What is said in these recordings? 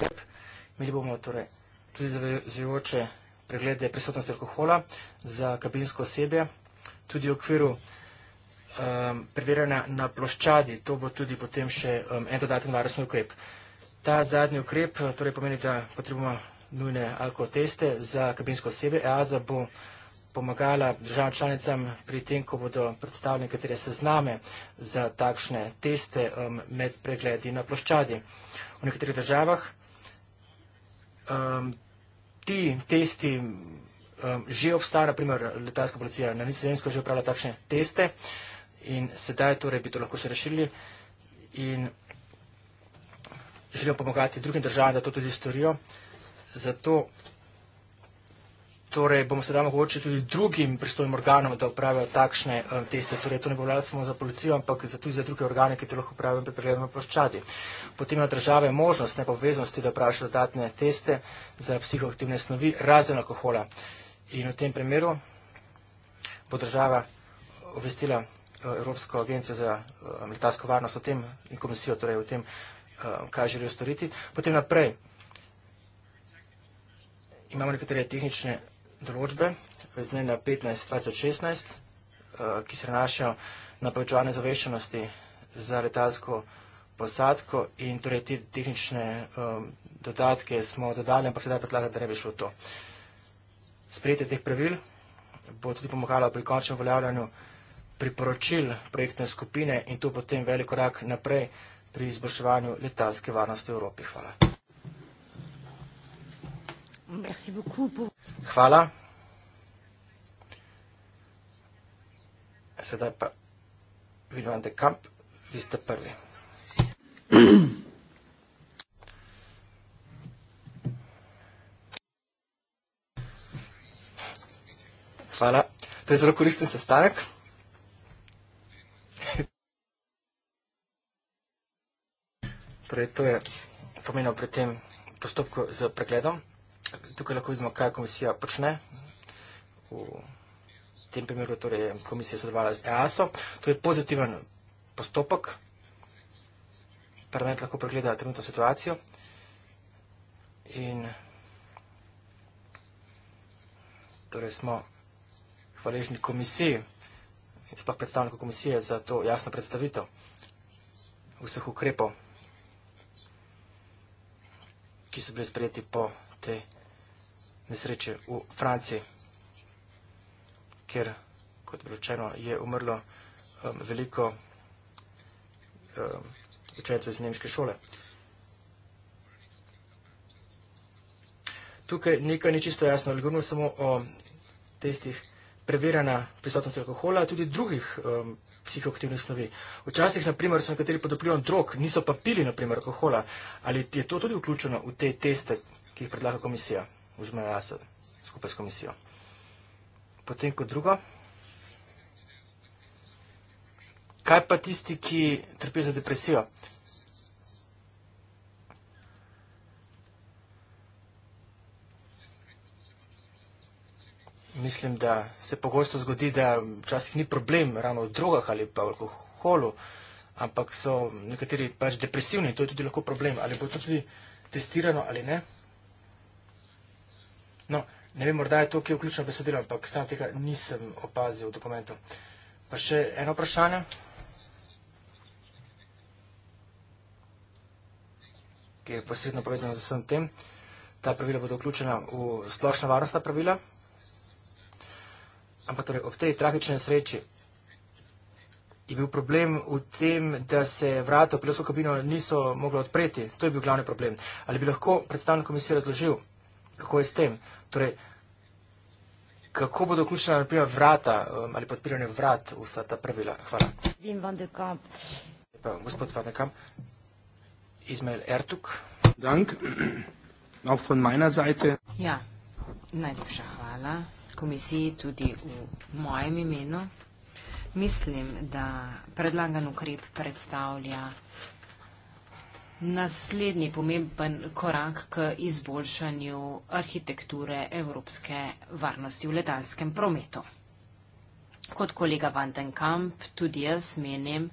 skrb. Imeli bomo torej tudi zavezujoče preglede prisotnosti alkohola za kabinsko osebje, tudi v okviru um, preverjanja na ploščadi, to bo tudi potem še um, en dodaten varnostni ukrep. Ta zadnji ukrep uh, torej pomeni, da potrebujemo nujne alkoteste za kabinsko osebje. EASA bo pomagala državam članicam pri tem, ko bodo predstavljene katere sezname za takšne teste um, med pregledi na ploščadi. V nekaterih državah um, ti testi um, že obstajajo, naprimer letalska policija na Nizozemsko že upravlja takšne teste in sedaj torej bi to lahko še rešili in želijo pomagati drugim državam, da to tudi storijo. Zato Torej, bomo sedaj mogoče tudi drugim pristojnim organom, da upravijo takšne um, teste. Torej, to ne bo vlada samo za policijo, ampak za tudi za druge organe, ki te lahko upravijo pri pregledu na ploščadi. Potem ima država možnost, ne pa obveznosti, da upravi še dodatne teste za psihoaktivne snovi, razen alkohola. In v tem primeru bo država obvestila eh, Evropsko agencijo za um, letalsko varnost o tem in komisijo, torej o tem, um, kaj želijo storiti. Potem naprej. Imamo nekatere tehnične določbe iz dnevna 15.2016, ki se nanašajo na povečevanje zaveščenosti za letalsko posadko in torej te tehnične um, dodatke smo dodali, ampak sedaj predlagam, da ne bi šlo to. Sprejetje teh pravil bo tudi pomagalo pri končnem uveljavljanju priporočil projektne skupine in to potem velik korak naprej pri izboljševanju letalske varnosti v Evropi. Hvala. Hvala. Sedaj pa Vilvan de Kamp, vi ste prvi. Hvala. To je zelo koristen sestanek. Torej, to je pomenilo pri tem postopku z pregledom tukaj lahko vidimo, kaj komisija počne. V tem primeru torej, komisija je komisija sodelovala z EASO. To je pozitiven postopek. Parlament lahko pregleda trenutno situacijo. In torej smo hvaležni komisiji, sploh predstavniku komisije za to jasno predstavitev vseh ukrepov, ki so bili sprejeti po te nesreče v Franciji, kjer, kot vročeno, je umrlo um, veliko um, učencev iz nemške šole. Tukaj nekaj ni čisto jasno, ali govorimo samo o testih preverjanja prisotnosti alkohola, tudi drugih um, psihoaktivnih snovi. Včasih, na primer, so nekateri pod vplivom drog, niso pa pili, na primer, alkohola. Ali je to tudi vključeno v te teste, ki jih predlaga komisija? vzmejo jaz skupaj s komisijo. Potem kot drugo, kaj pa tisti, ki trpijo za depresijo? Mislim, da se pogosto zgodi, da včasih ni problem ravno v drogah ali pa v alkoholu, ampak so nekateri pač depresivni in to je tudi lahko problem. Ali bo to tudi testirano ali ne? No, ne vem, morda je to, ki je vključeno besedilo, ampak sam tega nisem opazil v dokumentu. Pa še eno vprašanje. ki je posredno povezano z vsem tem. Ta pravila bodo vključena v splošna varnostna pravila. Ampak torej, ob tej tragični sreči je bil problem v tem, da se vrata v pilotsko kabino niso mogli odpreti. To je bil glavni problem. Ali bi lahko predstavnik komisije razložil, kako je s tem? Torej, kako bodo vključena naprimer vrata um, ali podpiranje vrat vsa ta pravila? Hvala. Vim van de kamp. Pa, gospod van de kamp. Izmail Ertuk. Dank. Auch von meiner Seite. Ja, najlepša hvala. Komisiji tudi v mojem imenu. Mislim, da predlagan ukrep predstavlja naslednji pomemben korak k izboljšanju arhitekture evropske varnosti v letalskem prometu. Kot kolega Vandenkamp tudi jaz menim,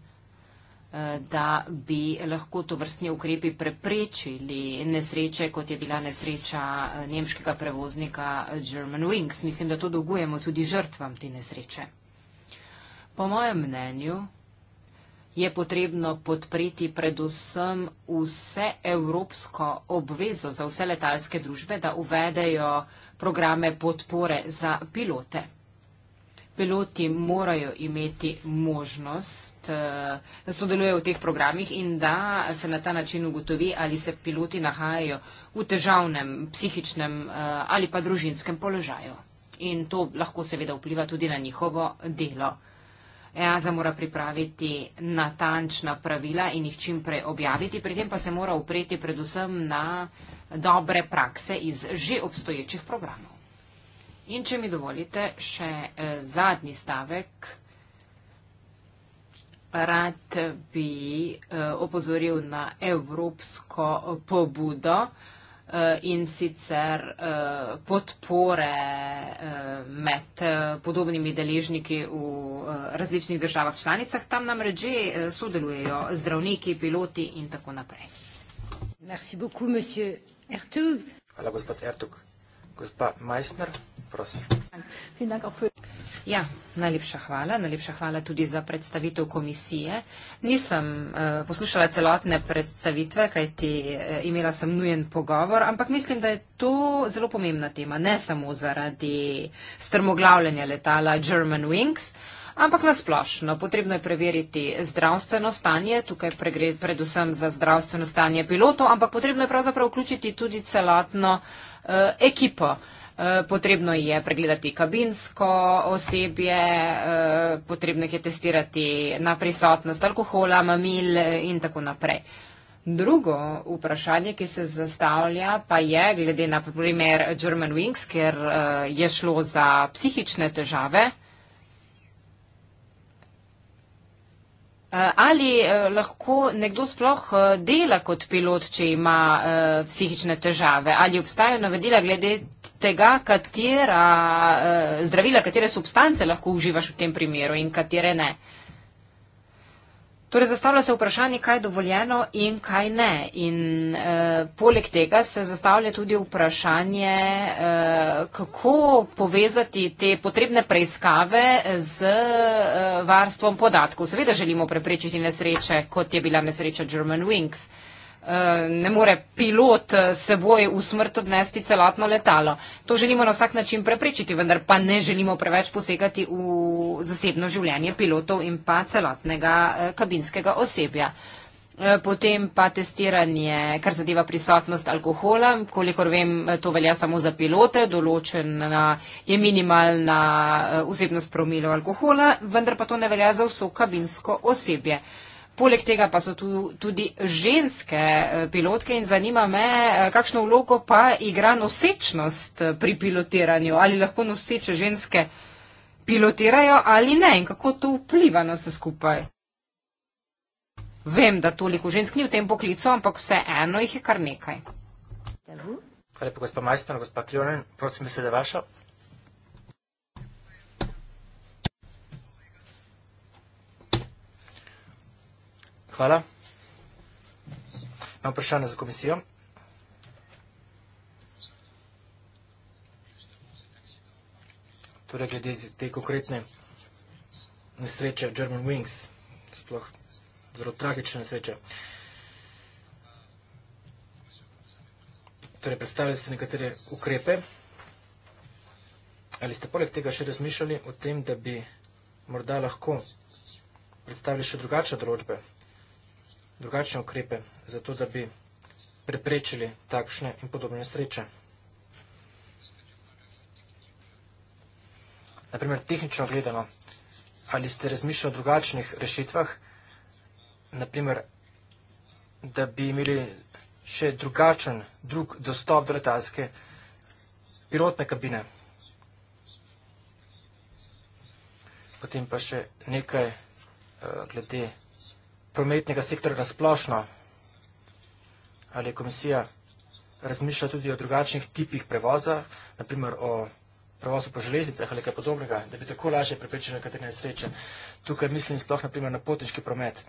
eh, da bi lahko to vrstni ukrepi preprečili nesreče, kot je bila nesreča eh, nemškega prevoznika German Wings. Mislim, da to dolgujemo tudi žrtvam te nesreče. Po mojem mnenju, je potrebno podpreti predvsem vse evropsko obvezo za vse letalske družbe, da uvedejo programe podpore za pilote. Piloti morajo imeti možnost, eh, da sodelujejo v teh programih in da se na ta način ugotovi, ali se piloti nahajajo v težavnem psihičnem eh, ali pa družinskem položaju. In to lahko seveda vpliva tudi na njihovo delo. EASA mora pripraviti natančna pravila in jih čim prej objaviti, pri tem pa se mora upreti predvsem na dobre prakse iz že obstoječih programov. In če mi dovolite, še eh, zadnji stavek. Rad bi eh, opozoril na evropsko pobudo, ki je Eh, in sicer eh, podpore eh, med podobnimi deležniki v različnih državah članicah. Tam nam reče sodelujejo zdravniki, piloti in tako naprej. Hvala, gospod Ertug. Gospa Meissner, prosim. Ja, najlepša hvala. Najlepša hvala tudi za predstavitev komisije. Nisem uh, poslušala celotne predstavitve, kajti uh, imela sem nujen pogovor, ampak mislim, da je to zelo pomembna tema, ne samo zaradi strmoglavljanja letala German Wings. Ampak nasplošno, potrebno je preveriti zdravstveno stanje, tukaj pregre, predvsem za zdravstveno stanje pilotov, ampak potrebno je pravzaprav vključiti tudi celotno uh, ekipo. Uh, Eh, potrebno je pregledati kabinsko osebje, eh, potrebno je testirati na prisotnost alkohola, mamil eh, in tako naprej. Drugo vprašanje, ki se zastavlja, pa je glede na primer German Wings, ker je šlo za psihične težave. Eh, ali eh, lahko nekdo sploh eh, dela kot pilot, če ima psihične težave? Ali obstajajo navedila glede tega, katera zdravila, katere substance lahko uživaš v tem primeru in katere ne? Uh, Torej, zastavlja se vprašanje, kaj je dovoljeno in kaj ne. In eh, poleg tega se zastavlja tudi vprašanje, eh, kako povezati te potrebne preiskave z eh, varstvom podatkov. Seveda želimo preprečiti nesreče, kot je bila nesreča German Wings. Eh, Eh, ne more pilot eh, seboj v smrt odnesti celotno letalo. To želimo na vsak način preprečiti, vendar pa ne želimo preveč posegati v zasebno življenje pilotov in pa celotnega eh, kabinskega osebja. Potem pa testiranje, kar zadeva prisotnost alkohola. Kolikor vem, to velja samo za pilote, določena je minimalna vsebnost promilov alkohola, vendar pa to ne velja za vso kabinsko osebje. Poleg tega pa so tu tudi ženske eh, pilotke in zanima me, eh, kakšno vlogo pa igra nosečnost eh, pri pilotiranju. Ali lahko noseče ženske pilotirajo ali ne in kako to vpliva na vse skupaj. Vem, da toliko žensk ni v tem poklicu, ampak vse eno jih je kar nekaj. Hvala lepa, gospod Majstor, gospod Kljonen. Prosim, besede vaša. Hvala. Imamo vprašanje za komisijo. Torej, glede te konkretne nesreče German Wings, sploh zelo tragične nesreče. Torej, predstavljali ste nekatere ukrepe. Ali ste poleg tega še razmišljali o tem, da bi morda lahko predstavili še drugačne določbe drugačne ukrepe, zato da bi preprečili takšne in podobne sreče. Naprimer, tehnično gledano, ali ste razmišljali o drugačnih rešitvah, naprimer, da bi imeli še drugačen, drug dostop do letalske pilotne kabine. Potem pa še nekaj uh, glede prometnega sektora razplošno? Ali je komisija razmišljala tudi o drugačnih tipih prevoza, naprimer o prevozu po železnicah ali kaj podobnega, da bi tako lažje preprečili nekatere nesreče? Tukaj mislim sploh naprimer na potniški promet.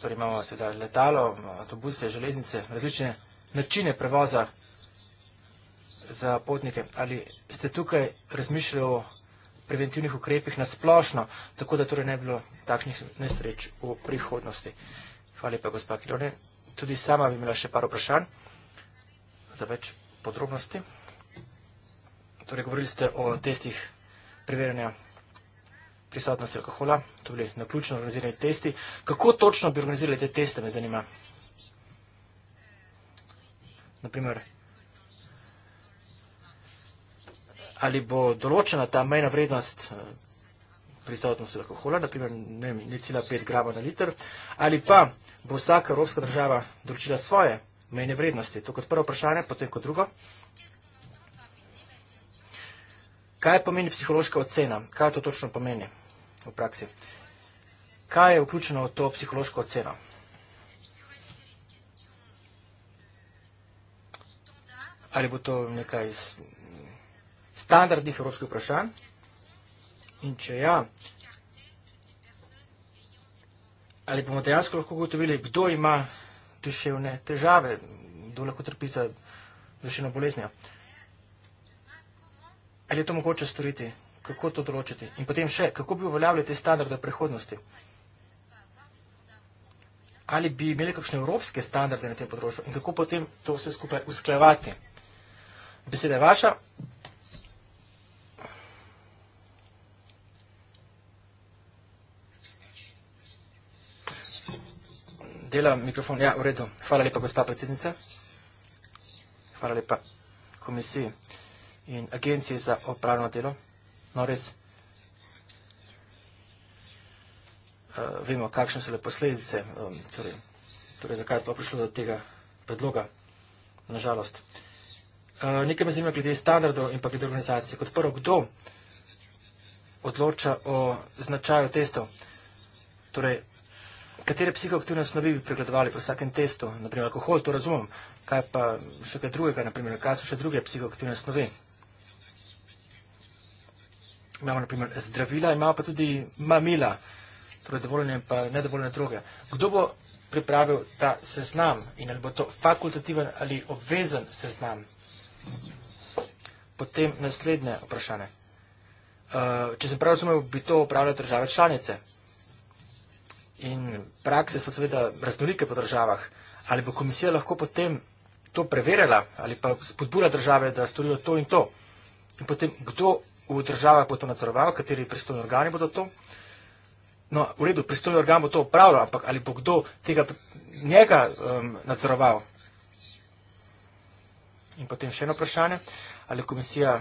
Torej imamo seveda letalo, avtobuse, železnice, različne načine prevoza za potnike. Ali ste tukaj razmišljali o preventivnih ukrepih na splošno, tako da torej ne bi bilo takšnih nesreč v prihodnosti. Hvala lepa, gospa Kirone. Tudi sama bi imela še par vprašanj za več podrobnosti. Torej, govorili ste o testih preverjanja prisotnosti alkohola, to bili naključno organizirani testi. Kako točno bi organizirali te teste, me zanima? Naprimer, ali bo določena ta mejna vrednost eh, prisotnosti alkohola, naprimer ne, ne cela 5 grama na liter, ali pa bo vsaka evropska država določila svoje mejne vrednosti. To kot prvo vprašanje, potem kot drugo. Kaj pomeni psihološka ocena? Kaj to točno pomeni v praksi? Kaj je vključeno v to psihološko oceno? Ali bo to nekaj standardnih evropskih vprašanj. In če ja, ali bomo dejansko lahko ugotovili, kdo ima duševne težave, kdo lahko trpi za duševno boleznijo. Ali je to mogoče storiti? Kako to določiti? In potem še, kako bi uveljavili te standarde v prihodnosti? Ali bi imeli kakšne evropske standarde na tem področju in kako potem to vse skupaj usklevati? Beseda je vaša. dela mikrofon. Ja, v redu. Hvala lepa, gospa predsednica. Hvala lepa komisiji in agenciji za opravljeno delo. No, res, eh, vemo, kakšne so le posledice, um, torej, torej zakaj smo prišli do tega predloga, nažalost. Eh, nekaj me zanima glede standardov in pa glede organizacije. Kot prvo, kdo odloča o značaju testov? Torej, Katere psihoaktivne snovi bi pregledovali po vsakem testu? Naprimer, alkohol, to razumem. Kaj pa še kaj drugega? Naprimer, kaj so še druge psihoaktivne snovi? Imamo naprimer zdravila, imamo pa tudi mamila, torej dovoljne in nedovoljne droge. Kdo bo pripravil ta seznam in ali bo to fakultativen ali obvezen seznam? Potem naslednje vprašanje. Eh, če sem prav razumel, bi to upravljali države članice in prakse so seveda raznolike po državah. Ali bo komisija lahko potem to preverjala ali pa spodbura države, da storijo to in to? In potem, kdo v državah bo to nadzoroval, kateri pristojni organi bodo to? No, v redu, pristojni organ bo to upravljal, ampak ali bo kdo tega njega um, nadzoroval? In potem še eno vprašanje, ali komisija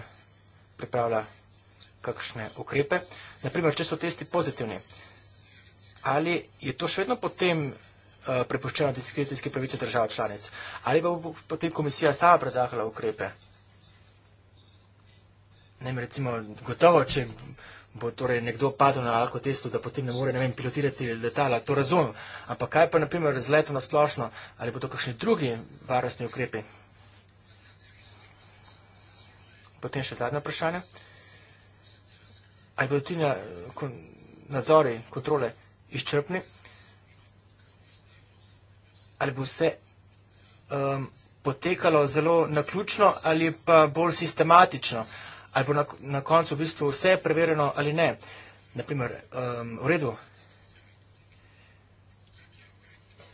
pripravlja kakšne ukrepe. Naprimer, če so testi pozitivni, ali je to še vedno potem eh, prepuščeno diskrecijski pravici držav članic? Ali bo potem komisija sama predlagala ukrepe? Ne, recimo, gotovo, če bo torej nekdo padel na alkotestu, da potem ne more, ne vem, pilotirati letala, to razumem. Ampak kaj pa, naprimer, z letom na splošno, ali bodo kakšni drugi varnostni ukrepi? Potem še zadnje vprašanje. Ali bodo ti nadzori, kontrole, izčrpni, ali bo vse um, potekalo zelo naključno ali pa bolj sistematično, ali bo na, na koncu v bistvu vse preverjeno ali ne. Naprimer, um, v redu,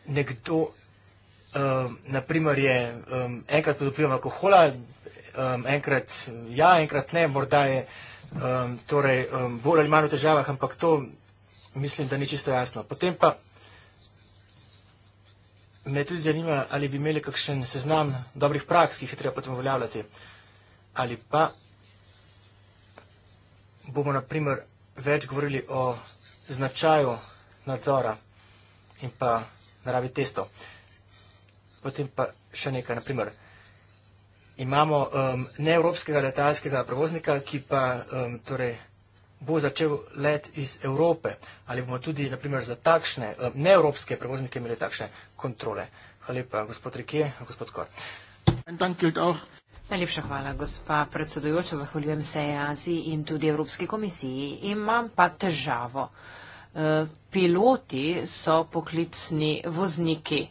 nekdo, um, naprimer, je um, enkrat pod vplivom alkohola, um, enkrat ja, enkrat ne, morda je um, torej, um, bolj ali manj v težavah, ampak to mislim, da ni čisto jasno. Potem pa me tudi zanima, ali bi imeli kakšen seznam dobrih praks, ki jih je treba potem uveljavljati. Ali pa bomo naprimer več govorili o značaju nadzora in pa naravi testov. Potem pa še nekaj, naprimer, imamo um, neevropskega letalskega prevoznika, ki pa um, torej bo začel let iz Evrope ali bomo tudi naprimer za takšne eh, neevropske prevoznike imeli takšne kontrole. Hvala lepa, gospod Rikije, gospod Kor. Najlepša hvala, gospa predsedujoča. Zahvaljujem se Aziji in tudi Evropski komisiji. Imam pa težavo. Eh, piloti so poklicni vozniki.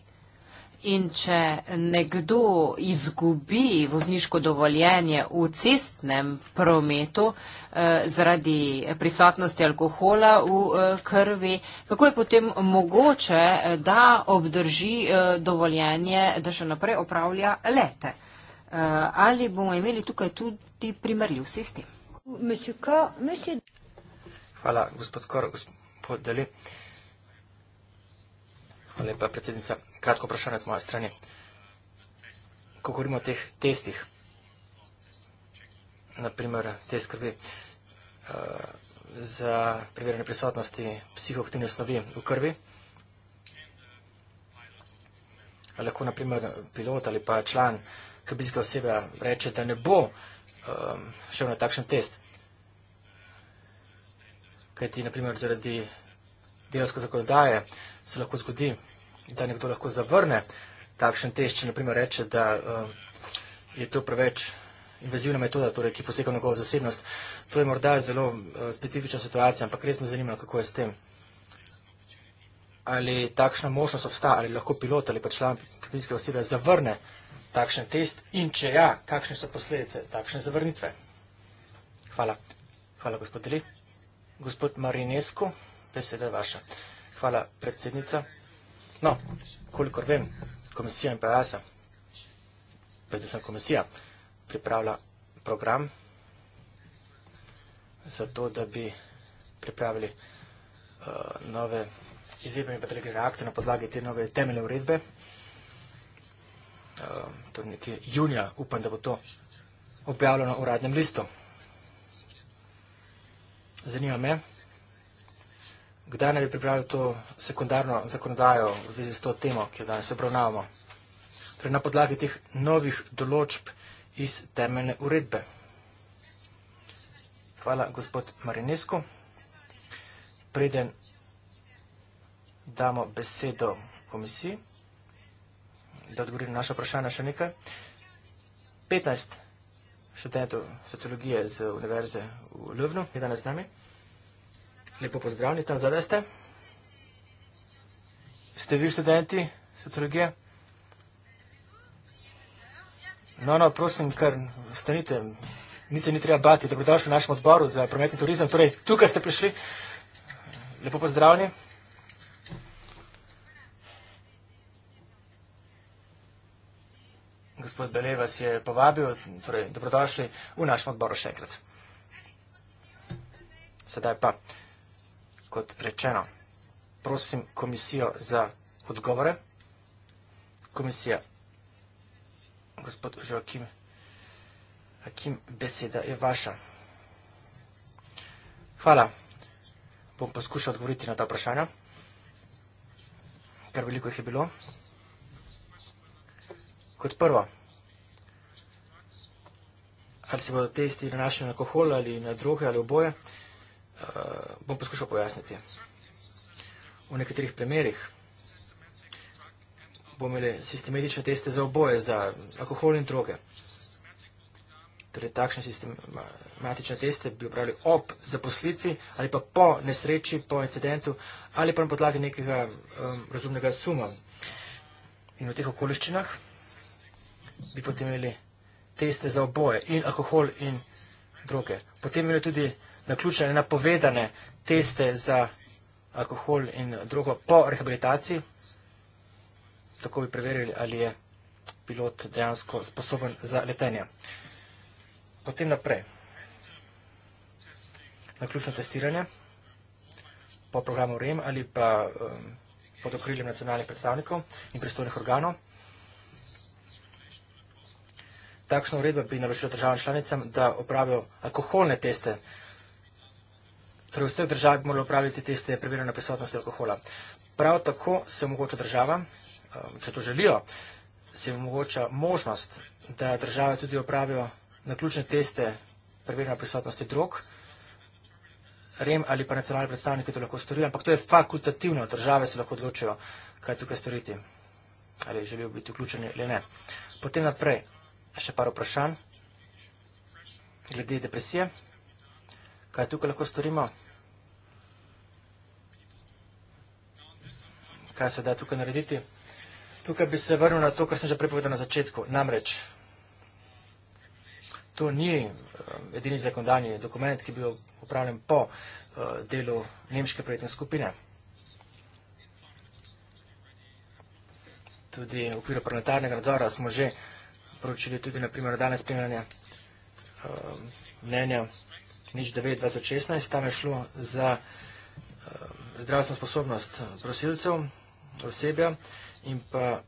In če nekdo izgubi vozniško dovoljenje v cestnem prometu eh, zaradi prisotnosti alkohola v eh, krvi, kako je potem mogoče, eh, da obdrži eh, dovoljenje, da še naprej opravlja lete? Eh, ali bomo imeli tukaj tudi primerljiv sistem? Hvala, gospod Kor, gospod Deli. Eh, Hvala lepa, predsednica. Kratko vprašanje z moje strani. Ko govorimo o teh testih, naprimer test krvi eh, za preverjanje prisotnosti psihoaktivne snovi v krvi, lahko naprimer pilot ali pa član krbiske osebe reče, da ne bo ehm, šel na takšen test. Kajti, naprimer, zaradi delovske zakonodaje se lahko zgodi, da nekdo lahko zavrne takšen test, če naprimer reče, da uh, je to preveč invazivna metoda, torej, ki posega v njegovo zasebnost. To je morda zelo uh, specifična situacija, ampak res me zanima, kako je s tem. Ali takšna možnost obstaja, ali lahko pilot ali pa član kabinske osebe zavrne takšen test in če ja, kakšne so posledice takšne zavrnitve. Hvala. Hvala, gospod Deli. Gospod Marinesko, beseda je vaša. Hvala, predsednica. No, kolikor vem, komisija in pa ASA, predvsem komisija, pripravlja program za to, da bi pripravili uh, nove izvedbene batalegrene akte na podlagi te nove temeljne uredbe. Uh, to je nekje junija, upam, da bo to objavljeno v uradnem listu. Zanima me, kdaj naj bi pripravili to sekundarno zakonodajo v zvezi s to temo, ki jo danes obravnavamo? Torej na podlagi teh novih določb iz temeljne uredbe. Hvala, gospod Marinesko. Preden damo besedo komisiji, da odgovorim na naša vprašanja še nekaj. 15 študentov sociologije z univerze v Ljubnu je danes z nami. Lepo pozdravljen, tam zadaj ste. Ste vi študenti sociologije? No, no, prosim, kar stanite, ni se ni treba bati. Dobrodošli v našem odboru za prometni turizem. Torej, tukaj ste prišli. Lepo pozdravljen. Gospod Bele vas je povabil, torej, dobrodošli v našem odboru še enkrat. Sedaj pa kot rečeno, prosim komisijo za odgovore. Komisija, gospod Žoakim, Hakim, beseda je vaša. Hvala. Bom poskušal odgovoriti na ta vprašanja, kar veliko jih je bilo. Kot prvo, ali se bodo testi nanašali na alkohol ali na druge ali oboje, uh, bom poskušal pojasniti. V nekaterih primerih bomo imeli sistematične teste za oboje, za alkohol in droge. Torej, takšne sistematične teste bi upravili ob zaposlitvi ali pa po nesreči, po incidentu ali pa na podlagi nekega um, razumnega suma. In v teh okoliščinah bi potem imeli teste za oboje in alkohol in droge. Potem imeli tudi naključene napovedane teste za alkohol in drugo po rehabilitaciji. Tako bi preverili, ali je pilot dejansko sposoben za letenje. Potem naprej. Naključno testiranje po programu REM ali pa um, pod okriljem nacionalnih predstavnikov in pristojnih organov. Takšna uredba bi naložila državam članicam, da opravijo alkoholne teste vsega, Torej, v vseh državah bi morali upraviti teste preverjene prisotnosti alkohola. Prav tako se omogoča država, um, če to želijo, se omogoča možnost, da države tudi opravijo naključne teste preverjene prisotnosti drog, rem ali pa nacionalni predstavniki to lahko storijo, ampak to je fakultativno, države se lahko odločijo, kaj tukaj storiti, ali želijo biti vključeni ali ne. Potem naprej, še par vprašanj glede depresije, kaj tukaj lahko storimo. kaj se da tukaj narediti. Tukaj bi se vrnil na to, kar sem že prepovedal na začetku. Namreč, to ni eh, edini zakondanji dokument, ki bi upravljen po eh, delu Nemške projektne skupine. Tudi v okviru parlamentarnega nadzora smo že poročili tudi na primer danes spremljanje eh, mnenja nič 9 2016, tam je šlo za zdravstveno sposobnost prosilcev, osebja in pa eh,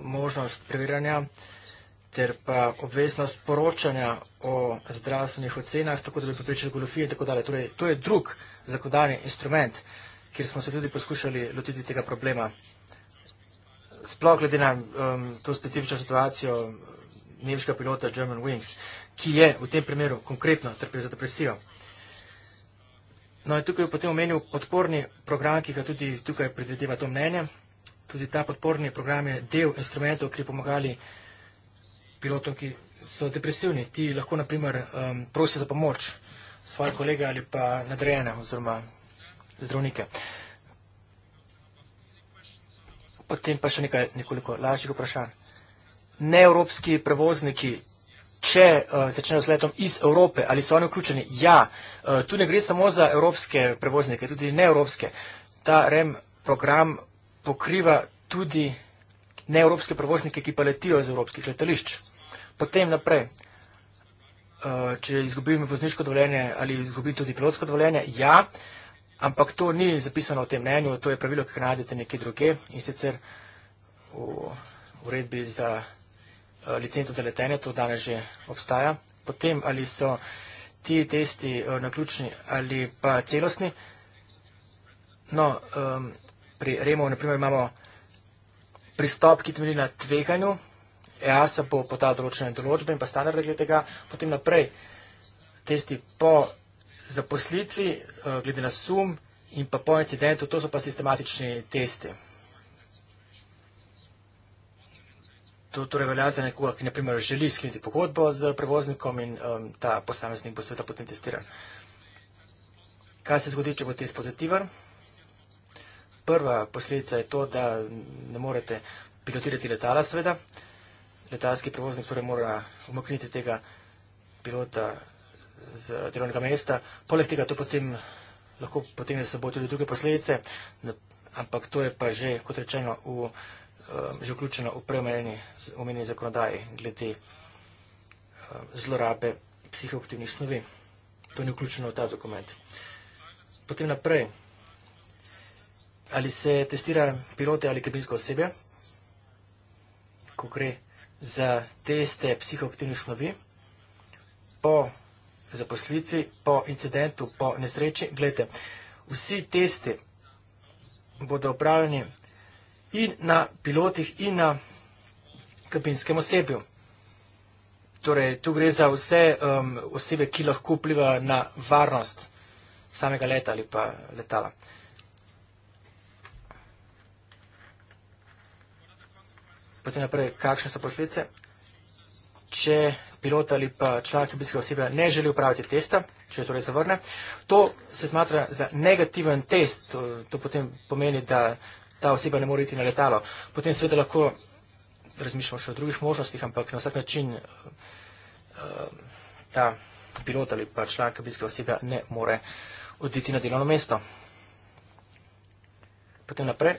možnost preverjanja ter pa obveznost poročanja o zdravstvenih ocenah, tako da bi pripričali golofije in tako dalje. Torej, to je drug zakodani instrument, kjer smo se tudi poskušali lotiti tega problema. Sploh glede na um, to specifično situacijo eh, nemškega pilota German Wings, ki je v tem primeru konkretno trpel za depresijo. No in tukaj je potem omenil podporni program, ki ga tudi tukaj predvideva to mnenje. Tudi ta podporni program je del instrumentov, ki je pomagali pilotom, ki so depresivni. Ti lahko, naprimer, um, prosijo za pomoč svoje kolege ali pa nadrejene oziroma zdravnike. Potem pa še nekaj nekoliko lažjih vprašanj. Neevropski prevozniki če uh, začnejo z letom iz Evrope, ali so oni vključeni? Ja, uh, tu ne gre samo za evropske prevoznike, tudi neevropske. Ta REM program pokriva tudi neevropske prevoznike, ki pa letijo iz evropskih letališč. Potem naprej, uh, če izgubim vozniško dovoljenje ali izgubim tudi pilotsko dovoljenje, ja, ampak to ni zapisano v tem mnenju, to je pravilo, ki ga najdete nekje druge in sicer v uredbi za. Eh, licenco za letenje, to danes že obstaja. Potem, ali so ti testi eh, na ključni ali pa celostni. No, um, pri REMO naprimer imamo pristop, ki temelji na tveganju, EASA bo po ta določene določbe in pa standarde glede tega, potem naprej testi po zaposlitvi, eh, glede na sum in pa po incidentu, to so pa sistematični testi. To torej velja za nekoga, ki naprimer želi skliniti pogodbo z prevoznikom in um, ta posameznik bo seveda potem testiran. Kaj se zgodi, če bo test pozitiven? Prva posledica je to, da ne morete pilotirati letala, seveda. Letalski prevoznik torej mora umakniti tega pilota z delovnega mesta. Poleg tega to potem lahko potem za seboj tudi druge posledice, ampak to je pa že, kot rečeno, v. Um, že vključeno v preomenjeni zakonodaji glede um, zlorabe psihoaktivnih snovi. To ni vključeno v ta dokument. Potem naprej, ali se testira pilote ali kabinsko osebje, ko gre za teste psihoaktivnih snovi, po zaposlitvi, po incidentu, po nesreči, gledajte, vsi testi bodo upravljeni in na pilotih in na kabinskem osebju. Torej, tu gre za vse um, osebe, ki lahko vplivajo na varnost samega leta ali pa letala. Potem naprej, kakšne so posledice? Če pilot ali pa član kabinske osebe ne želi upraviti testa, če jo torej zavrne, to se smatra za negativen test. To, to potem pomeni, da ta oseba ne more iti na letalo. Potem seveda lahko razmišljamo še o drugih možnostih, ampak na vsak način eh, eh, ta pilot ali pa član kabinske osebe ne more oditi na delovno mesto. Potem naprej.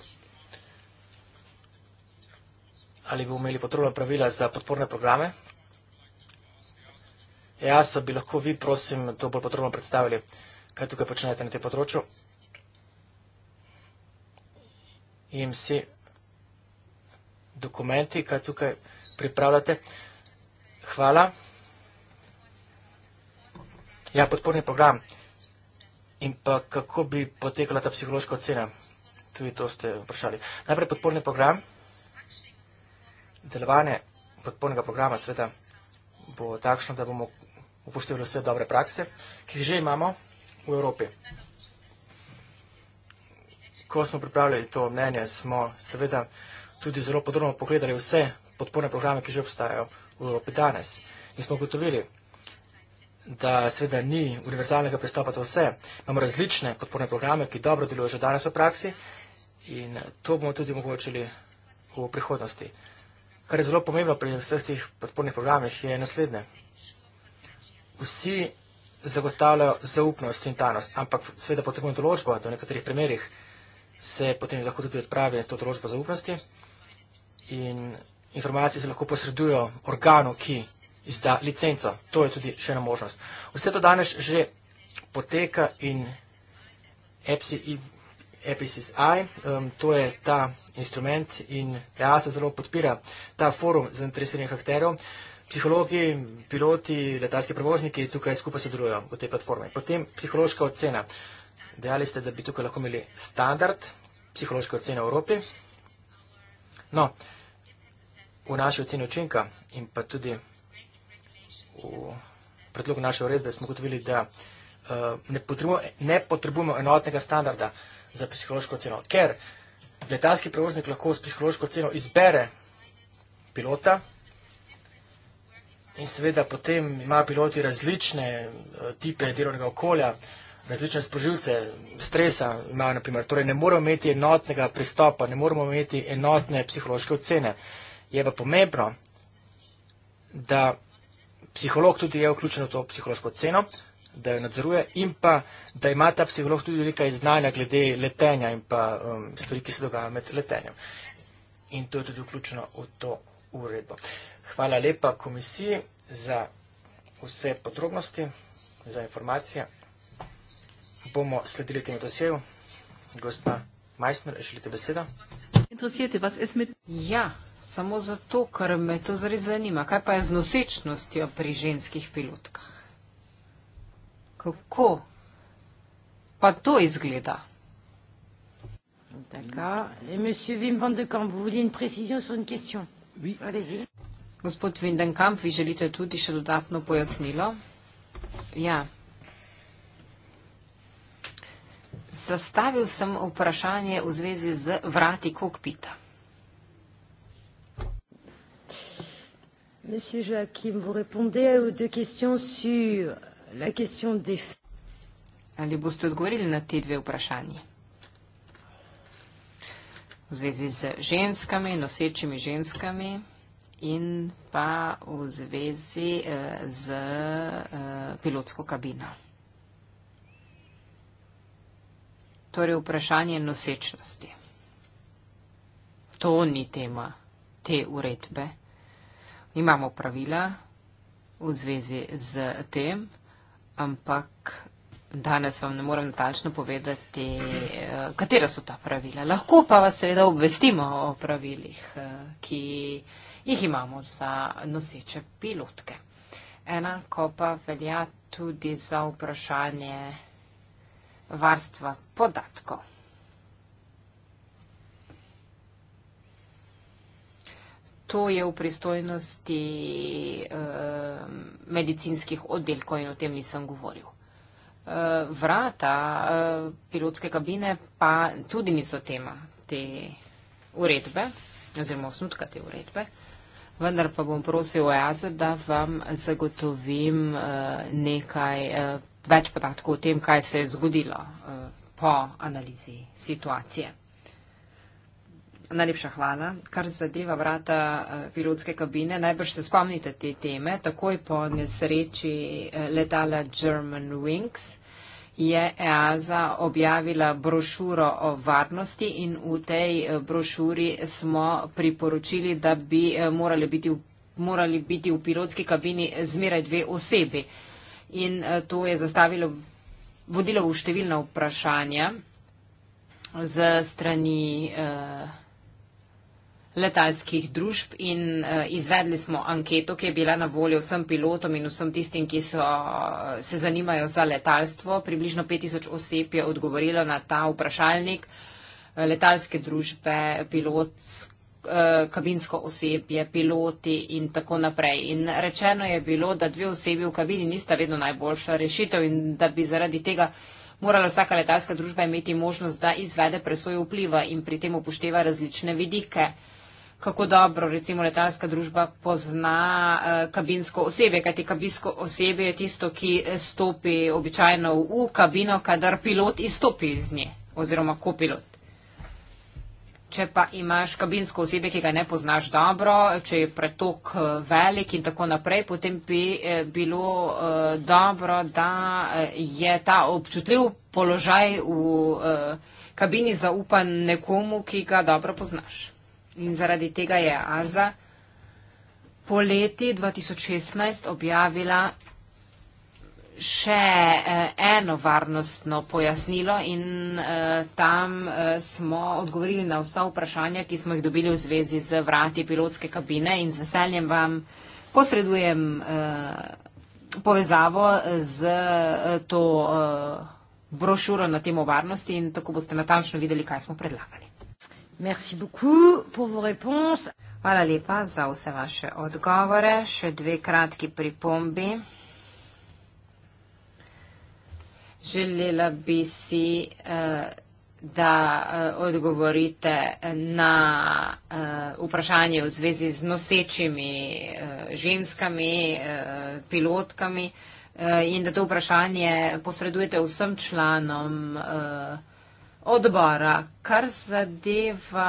Ali bomo imeli potrebna pravila za podporne programe? Jaz bi lahko vi, prosim, to bolj podrobno predstavili, kaj tukaj počnete na tem področju in vsi dokumenti, kaj tukaj pripravljate. Hvala. Ja, podporni program. In pa kako bi potekala ta psihološka ocena? Tudi to ste vprašali. Najprej podporni program. Delovanje podpornega programa sveda bo takšno, da bomo upoštevali vse dobre prakse, ki jih že imamo v Evropi ko smo pripravljali to mnenje, smo seveda tudi zelo podrobno pogledali vse podporne programe, ki že obstajajo v Evropi danes. In smo gotovili, da seveda ni univerzalnega pristopa za vse. Imamo različne podporne programe, ki dobro delujo že danes v praksi in to bomo tudi omogočili v prihodnosti. Kar je zelo pomembno pri vseh tih podpornih programih je naslednje. Vsi zagotavljajo zaupnost in tanost, ampak seveda potrebujemo določbo, da v nekaterih primerjih se potem lahko tudi odpravi to določbo zaupnosti in informacije se lahko posredujo organu, ki izda licenco. To je tudi še ena možnost. Vse to danes že poteka in EPSI, um, to je ta instrument in EASA zelo podpira ta forum za interesiranih akterjev. Psihologi, piloti, letalski prevozniki tukaj skupaj sodelujo v tej platformi. Potem psihološka ocena dejali ste, da bi tukaj lahko imeli standard psihološke ocene v Evropi. No, v naši oceni učinka in pa tudi v predlogu naše uredbe smo gotovili, da eh, ne potrebujemo, ne potrebujemo enotnega standarda za psihološko oceno, ker letalski prevoznik lahko s psihološko oceno izbere pilota in seveda potem ima piloti različne eh, tipe delovnega okolja, različne sprožilce stresa imajo, naprimer. torej ne moremo imeti enotnega pristopa, ne moremo imeti enotne psihološke ocene. Je pa pomembno, da psiholog tudi je vključen v to psihološko oceno, da jo nadzoruje in pa, da ima ta psiholog tudi nekaj znanja glede letenja in pa um, stvari, ki se dogajajo med letenjem. In to je tudi vključeno v to uredbo. Hvala lepa komisiji za vse podrobnosti, za informacije bomo sledili temu dosjeju. Gospa Majsner, želite besedo? Ja, samo zato, ker me to zares zanima. Kaj pa je z nosečnostjo pri ženskih pilotkah? Kako pa to izgleda? Gospod Vindenkamp, vi želite tudi še dodatno pojasnilo? Ja. Zastavil sem vprašanje v zvezi z vrati kokpita. Monsieur Joachim, vous répondez aux deux questions sur la question des Ali boste odgovorili na te dve vprašanji? V zvezi z ženskami, nosečimi ženskami in pa v zvezi eh, z eh, pilotsko kabino. torej vprašanje nosečnosti. To ni tema te uredbe. Imamo pravila v zvezi z tem, ampak danes vam ne morem natančno povedati, eh, katera so ta pravila. Lahko pa vas seveda obvestimo o pravilih, eh, ki jih imamo za noseče pilotke. Enako pa velja tudi za vprašanje varstva podatkov. To je v pristojnosti e, medicinskih oddelkov in o tem nisem govoril. E, vrata e, pilotske kabine pa tudi niso tema te uredbe oziroma osnutka te uredbe, vendar pa bom prosil EASO, e da vam zagotovim e, nekaj e, več podatkov o tem, kaj se je zgodilo eh, po analizi situacije. Najlepša hvala. Kar zadeva vrata eh, pilotske kabine, najbrž se spomnite te teme. Takoj po nesreči eh, letala German Wings je EASA objavila brošuro o varnosti in v tej brošuri smo priporočili, da bi morali biti v, morali biti v pilotski kabini zmeraj dve osebi in eh, to je zastavilo, vodilo v številna vprašanja z strani eh, letalskih družb in eh, izvedli smo anketo, ki je bila na voljo vsem pilotom in vsem tistim, ki so, se zanimajo za letalstvo. Približno 5000 oseb je odgovorilo na ta vprašalnik letalske družbe, pilotsko Eh, kabinsko osebje, piloti in tako naprej. In rečeno je bilo, da dve osebi v kabini nista vedno najboljša rešitev in da bi zaradi tega morala vsaka letalska družba imeti možnost, da izvede presojo vpliva in pri tem upošteva različne vidike. Kako dobro recimo letalska družba pozna eh, kabinsko osebje, kajti kabinsko osebje je tisto, ki eh, stopi običajno v kabino, kadar pilot izstopi iz nje oziroma ko pilot. Če pa imaš kabinsko osebje, ki ga ne poznaš dobro, če je pretok eh, velik in tako naprej, potem bi eh, bilo eh, dobro, da je ta občutljiv položaj v kabini zaupan nekomu, ki ga dobro poznaš. In zaradi tega je Aza po leti 2016 objavila še eh, eno varnostno pojasnilo in eh, tam eh, smo odgovorili na vsa vprašanja, ki smo jih dobili v zvezi z vrati pilotske kabine in z veseljem vam posredujem povezavo z to brošuro na temo varnosti in tako boste natančno videli, kaj smo predlagali. Merci beaucoup pour vos réponses. Hvala lepa za vse vaše odgovore. Še dve kratki pripombi. Želela bi si, eh, da eh, odgovorite na eh, vprašanje v zvezi z nosečimi ženskami, pilotkami in da to vprašanje posredujete vsem članom odbora, kar zadeva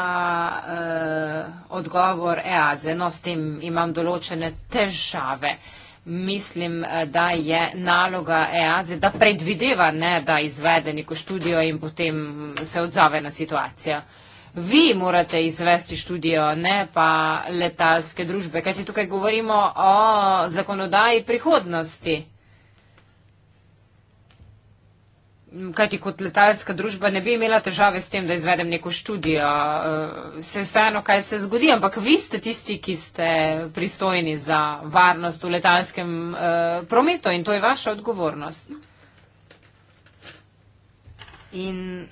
odgovor EAZ. No, s tem imam določene težave mislim, eh, da je naloga EASE, e, da predvideva, ne, da izvede neko študijo in potem se odzove na situacijo. Vi morate izvesti študijo, ne pa letalske družbe, kajti tukaj govorimo o zakonodaji prihodnosti. kajti kot letalska družba ne bi imela težave s tem, da izvedem neko študijo. Eh, se vseeno, kaj se zgodi, ampak vi ste tisti, ki ste pristojni za varnost v letalskem eh, prometu in to je vaša odgovornost. In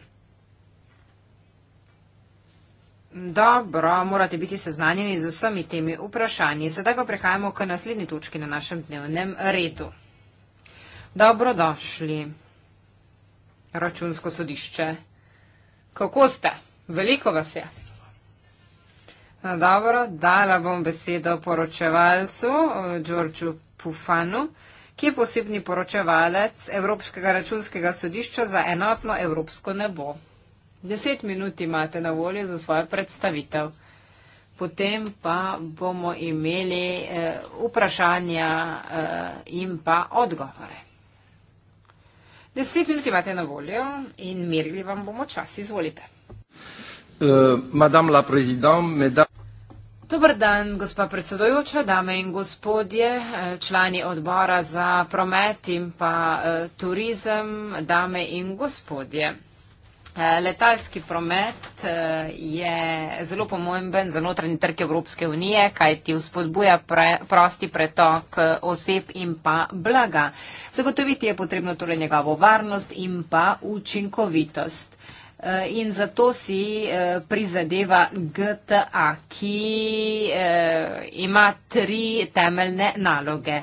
Dobro, morate biti seznanjeni z vsemi temi vprašanji. Sedaj pa prehajamo k naslednji točki na našem dnevnem redu. Dobrodošli. Računsko sodišče. Kako ste? Veliko vas je. No, dobro, dala bom besedo poročevalcu Đorđu eh, Pufanu, ki je posebni poročevalec Evropskega računskega sodišča za enotno evropsko nebo. Deset minut imate na voljo za svojo predstavitev. Potem pa bomo imeli eh, vprašanja eh, in pa odgovore. Deset minut imate na voljo in merili vam bomo čas. Izvolite. Eh, Dobar dan, gospa predsedojoča, dame in gospodje, eh, člani odbora za promet in pa eh, turizem, dame in gospodje. Eh, letalski promet eh, je zelo pomemben za notranji trg Evropske unije, kaj ti vzpodbuja pre, prosti pretok eh, oseb in pa blaga. Zagotoviti je potrebno torej njegovo varnost in pa učinkovitost. In zato si prizadeva GTA, ki ima tri temeljne naloge.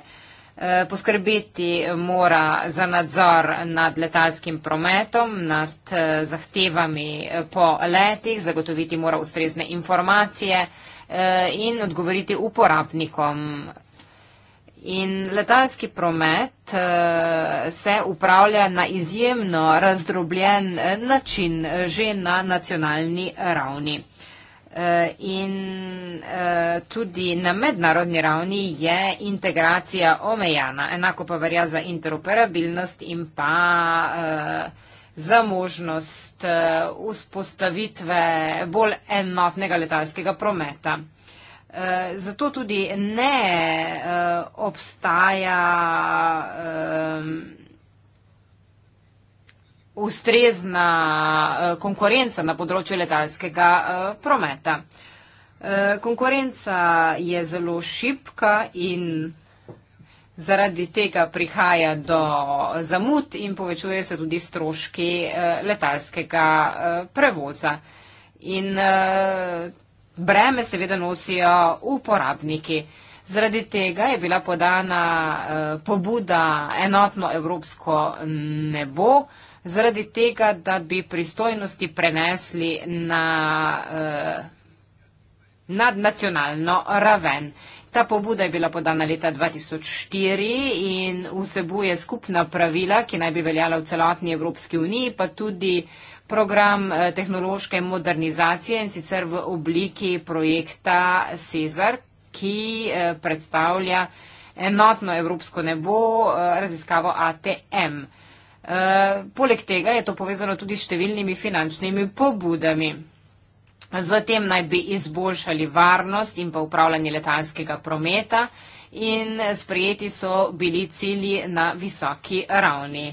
Eh, poskrbeti mora za nadzor nad letalskim prometom, nad eh, zahtevami eh, po letih, zagotoviti mora ustrezne informacije in odgovoriti uporabnikom. In letalski promet se upravlja na izjemno razdrobljen način že na nacionalni ravni. Eh, in eh, tudi na mednarodni ravni je integracija omejana. Enako pa verja za interoperabilnost in pa eh, za možnost vzpostavitve bolj enotnega letalskega prometa. Zato tudi ne obstaja ustrezna eh, konkurenca na področju letalskega eh, prometa. Eh, konkurenca je zelo šipka in zaradi tega prihaja do zamud in povečuje se tudi stroški letalskega prevoza. In breme seveda nosijo uporabniki. Zaradi tega je bila podana pobuda enotno evropsko nebo, zaradi tega, da bi pristojnosti prenesli na eh, nadnacionalno raven. Ta pobuda je bila podana leta 2004 in vsebuje skupna pravila, ki naj bi veljala v celotni Evropski uniji, pa tudi program eh, tehnološke modernizacije in sicer v obliki projekta Cezar, ki eh, predstavlja enotno evropsko nebo eh, raziskavo ATM. Eh, Eh, poleg tega je to povezano tudi s številnimi finančnimi pobudami. Zatem naj bi izboljšali varnost in pa upravljanje letalskega prometa in sprejeti so bili cilji na visoki ravni.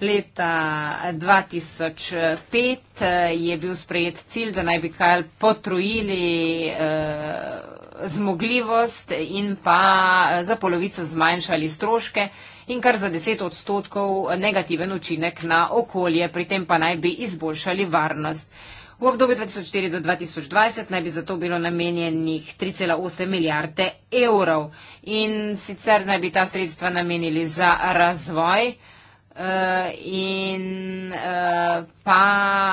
Leta 2005 eh, je bil sprejet cilj, da naj bi kar potrujili eh, zmogljivost in pa eh, za polovico zmanjšali stroške in kar za 10 odstotkov negativen učinek na okolje, pri tem pa naj bi izboljšali varnost. V obdobju 2004 do 2020 naj bi za to bilo namenjenih 3,8 milijarde evrov in sicer naj bi ta sredstva namenili za razvoj uh, in uh, pa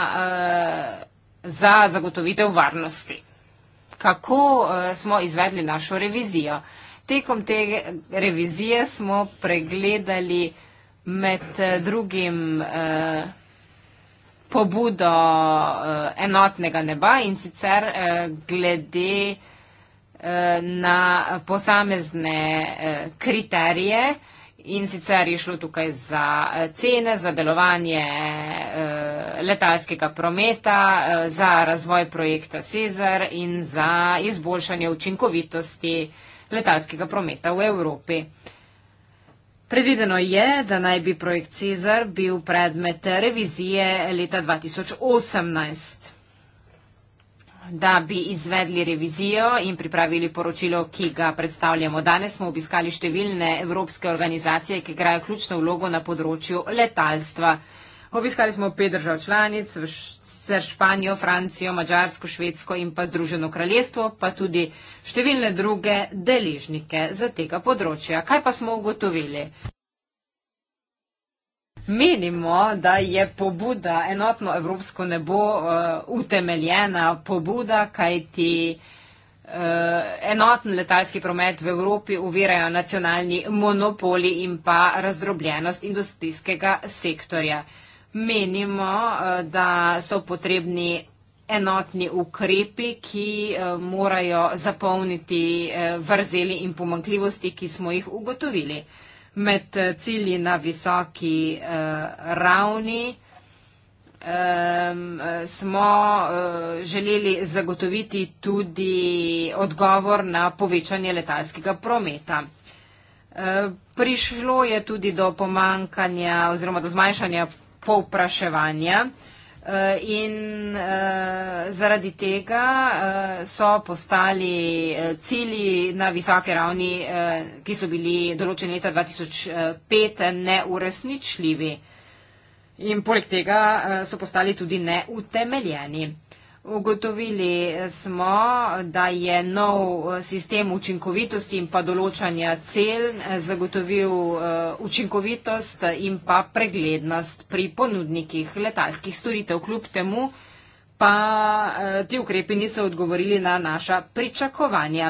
uh, za zagotovitev varnosti. Kako uh, smo izvedli našo revizijo? Uh, Tekom te revizije smo pregledali med eh, drugim eh, pobudo eh, enotnega neba in sicer glede na posamezne kriterije in sicer je šlo tukaj za cene, za delovanje letalskega prometa, za razvoj projekta Cezar in za izboljšanje učinkovitosti letalskega prometa v Evropi. Predvideno je, da naj bi projekt Cezar bil predmet revizije leta 2018. Da bi izvedli revizijo in pripravili poročilo, ki ga predstavljamo danes, smo obiskali številne evropske organizacije, ki igrajo ključno vlogo na področju letalstva. Obiskali smo pet držav članic, sicer Španijo, Francijo, Mačarsko, Švedsko in pa Združeno kraljestvo, pa tudi številne druge deležnike za tega področja. Kaj pa smo ugotovili? Menimo, da je pobuda enotno evropsko nebo uh, utemeljena pobuda, kajti uh, enoten letalski promet v Evropi uvirajo nacionalni monopoli in pa razdrobljenost industrijskega sektorja. Uh, menimo, eh, da so potrebni enotni ukrepi, ki eh, morajo zapolniti eh, vrzeli in pomankljivosti, ki smo jih ugotovili. Med cilji na visoki ravni ehm, smo želeli zagotoviti tudi odgovor na povečanje letalskega prometa. Prišlo je tudi do pomankanja oziroma do zmanjšanja povpraševanja. Eh, in uh, zaradi tega uh, so postali cilji na visoke ravni, uh, ki so bili določeni leta 2005, neuresničljivi. In poleg tega uh, so postali tudi neutemeljeni. Uh, Ugotovili smo, da je nov eh, sistem učinkovitosti in pa določanja cel eh, zagotovil eh, učinkovitost in pa preglednost pri ponudnikih letalskih storitev. Kljub temu pa ti ukrepi niso odgovorili na naša pričakovanja.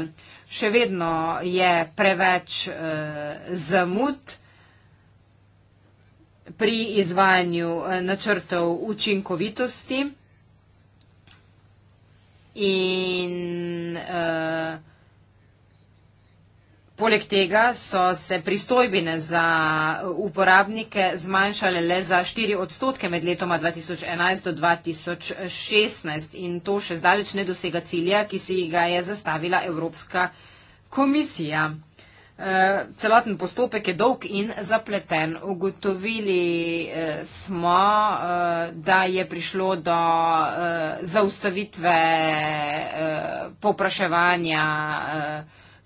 Še vedno je preveč zamud pri izvajanju načrtov učinkovitosti. In eh, poleg tega so se pristojbine za uporabnike zmanjšale le za 4 odstotke med letoma 2011 do 2016 in to še zdaleč ne dosega cilja, ki si ga je zastavila Evropska komisija. Eh, celoten postopek je dolg in zapleten. Ugotovili eh, smo, eh, da je prišlo do zaustavitve popraševanja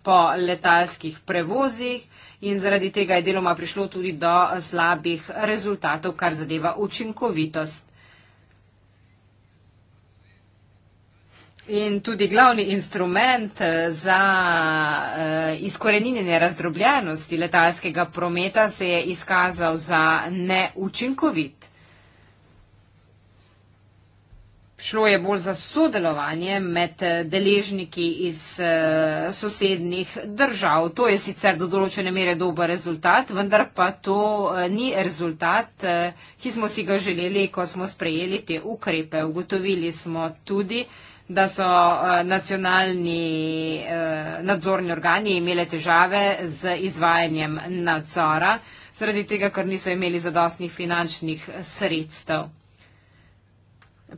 po letalskih prevozih in zaradi tega je deloma prišlo tudi do slabih rezultatov, kar zadeva učinkovitost. In tudi glavni instrument eh, za uh, izkoreninjenje razdrobljenosti letalskega prometa se je izkazal za neučinkovit. Šlo je bolj za sodelovanje med eh, deležniki iz uh, sosednih držav. To je sicer do določene mere dober rezultat, vendar pa to uh, ni rezultat, uh, ki smo si ga želeli, ko smo sprejeli te ukrepe. Ugotovili smo tudi, da so eh, nacionalni eh, nadzorni organi imeli težave z izvajanjem nadzora, zaradi tega, ker niso imeli zadostnih finančnih sredstev.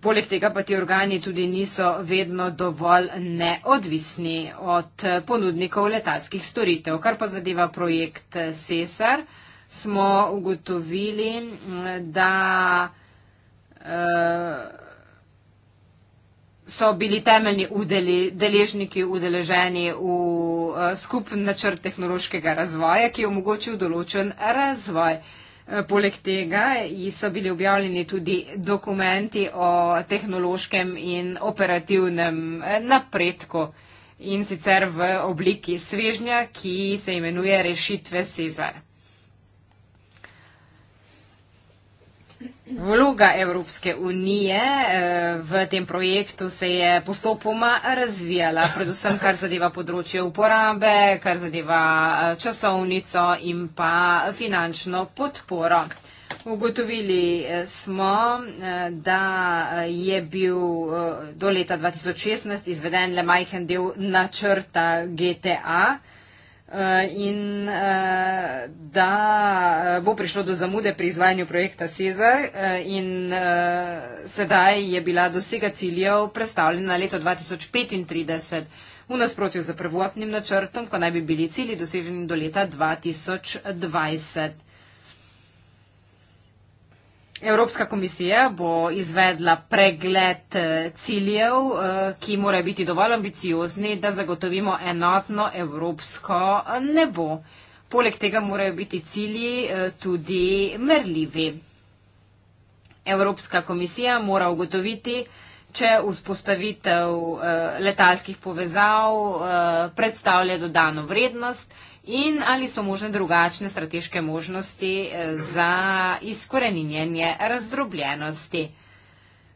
Poleg tega pa ti organi tudi niso vedno dovolj neodvisni od ponudnikov letalskih storitev. Kar pa zadeva projekt SESAR, smo ugotovili, mm, da. Uh, so bili temeljni udeli, deležniki udeleženi v eh, skupni načrt tehnološkega razvoja, ki je omogočil določen razvoj. Eh, poleg tega so bili objavljeni tudi dokumenti o tehnološkem in operativnem eh, napredku in sicer v obliki svežnja, ki se imenuje rešitve Cezar. Vloga Evropske unije eh, v tem projektu se je postopoma razvijala, predvsem kar zadeva področje uporabe, kar zadeva eh, časovnico in pa finančno podporo. Ugotovili eh, smo, da je bil do leta 2016 izveden le majhen del načrta GTA Eh, in eh, da eh, bo prišlo do zamude pri izvajanju projekta Cezar in sedaj je bila dosega ciljev predstavljena leto 2035 v nasprotju z prvotnim načrtom, ko naj bi bili cilji doseženi do leta 2020. Evropska komisija bo izvedla pregled eh, ciljev, eh, ki morajo biti dovolj ambiciozni, da zagotovimo enotno evropsko eh, nebo. Poleg tega morajo biti cilji tudi merljivi. Evropska komisija mora ugotoviti, če vzpostavitev letalskih povezav predstavlja dodano vrednost In ali so možne drugačne strateške možnosti eh, za izkoreninjenje razdrobljenosti?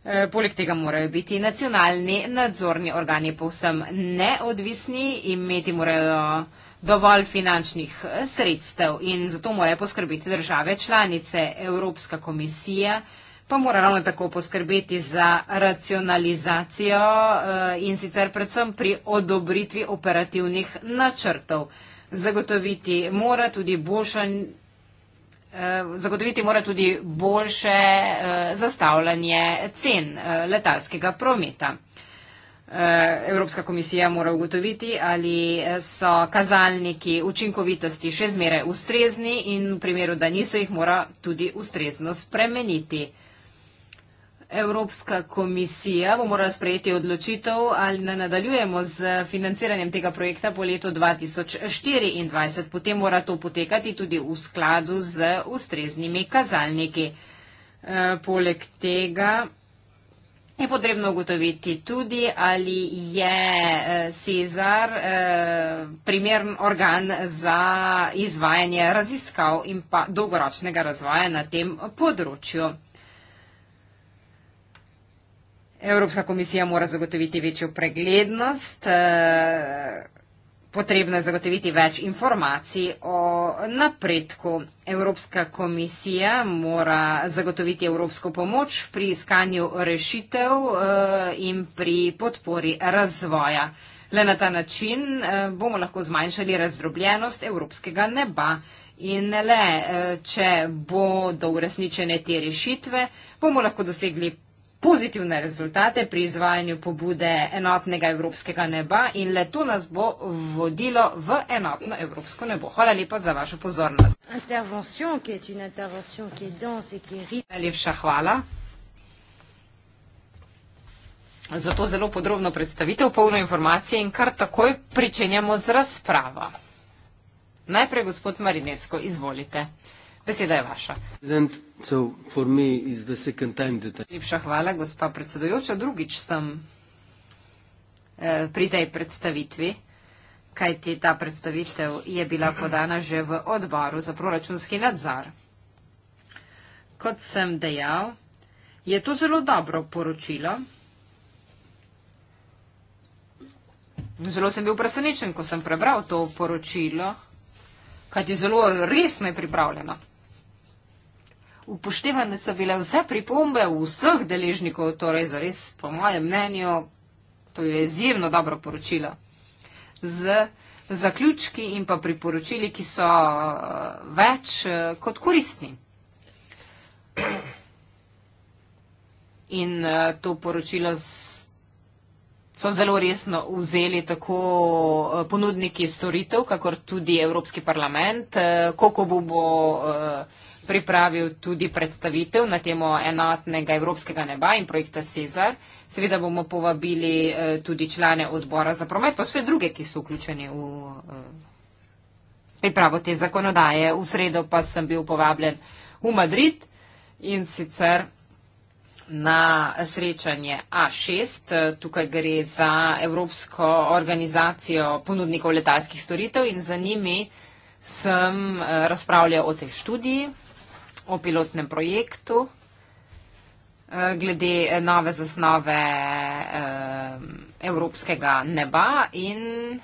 Eh, poleg tega morajo biti nacionalni nadzorni organi povsem neodvisni, imeti morajo dovolj finančnih eh, sredstev in zato morajo poskrbeti države članice. Evropska komisija pa mora ravno tako poskrbeti za racionalizacijo in sicer predvsem pri odobritvi operativnih načrtov zagotoviti mora tudi boljšen eh, zagotoviti mora tudi boljše eh, zastavljanje cen eh, letalskega prometa. Evropska komisija mora ugotoviti, ali so kazalniki učinkovitosti še zmeraj ustrezni in v primeru, da niso, jih mora tudi ustrezno spremeniti. Evropska komisija bo morala sprejeti odločitev, ali ne nadaljujemo z financiranjem tega projekta po letu 2024. Potem mora to potekati tudi v skladu z ustreznimi kazalniki. E, poleg tega je potrebno ugotoviti tudi, ali je e, Cezar e, primern organ za izvajanje raziskav in pa dolgoročnega razvoja na tem področju. Evropska komisija mora zagotoviti večjo preglednost, eh, potrebno je zagotoviti več informacij o napredku. Evropska komisija mora zagotoviti evropsko pomoč pri iskanju rešitev eh, in pri podpori razvoja. Le na ta način eh, bomo lahko zmanjšali razdrobljenost evropskega neba. In le, če bodo uresničene te rešitve, bomo lahko dosegli pozitivne rezultate pri izvajanju pobude enotnega evropskega neba in le to nas bo vodilo v enotno evropsko nebo. Hvala lepa za vašo pozornost. Najlepša hvala. Zato zelo podrobno predstavitev, polno informacije in kar takoj pričenjamo z razpravo. Najprej gospod Marinesko, izvolite. Beseda je vaša. Lepša hvala, gospa predsedujoča. Drugič sem eh, pri tej predstavitvi, kajti ta predstavitev je bila podana že v odboru za proračunski nadzor. Kot sem dejal, je to zelo dobro poročilo. Zelo sem bil presenečen, ko sem prebral to poročilo, kajti zelo resno je pripravljeno upoštevane so bile vse pripombe vseh deležnikov, torej zares, po mojem mnenju, to je izjemno dobro poročilo. Z zaključki in pa priporočili, ki so eh, več eh, kot koristni. In eh, to poročilo so zelo resno vzeli tako ponudniki storitev, kakor tudi Evropski parlament, koliko bo, bo pripravil tudi predstavitev na temo enotnega evropskega neba in projekta Cezar. Seveda bomo povabili eh, tudi člane odbora za promet, pa vse druge, ki so vključeni v eh, pripravo te zakonodaje. V sredo pa sem bil povabljen v Madrid in sicer na srečanje A6. Tukaj gre za Evropsko organizacijo ponudnikov letalskih storitev in za njimi sem eh, razpravljal o tej študiji o pilotnem projektu, eh, glede eh, nove zaznave eh, evropskega neba in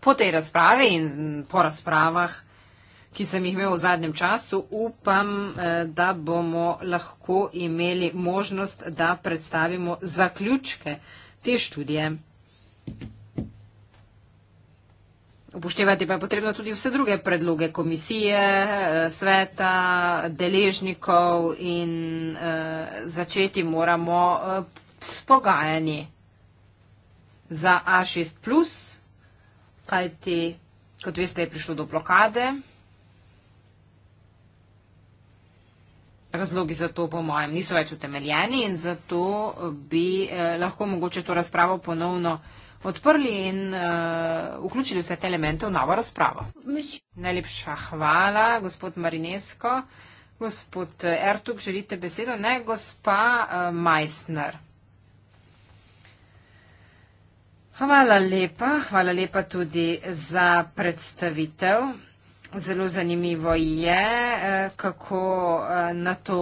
po tej razpravi in po razpravah, ki sem jih imel v zadnjem času, upam, da bomo lahko imeli možnost, da predstavimo zaključke te študije. Upoštevati pa je potrebno tudi vse druge predloge komisije, eh, sveta, deležnikov in eh, začeti moramo eh, s pogajanji za A6+, kajti, kot veste, je prišlo do blokade. Razlogi za to, po mojem, niso več utemeljeni in zato bi lahko mogoče to razpravo ponovno vzpravili odprli in uh, vključili vse te elemente v novo razpravo. Najlepša hvala, gospod Marinesko. Gospod eh, Ertug, želite besedo? Ne, gospa uh, Meissner. Hvala lepa, hvala lepa tudi za predstavitev. Zelo zanimivo je, kako na to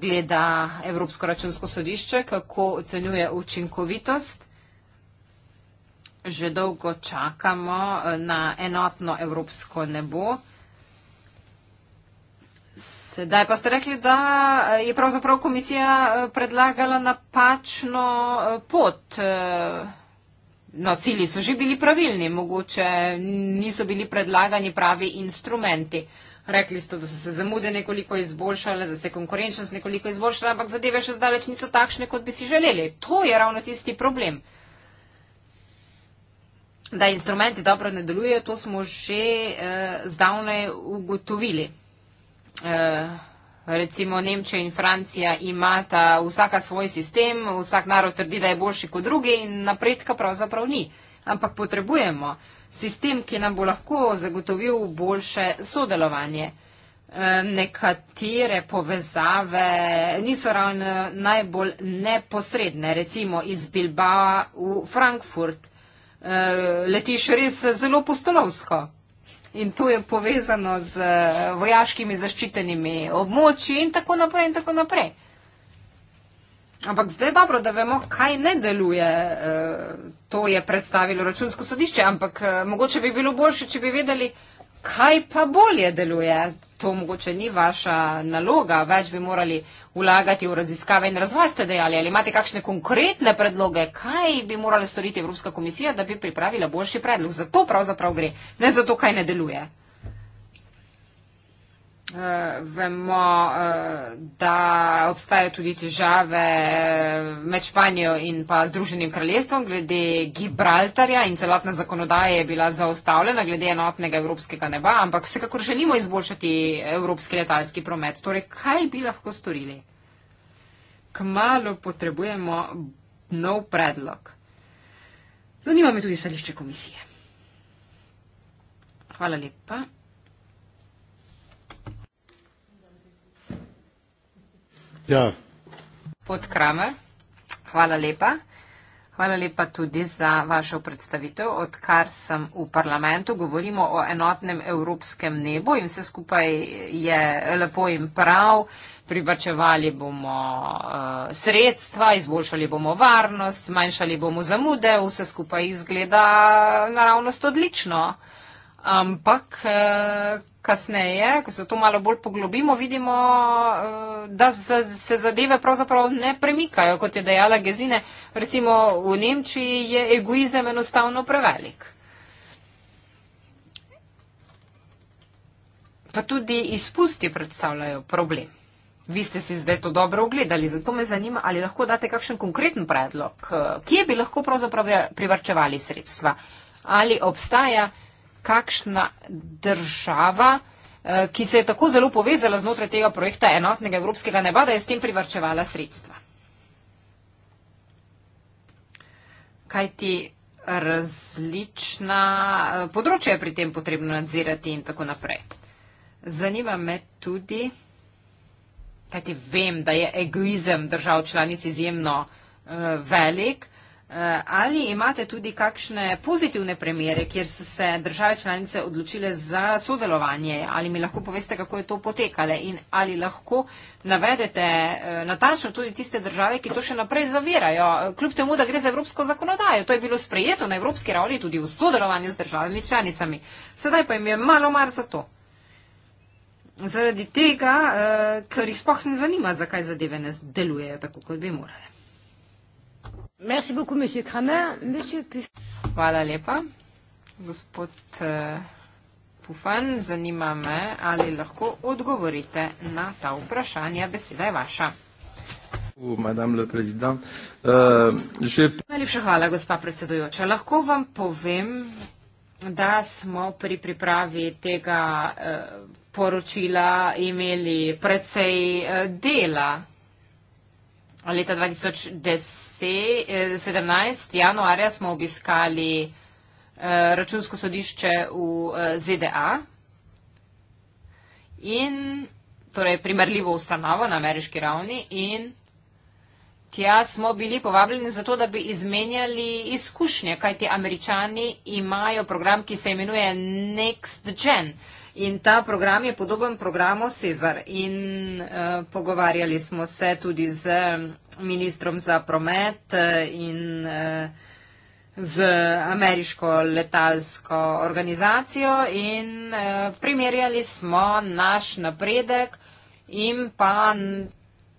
gleda Evropsko računsko sodišče, kako ocenjuje učinkovitost že dolgo čakamo eh, na enotno evropsko nebo. Sedaj pa ste rekli, da eh, je pravzaprav komisija eh, predlagala napačno pot. No, cilji so že bili pravilni, mogoče niso bili predlagani pravi instrumenti. Rekli ste, da so se zamude nekoliko izboljšale, da se je konkurenčnost nekoliko izboljšala, ampak zadeve še zdaleč niso takšne, kot bi si želeli. To je ravno tisti problem da instrumenti dobro ne delujejo, to smo že eh, zdavne ugotovili. Eh, recimo Nemčija in Francija imata vsaka svoj sistem, vsak narod trdi, da je boljši kot drugi in napredka pravzaprav ni. Ampak potrebujemo sistem, ki nam bo lahko zagotovil boljše sodelovanje. Eh, nekatere povezave niso ravno najbolj neposredne, recimo iz Bilbao v Frankfurt. Eh, letiš res zelo postolovsko. In to je povezano z eh, vojaškimi zaščitenimi območji in tako naprej in tako naprej. Ampak zdaj je dobro, da vemo, kaj ne deluje. Eh, to je predstavilo računsko sodišče, ampak mogoče bi bilo boljše, če bi vedeli, kaj pa bolje deluje to mogoče ni vaša naloga, več bi morali vlagati v raziskave in razvoj, ste dejali. Ali imate kakšne konkretne predloge, kaj bi morala storiti Evropska komisija, da bi pripravila boljši predlog? Za to pravzaprav gre, ne za to, kaj ne deluje. Eh, vemo, eh, da obstajajo tudi težave eh, med Španijo in pa Združenim kraljestvom glede Gibraltarja in celotna zakonodaja je bila zaustavljena glede enotnega evropskega neba, ampak vsekakor želimo izboljšati evropski letalski promet. Torej, kaj bi lahko storili? Kmalo potrebujemo nov predlog. Zanima me tudi stališče komisije. Hvala lepa. Ja. Pod Kramer, hvala lepa. Hvala lepa tudi za vašo predstavitev. Odkar sem v parlamentu, govorimo o enotnem evropskem nebu in vse skupaj je lepo in prav. Privrčevali bomo uh, sredstva, izboljšali bomo varnost, zmanjšali bomo zamude, vse skupaj izgleda naravnost odlično. Uh, Ampak eh, kasneje, ko se to malo bolj poglobimo, vidimo, eh, da se zadeve pravzaprav ne premikajo, kot je dejala Gezine. Recimo v Nemčiji je egoizem enostavno prevelik. Pa tudi izpusti predstavljajo problem. Vi ste si zdaj to dobro ogledali, zato me zanima, ali lahko date kakšen konkreten predlog, eh, kje bi lahko pravzaprav privarčevali sredstva. Ali obstaja kakšna država, eh, ki se je tako zelo povezala znotraj tega projekta enotnega evropskega neba, da je s tem privrčevala sredstva. Kaj ti različna eh, področja je pri tem potrebno nadzirati in tako naprej. Zanima me tudi, kajti vem, da je egoizem držav članic izjemno eh, velik, Eh, ali imate tudi kakšne pozitivne premjere, kjer so se države članice odločile za sodelovanje? Ali mi lahko poveste, kako je to potekalo in ali lahko navedete eh, natančno tudi tiste države, ki to še naprej zavirajo, eh, kljub temu, da gre za evropsko zakonodajo. To je bilo sprejeto na evropski ravni tudi v sodelovanju z državami članicami. Sedaj pa jim je malo mar za to. Zaradi tega, ker jih spoh ne zanima, zakaj zadeve ne delujejo tako, kot bi morali. Hvala lepa. Gospod eh, Pufan, zanima me, ali lahko odgovorite na ta vprašanja. Beseda je vaša. Eh, Najlepša hvala, gospa predsedujoča. Lahko vam povem, da smo pri pripravi tega eh, poročila imeli precej dela Leta 2017, eh, januarja, smo obiskali eh, računsko sodišče v eh, ZDA in torej primerljivo ustanovo na ameriški ravni in tja smo bili povabljeni za to, da bi izmenjali izkušnje, kajti američani imajo program, ki se imenuje Next Gen. Uh, In ta program je podoben programu Cezar. In uh, pogovarjali smo se tudi z ministrom za promet eh, in uh, z ameriško letalsko organizacijo in uh, primerjali smo naš napredek in pa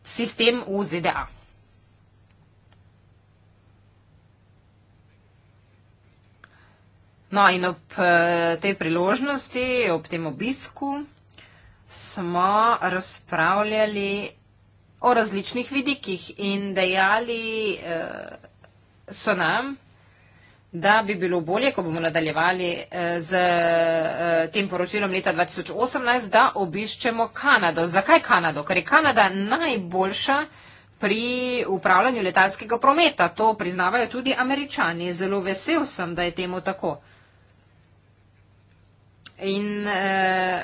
sistem v ZDA. No, in ob eh, tej priložnosti, ob tem obisku, smo razpravljali o različnih vidikih in dejali eh, so nam, da bi bilo bolje, ko bomo nadaljevali eh, z tem poročilom leta 2018, da obiščemo Kanado. Zakaj Kanado? Ker je Kanada najboljša pri upravljanju letalskega prometa. To priznavajo tudi američani. Zelo vesel sem, da je temu tako. In uh,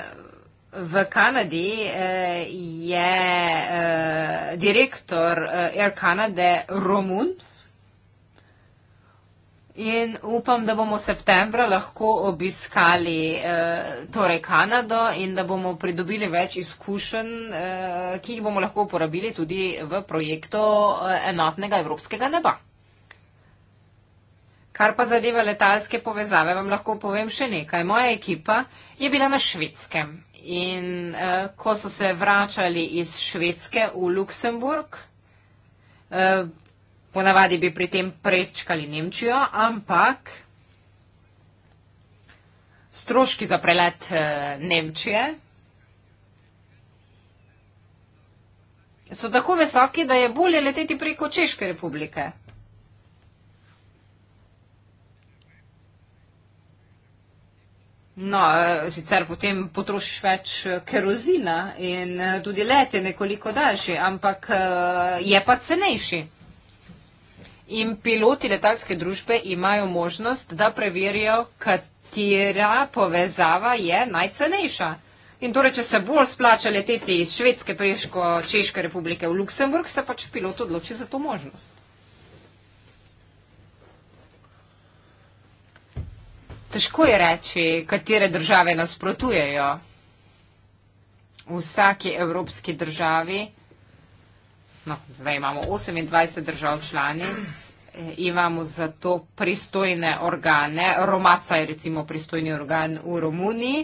v Kanadi uh, je uh, direktor uh, Air Canada Romun. In upam, da bomo v septembru lahko obiskali eh, torej Kanado in da bomo pridobili več izkušenj, eh, ki jih bomo lahko uporabili tudi v projektu eh, enotnega evropskega neba. Kar pa zadeva letalske povezave, vam lahko povem še nekaj. Moja ekipa je bila na švedskem in uh, ko so se vračali iz Švedske v Luksemburg, uh, ponavadi bi pri tem prečkali Nemčijo, ampak stroški za prelet uh, Nemčije so tako visoki, da je bolje leteti preko Češke republike. No, eh, sicer potem potrošiš več eh, kerozina in eh, tudi let je nekoliko daljši, ampak je pa cenejši. In piloti letalske družbe imajo možnost, da preverijo, katera povezava je najcenejša. In torej, če se bolj splača leteti iz Švedske preško Češke republike v Luksemburg, se pač pilot odloči za to možnost. Težko je reči, katere države nasprotujejo. V vsaki evropski državi, no, zdaj imamo 28 držav članic, eh, imamo za to pristojne organe. Romaca je recimo pristojni organ v Romuniji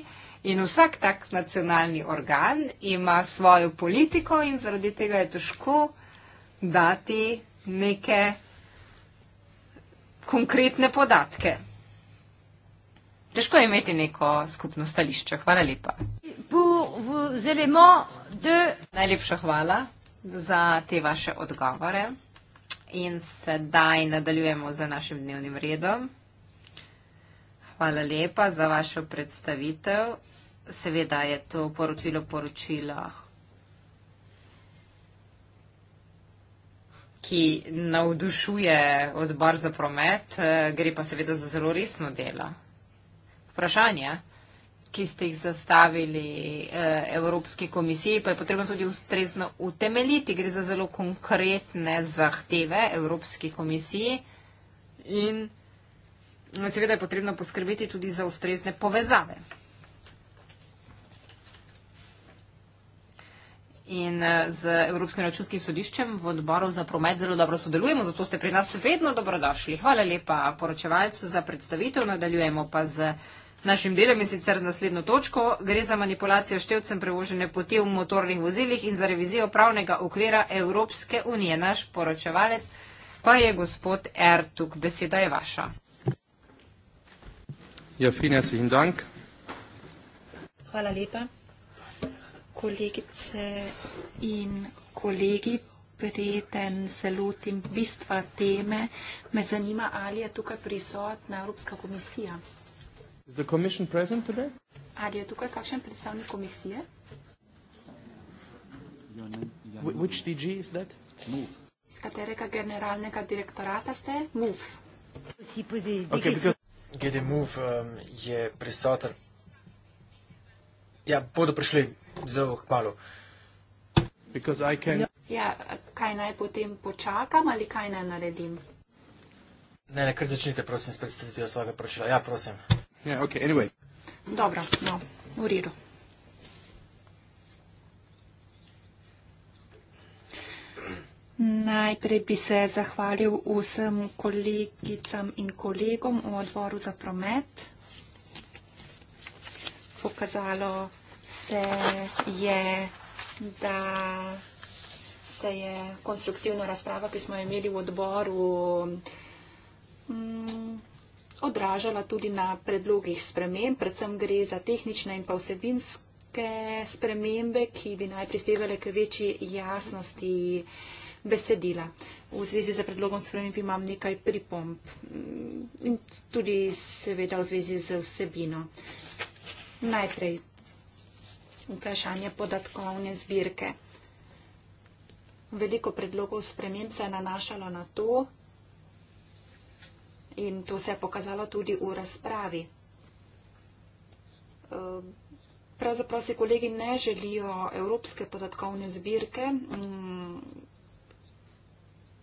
in vsak tak nacionalni organ ima svojo politiko in zaradi tega je težko dati neke konkretne podatke težko je imeti neko skupno stališče. Hvala lepa. Najlepša hvala za te vaše odgovore. In sedaj nadaljujemo z našim dnevnim redom. Hvala lepa za vašo predstavitev. Seveda je to poročilo poročila, ki navdušuje odbor za promet, gre pa seveda za zelo resno delo vprašanja, ki ste jih zastavili eh, Evropski komisiji, pa je potrebno tudi ustrezno utemeliti. Gre za zelo konkretne zahteve Evropski komisiji in seveda je potrebno poskrbeti tudi za ustrezne povezave. In eh, z Evropskim računskim sodiščem v odboru za promet zelo dobro sodelujemo, zato ste pri nas vedno dobrodošli. Hvala lepa poročevalcu za predstavitev. Nadaljujemo pa z Našim delom je sicer z naslednjo točko, gre za manipulacijo števcem prevožene poti v motornih vozilih in za revizijo pravnega okvira Evropske unije. Naš poročevalec pa je gospod Ertug. Beseda je vaša. Ja, finec in dank. Hvala lepa. Kolegice in kolegi, preden se lotim bistva teme, me zanima, ali je tukaj prisotna Evropska komisija the commission present today? Ali je tukaj kakšen predstavnik komisije? Which DG is that? Move. Iz katerega generalnega direktorata ste? Move. Si pozi, okay, because... Gede Move um, je prisoten. Ja, bodo prišli zelo hmalo. Because I can... No. Ja, kaj naj potem počakam ali kaj naj naredim? Ne, ne, kar začnite, prosim, s predstavitvijo svojega vprašanja. Ja, prosim. Yeah, okay, anyway. Dobro, no, v redu. Najprej bi se zahvalil vsem kolegicam in kolegom v odboru za promet. Pokazalo se je, da se je konstruktivna razprava, ki smo imeli v odboru, mm, odražala tudi na predlogih sprememb, predvsem gre za tehnične in pa vsebinske spremembe, ki bi naj prispevale k večji jasnosti besedila. V zvezi z predlogom sprememb imam nekaj pripomb in tudi seveda v zvezi z vsebino. Najprej vprašanje podatkovne zbirke. Veliko predlogov sprememb se je nanašalo na to, in to se je pokazalo tudi v razpravi. Ehm, pravzaprav si kolegi ne želijo evropske podatkovne zbirke, mm,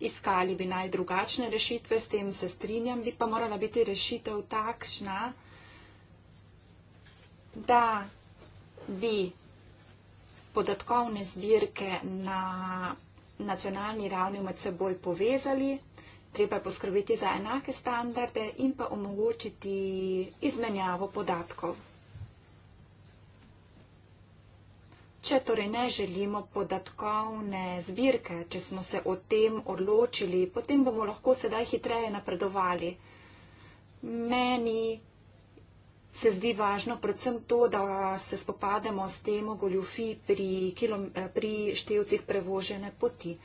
iskali bi naj drugačne rešitve, s tem se strinjam, bi pa morala biti rešitev takšna, da bi podatkovne zbirke na nacionalni ravni med seboj povezali, treba je poskrbeti za enake standarde in pa omogočiti izmenjavo podatkov. Če torej ne želimo podatkovne zbirke, če smo se o tem odločili, potem bomo lahko sedaj hitreje napredovali. Meni se zdi važno predvsem to, da se spopademo s temo goljufi pri, pri števcih prevožene poti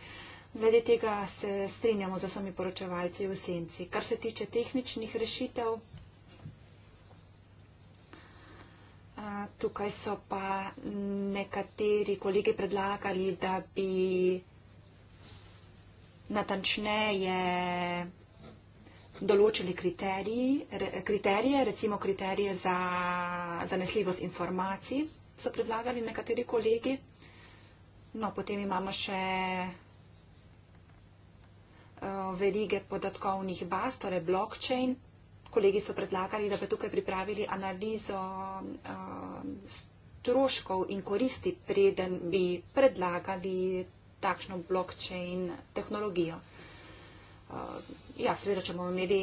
glede tega se strinjamo z vsemi poročevalci v senci. Kar se tiče tehničnih rešitev, tukaj so pa nekateri kolegi predlagali, da bi natančneje določili kriteriji, re, kriterije, recimo kriterije za zanesljivost informacij, so predlagali nekateri kolegi. No, potem imamo še Eh, verige podatkovnih baz, torej blockchain. Kolegi so predlagali, da bi tukaj pripravili analizo eh, stroškov in koristi, preden bi predlagali takšno blockchain tehnologijo. Eh, ja, seveda, če bomo imeli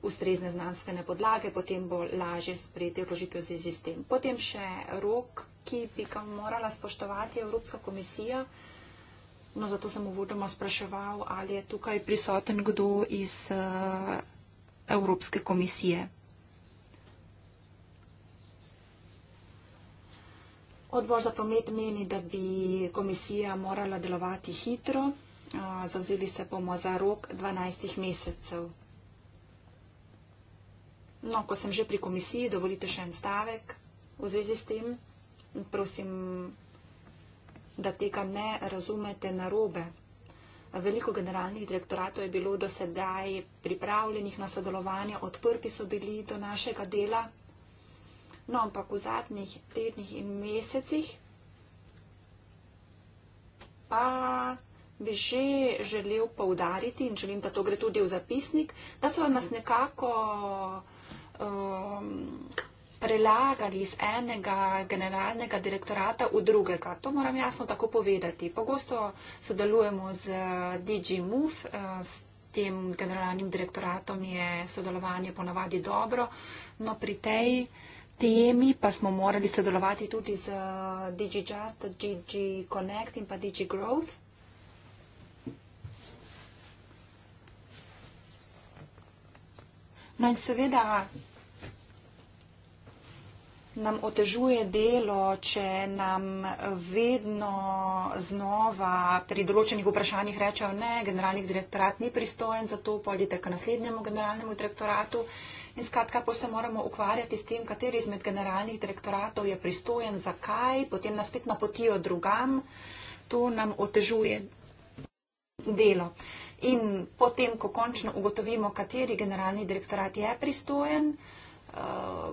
ustrezne znanstvene podlage, potem bo lažje sprejeti vložitev z sistem. Potem še rok, ki bi ga morala spoštovati Evropska komisija. No, zato sem uvodoma spraševal, ali je tukaj prisoten kdo iz uh, Evropske komisije. Odbor za promet meni, da bi komisija morala delovati hitro. Uh, zavzeli se bomo za rok 12 mesecev. No, ko sem že pri komisiji, dovolite še en stavek v zvezi s tem. Prosim, da tega ne razumete narobe. Veliko generalnih direktoratov je bilo do sedaj pripravljenih na sodelovanje, odprti so bili do našega dela. No, ampak v zadnjih tednih in mesecih pa bi že želel poudariti in želim, da to gre tudi v zapisnik, da so nas nekako. Um, prelagali iz enega generalnega direktorata v drugega. To moram jasno tako povedati. Pogosto sodelujemo z DG Move, eh, s tem generalnim direktoratom je sodelovanje ponavadi dobro, no pri tej temi pa smo morali sodelovati tudi z eh, DG Just, DG Connect in pa DG Growth. No in seveda nam otežuje delo, če nam vedno znova pri določenih vprašanjih rečejo ne, generalni direktorat ni pristojen za to, pojdite k naslednjemu generalnemu direktoratu. In skratka, pa se moramo ukvarjati s tem, kateri izmed generalnih direktoratov je pristojen, zakaj, potem nas spet napotijo drugam, to nam otežuje delo. In potem, ko končno ugotovimo, kateri generalni direktorat je pristojen, uh,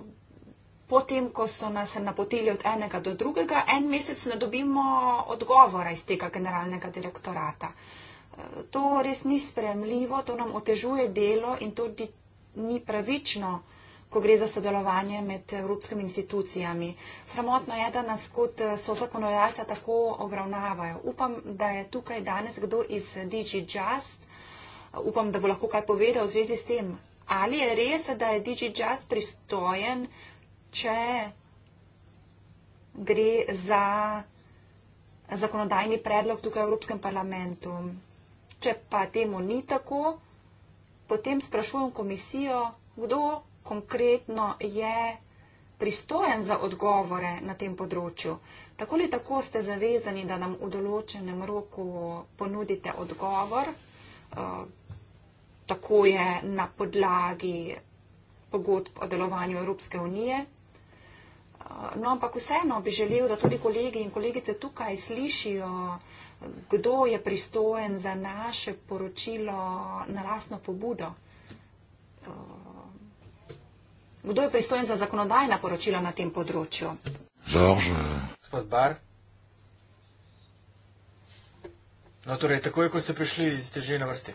potem, ko so nas napoteli od enega do drugega, en mesec ne dobimo odgovora iz tega generalnega direktorata. Eh, to res ni spremljivo, to nam otežuje delo in tudi ni pravično, ko gre za sodelovanje med evropskimi institucijami. Sramotno je, da nas kot eh, so zakonodajalca tako obravnavajo. Upam, da je tukaj danes kdo iz DigiJust, eh, upam, da bo lahko kaj povedal v zvezi s tem. Ali je res, da je DigiJust pristojen če gre za zakonodajni predlog tukaj v Evropskem parlamentu. Če pa temu ni tako, potem sprašujem komisijo, kdo konkretno je pristojen za odgovore na tem področju. Tako ali tako ste zavezani, da nam v določenem roku ponudite odgovor, eh, tako je na podlagi pogodb o delovanju Evropske unije, No, ampak vseeno bi želel, da tudi kolegi in kolegice tukaj slišijo, kdo je pristojen za naše poročilo na lastno pobudo. Eh, kdo je pristojen za zakonodajna poročila na tem področju? Zorže. Gospod Bar. No, torej, tako je, ko ste prišli, ste že na vrsti.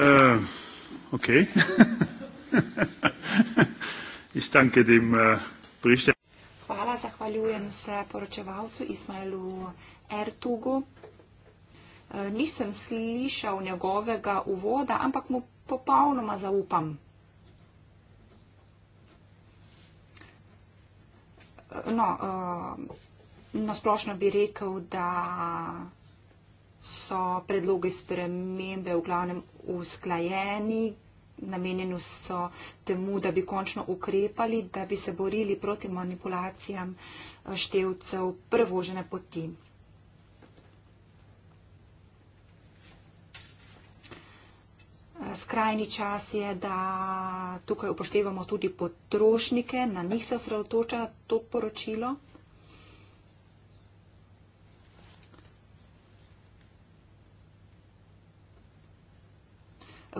Uh, ok. Ich danke dem. Uh izkoriščen. Hvala, zahvaljujem se poročevalcu Ismailu Ertugu. E, nisem slišal njegovega uvoda, ampak mu popolnoma zaupam. E, no, e, na splošno bi rekel, da so predlogi spremembe v glavnem usklajeni, namenjeni so temu, da bi končno ukrepali, da bi se borili proti manipulacijam eh, števcev prevožene poti. Eh, skrajni čas je, da tukaj upoštevamo tudi potrošnike, na njih se osredotoča to poročilo.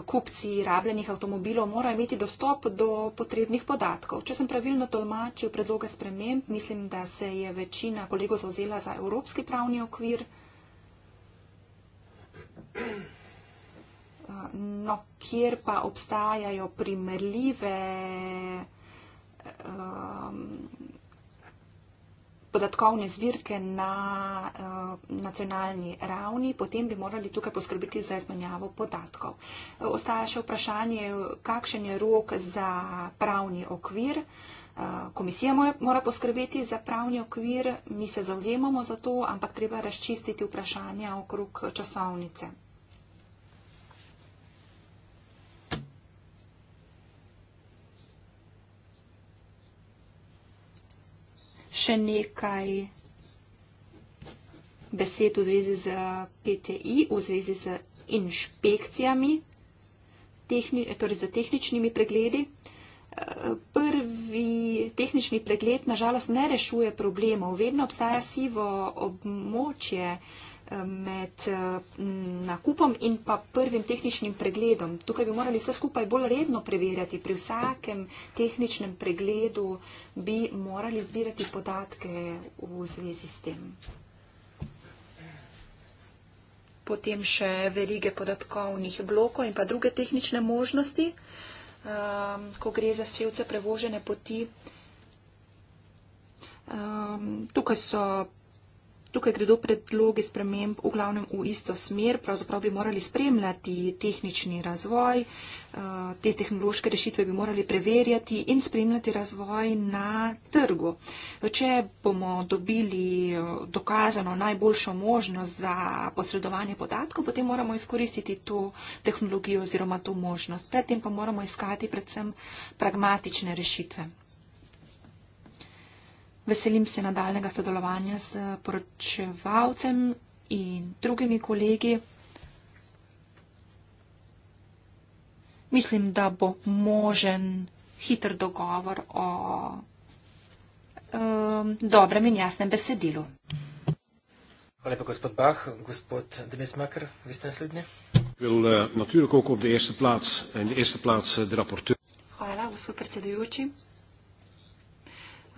kupci rabljenih avtomobilov morajo imeti dostop do potrebnih podatkov. Če sem pravilno tolmačil predloga sprememb, mislim, da se je večina kolegov zauzela za evropski pravni okvir. No, kjer pa obstajajo primerljive. Um, podatkovne zbirke na uh, nacionalni ravni, potem bi morali tukaj poskrbiti za izmenjavo podatkov. Eh, ostaja še vprašanje, kakšen je rok za pravni okvir. Eh, komisija mora poskrbeti za pravni okvir, mi se zauzemamo za to, ampak treba razčistiti vprašanja okrog časovnice. še nekaj besed v zvezi z PTI, v zvezi z inšpekcijami, tehni, torej z tehničnimi pregledi. Prvi tehnični pregled nažalost ne rešuje problemov. Vedno obstaja sivo območje med eh, nakupom in pa prvim tehničnim pregledom. Tukaj bi morali vse skupaj bolj redno preverjati. Pri vsakem tehničnem pregledu bi morali zbirati podatke v zvezi s tem. Potem še verige podatkovnih blokov in pa druge tehnične možnosti, ehm, ko gre za ščevce prevožene poti. Ehm, tukaj so tukaj gredo predlogi sprememb v glavnem v isto smer, pravzaprav bi morali spremljati tehnični razvoj, eh, te tehnološke rešitve bi morali preverjati in spremljati razvoj na trgu. Če bomo dobili eh, dokazano najboljšo možnost za posredovanje podatkov, potem moramo izkoristiti to tehnologijo oziroma to možnost. Predtem pa moramo iskati predvsem pragmatične rešitve. Veselim se nadaljnega sodelovanja s poročevalcem in drugimi kolegi. Mislim, da bo možen hiter dogovor o um, dobrem in jasnem besedilu. Hvala lepa, gospod Bach. Gospod Demesmaker, vi ste naslednji. Wil, uh, plaats, plaats, uh, Hvala, gospod predsedujoči.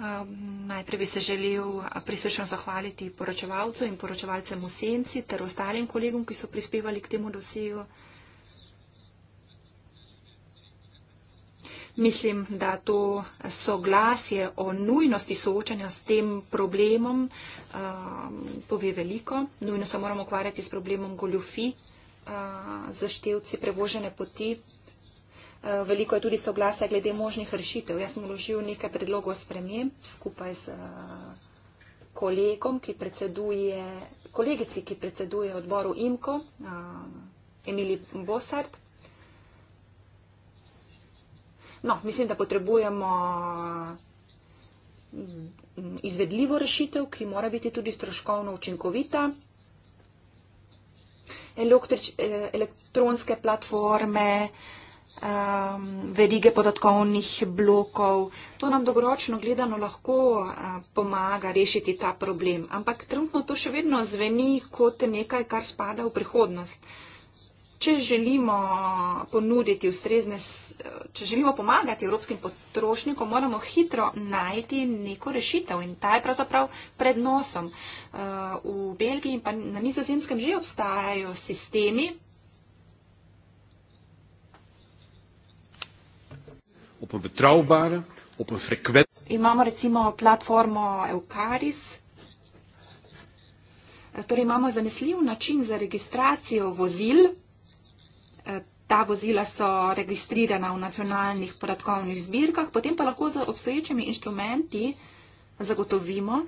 Ehm, najprej bi se želel prisrčno zahvaliti poročevalcu in poročevalcem v senci ter ostalim kolegom, ki so prispevali k temu dosegu. Mislim, da to soglasje o nujnosti soočanja s tem problemom um, pove veliko. Nujno se moramo ukvarjati s problemom goljufi uh, ehm, za števci prevožene poti Eh, veliko je tudi soglasja glede možnih rešitev. Jaz sem vložil nekaj predlogov sprememb skupaj z eh, kolegom, ki predseduje, kolegici, ki predseduje odboru IMKO, eh, Emili Bosart. No, mislim, da potrebujemo izvedljivo rešitev, ki mora biti tudi stroškovno učinkovita. Električ, elektronske platforme, um, verige podatkovnih blokov. To nam dolgoročno gledano lahko uh, pomaga rešiti ta problem. Ampak trenutno to še vedno zveni kot nekaj, kar spada v prihodnost. Če želimo ponuditi ustrezne, uh, če želimo pomagati evropskim potrošnikom, moramo hitro najti neko rešitev in ta je pravzaprav pred nosom. Uh, v Belgiji in pa na nizozemskem že obstajajo sistemi, op een betrouwbare, op een frequent. Imamo recimo platformo Eukaris. Eh, torej imamo zanesljiv način za registracijo vozil. Eh, ta vozila so registrirana v nacionalnih podatkovnih zbirkah, potem pa lahko z obstoječimi inštrumenti zagotovimo,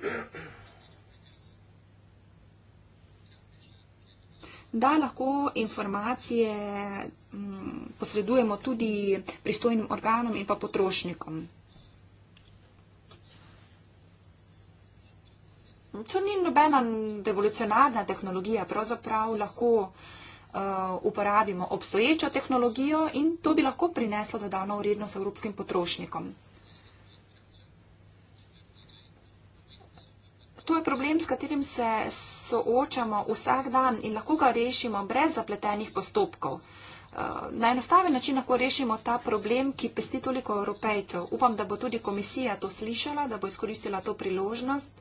da lahko informacije mm, posredujemo tudi pristojnim organom in pa potrošnikom. To ni nobena revolucionarna tehnologija, pravzaprav lahko eh, uporabimo obstoječo tehnologijo in to bi lahko prineslo dodano vrednost evropskim potrošnikom. to je problem, s katerim se soočamo vsak dan in lahko ga rešimo brez zapletenih postopkov. Eh, na enostaven način lahko rešimo ta problem, ki pesti toliko evropejcev. Upam, da bo tudi komisija to slišala, da bo izkoristila to priložnost.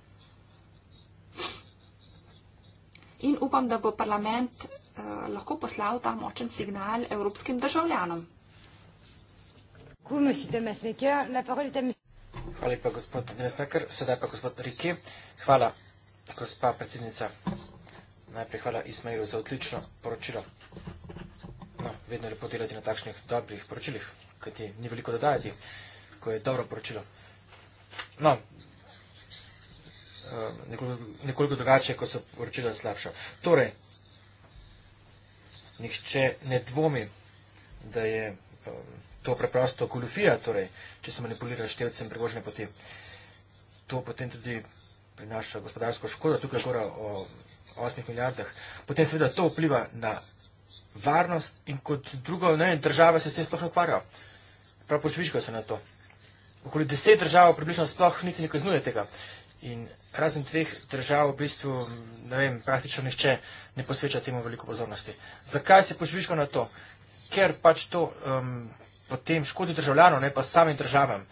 In upam, da bo parlament eh, lahko poslal ta močen signal evropskim državljanom. Gospod, Hvala lepa, gospod Dnes Mekar. Sedaj pa gospod Riki. Hvala, gospa predsednica. Najprej hvala Ismailu za odlično poročilo. No, vedno je lepo delati na takšnih dobrih poročilih, kaj ti ni veliko dodajati, ko je dobro poročilo. No, eh, nekoliko, nekoliko drugače, ko so poročila slabša. Torej, nihče ne dvomi, da je um, to preprosto goljufija, torej, če se manipulira števcem prevožne poti, to potem tudi prinaša gospodarsko škodo, tukaj gora o 8 milijardah. Potem seveda to vpliva na varnost in kot drugo, ne, država se s tem sploh ne ukvarja. Prav požvižgajo se na to. Okoli deset držav približno sploh niti ne kaznuje tega. In razen dveh držav v bistvu, ne vem, praktično nihče ne posveča temu veliko pozornosti. Zakaj se požvižgajo na to? Ker pač to um, potem škodi državljanom, ne pa samim državam.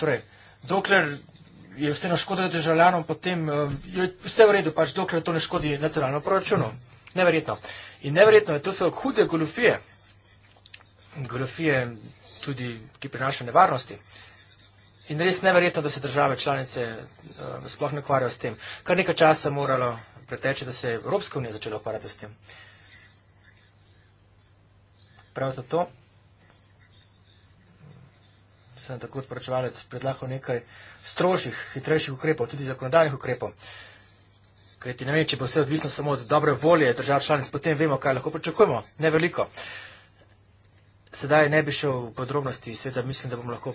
Torej, dokler je vseeno škoda državljanom, potem eh, je vse v redu, pač dokler to ne škodi nacionalno proračuno. Neverjetno. In neverjetno je, to so hude golofije. Golofije tudi, ki prinašajo nevarnosti. In res neverjetno, da se države članice uh, sploh ne ukvarjajo s tem. Kar nekaj časa moralo preteči, da se je Evropska unija začela ukvarjati s tem. Prav zato sem tako odporočevalec predlagal nekaj strožjih, hitrejših ukrepov, tudi zakonodajnih ukrepov. Kaj ti ne vem, če bo vse odvisno samo od dobre volje držav članic, potem vemo, kaj lahko pričakujemo. Ne veliko. Sedaj ne bi šel v podrobnosti, seveda mislim, da bomo lahko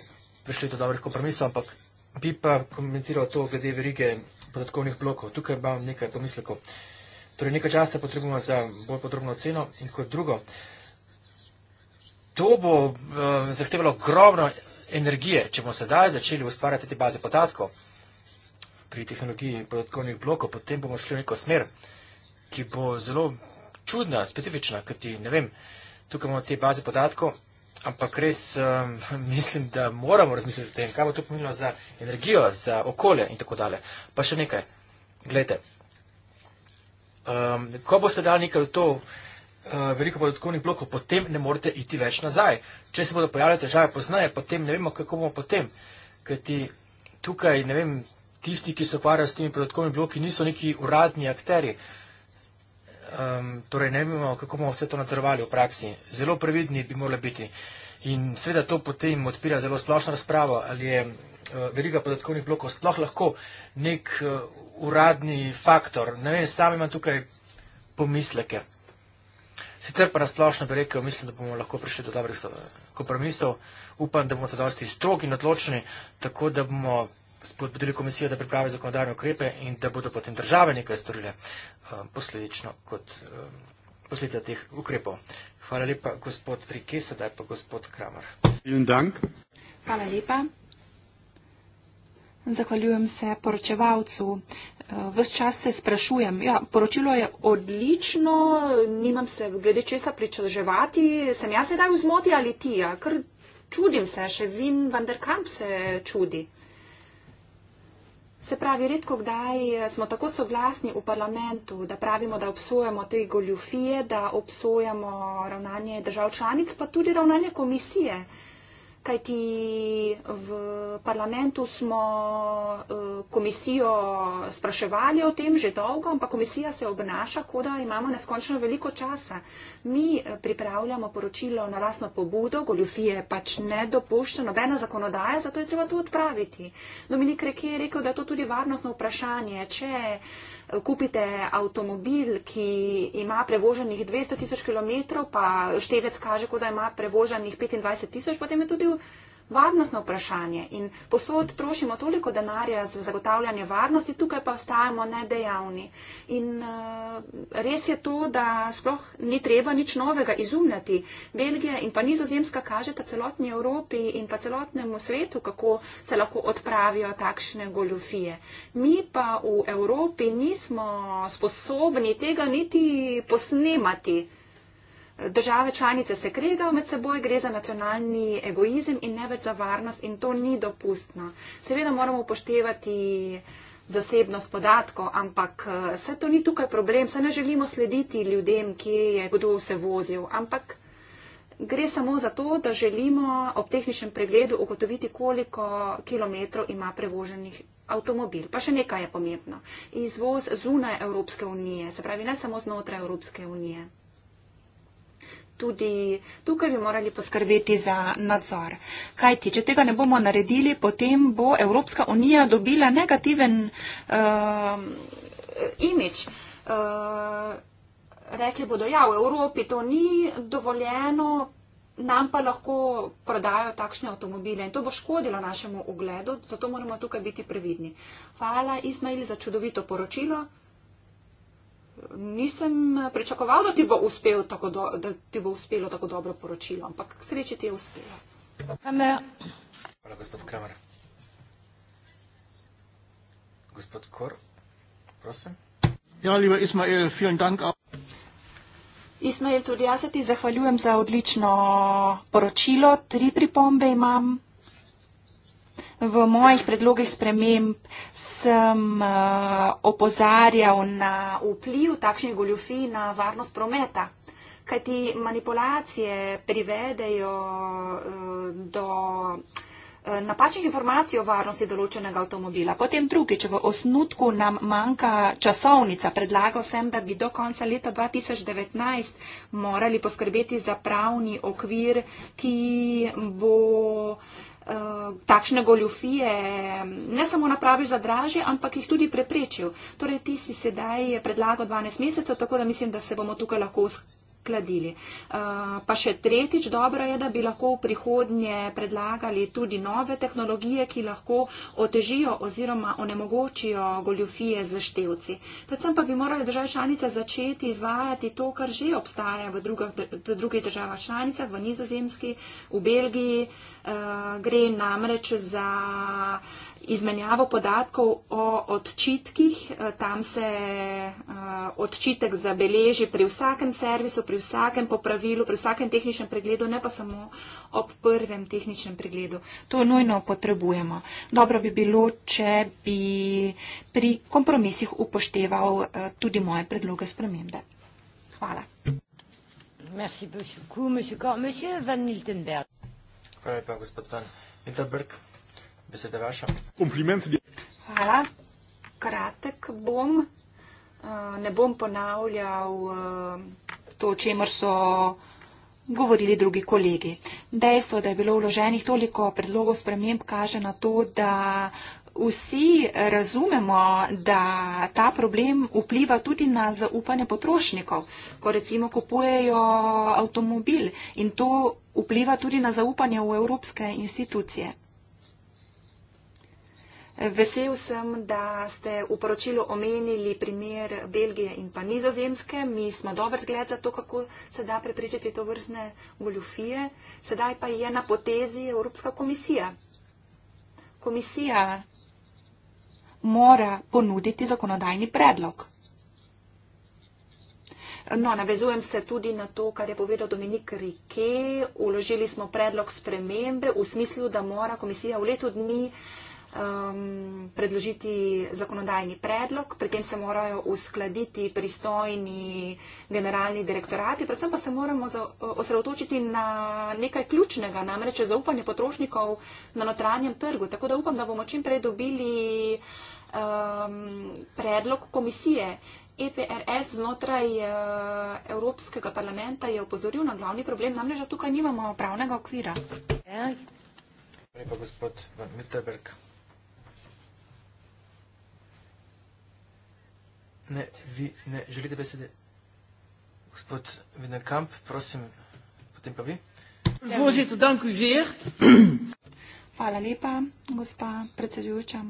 prišli do dobrih kompromisov, ampak bi pa komentiral to glede verige podatkovnih blokov. Tukaj imam nekaj pomislekov. Torej, nekaj časa potrebujemo za bolj podrobno oceno in kot drugo. To bo uh, zahtevalo ogromno energije. Če bomo sedaj začeli ustvarjati te baze podatkov pri tehnologiji podatkovnih blokov, potem bomo šli v neko smer, ki bo zelo čudna, specifična, ker ti ne vem, tukaj imamo te baze podatkov, ampak res um, mislim, da moramo razmisliti o tem, kaj bo to pomenilo za energijo, za okolje in tako dalje. Pa še nekaj, gledajte. Um, ko bo sedaj nekaj v to, Eh, veliko podatkovnih blokov, potem ne morete iti več nazaj. Če se bodo pojavljale težave poznaje, potem ne vemo, kako bomo potem. Ker ti tukaj, ne vem, tisti, ki se ukvarjajo s temi podatkovnimi bloki, niso neki uradni akteri. Um, torej, ne vemo, kako bomo vse to nadzorovali v praksi. Zelo previdni bi morali biti. In seveda to potem odpira zelo splošno razpravo, ali je uh, eh, veliga podatkovnih blokov sploh lahko nek uh, uradni faktor. Ne vem, sam imam tukaj pomisleke. Sicer pa razplošno bi rekel, mislim, da bomo lahko prišli do dobrih kompromisov. Upam, da bomo se dosti strogi in odločni, tako da bomo spodbudili komisijo, da pripravi zakonodajne ukrepe in da bodo potem države nekaj storile eh, posledično kot eh, posledica teh ukrepov. Hvala lepa, gospod Rike, sedaj pa gospod Kramer. Hvala lepa. Zahvaljujem se poročevalcu. Vse čas se sprašujem. Ja, poročilo je odlično, nimam se glede česa pričaževati. Sem jaz sedaj v zmoti ali ti? Ja? Ker čudim se, še vin Vanderkamp se čudi. Se pravi, redko kdaj smo tako soglasni v parlamentu, da pravimo, da obsojamo te goljufije, da obsojamo ravnanje držav članic, pa tudi ravnanje komisije kajti v parlamentu smo eh, komisijo spraševali o tem že dolgo, ampak komisija se obnaša, kot da imamo neskončno veliko časa. Mi eh, pripravljamo poročilo na lasno pobudo, goljufije pač ne dopušča, nobena zakonodaja, zato je treba to odpraviti. Dominik Reke je rekel, da je to tudi varnostno vprašanje. Če kupite avtomobil, ki ima prevoženih 200 tisoč km, pa števec kaže, da ima prevoženih 25 tisoč, potem je tudi varnostno vprašanje in posod trošimo toliko denarja za zagotavljanje varnosti, tukaj pa ostajamo nedejavni. In eh, res je to, da sploh ni treba nič novega izumljati. Belgija in pa nizozemska kažeta celotni Evropi in pa celotnemu svetu, kako se lahko odpravijo takšne goljofije. Mi pa v Evropi nismo sposobni tega niti posnemati države članice se kregajo med seboj, gre za nacionalni egoizem in ne več za varnost in to ni dopustno. Seveda moramo upoštevati zasebnost podatkov, ampak vse eh, to ni tukaj problem, se ne želimo slediti ljudem, kje je kdo se vozil, ampak gre samo za to, da želimo ob tehničnem pregledu ugotoviti, koliko kilometrov ima prevoženih avtomobil. Pa še nekaj je pomembno. Izvoz zunaj Evropske unije, se pravi ne samo znotraj Evropske unije tudi tukaj bi morali poskrbeti za nadzor. Kaj ti, če tega ne bomo naredili, potem bo Evropska unija dobila negativen uh, um, imič. Uh, rekli bodo, ja, v Evropi to ni dovoljeno, nam pa lahko prodajo takšne avtomobile in to bo škodilo našemu ugledu, zato moramo tukaj biti previdni. Hvala Ismail za čudovito poročilo nisem pričakoval, da ti bo, uspel tako do, da ti bo uspelo tako dobro poročilo, ampak k sreči ti je uspelo. Hvala, gospod Kramer. Gospod Kor, prosim. Ja, lieber Ismael, vielen Dank. Ismael, tudi jaz se ti zahvaljujem za odlično poročilo. Tri pripombe imam v mojih predlogih sprememb sem eh, opozarjal na vpliv takšnih goljufij na varnost prometa. Kaj ti manipulacije privedejo eh, do eh, napačnih informacij o varnosti določenega avtomobila. Potem drugič, v osnutku nam manjka časovnica. Predlagal sem, da bi do konca leta 2019 morali poskrbeti za pravni okvir, ki bo Eh, takšne goljofije ne samo napravil za draže, ampak jih tudi preprečil. Torej, ti si sedaj predlagal 12 mesecev, tako da mislim, da se bomo tukaj lahko uskladili. Eh, pa še tretjič, dobro je, da bi lahko v prihodnje predlagali tudi nove tehnologije, ki lahko otežijo oziroma onemogočijo goljofije z števci. Predvsem pa bi morali države članice začeti izvajati to, kar že obstaja v drugih državah članicah, v nizozemski, v Belgiji. Eh, gre namreč za izmenjavo podatkov o odčitkih. Eh, tam se eh, odčitek zabeleži pri vsakem servisu, pri vsakem popravilu, pri vsakem tehničnem pregledu, ne pa samo ob prvem tehničnem pregledu. To nujno potrebujemo. Dobro bi bilo, če bi pri kompromisih upošteval tudi moje predloge spremembe. Hvala. Merci beaucoup, monsieur Cor. Monsieur Van Miltenberg. Kaj pa gospod Van Hildenberg, beseda vaša? Kompliment. Hvala. Kratek bom. Eh, ne bom ponavljal eh, to, o čemer so govorili drugi kolegi. Dejstvo, da je bilo vloženih toliko predlogov sprememb, kaže na to, da vsi razumemo, da ta problem vpliva tudi na zaupanje potrošnikov, ko recimo kupujejo avtomobil in to vpliva tudi na zaupanje v evropske institucije. Vesel sem, da ste v poročilu omenili primer Belgije in pa nizozemske. Mi smo dober zgled za to, kako se da prepričati to vrstne goljufije. Sedaj pa je na potezi Evropska komisija. Komisija mora ponuditi zakonodajni predlog. No, navezujem se tudi na to, kar je povedal Dominik Rike. Uložili smo predlog spremembe v smislu, da mora komisija v letu dni um, predložiti zakonodajni predlog. Pri tem se morajo uskladiti pristojni generalni direktorati. Predvsem pa se moramo osredotočiti na nekaj ključnega, namreč zaupanje potrošnikov na notranjem trgu. Tako da upam, da bomo čim prej dobili. Uh, um, predlog komisije EPRS znotraj uh, Evropskega parlamenta je opozoril na glavni problem, namreč da tukaj nimamo pravnega okvira. Lepa, gospod Mitterberg. Ne, vi ne želite besede. Gospod Vinnerkamp, prosim, potem pa vi. Hvala lepa, gospa predsedujoča.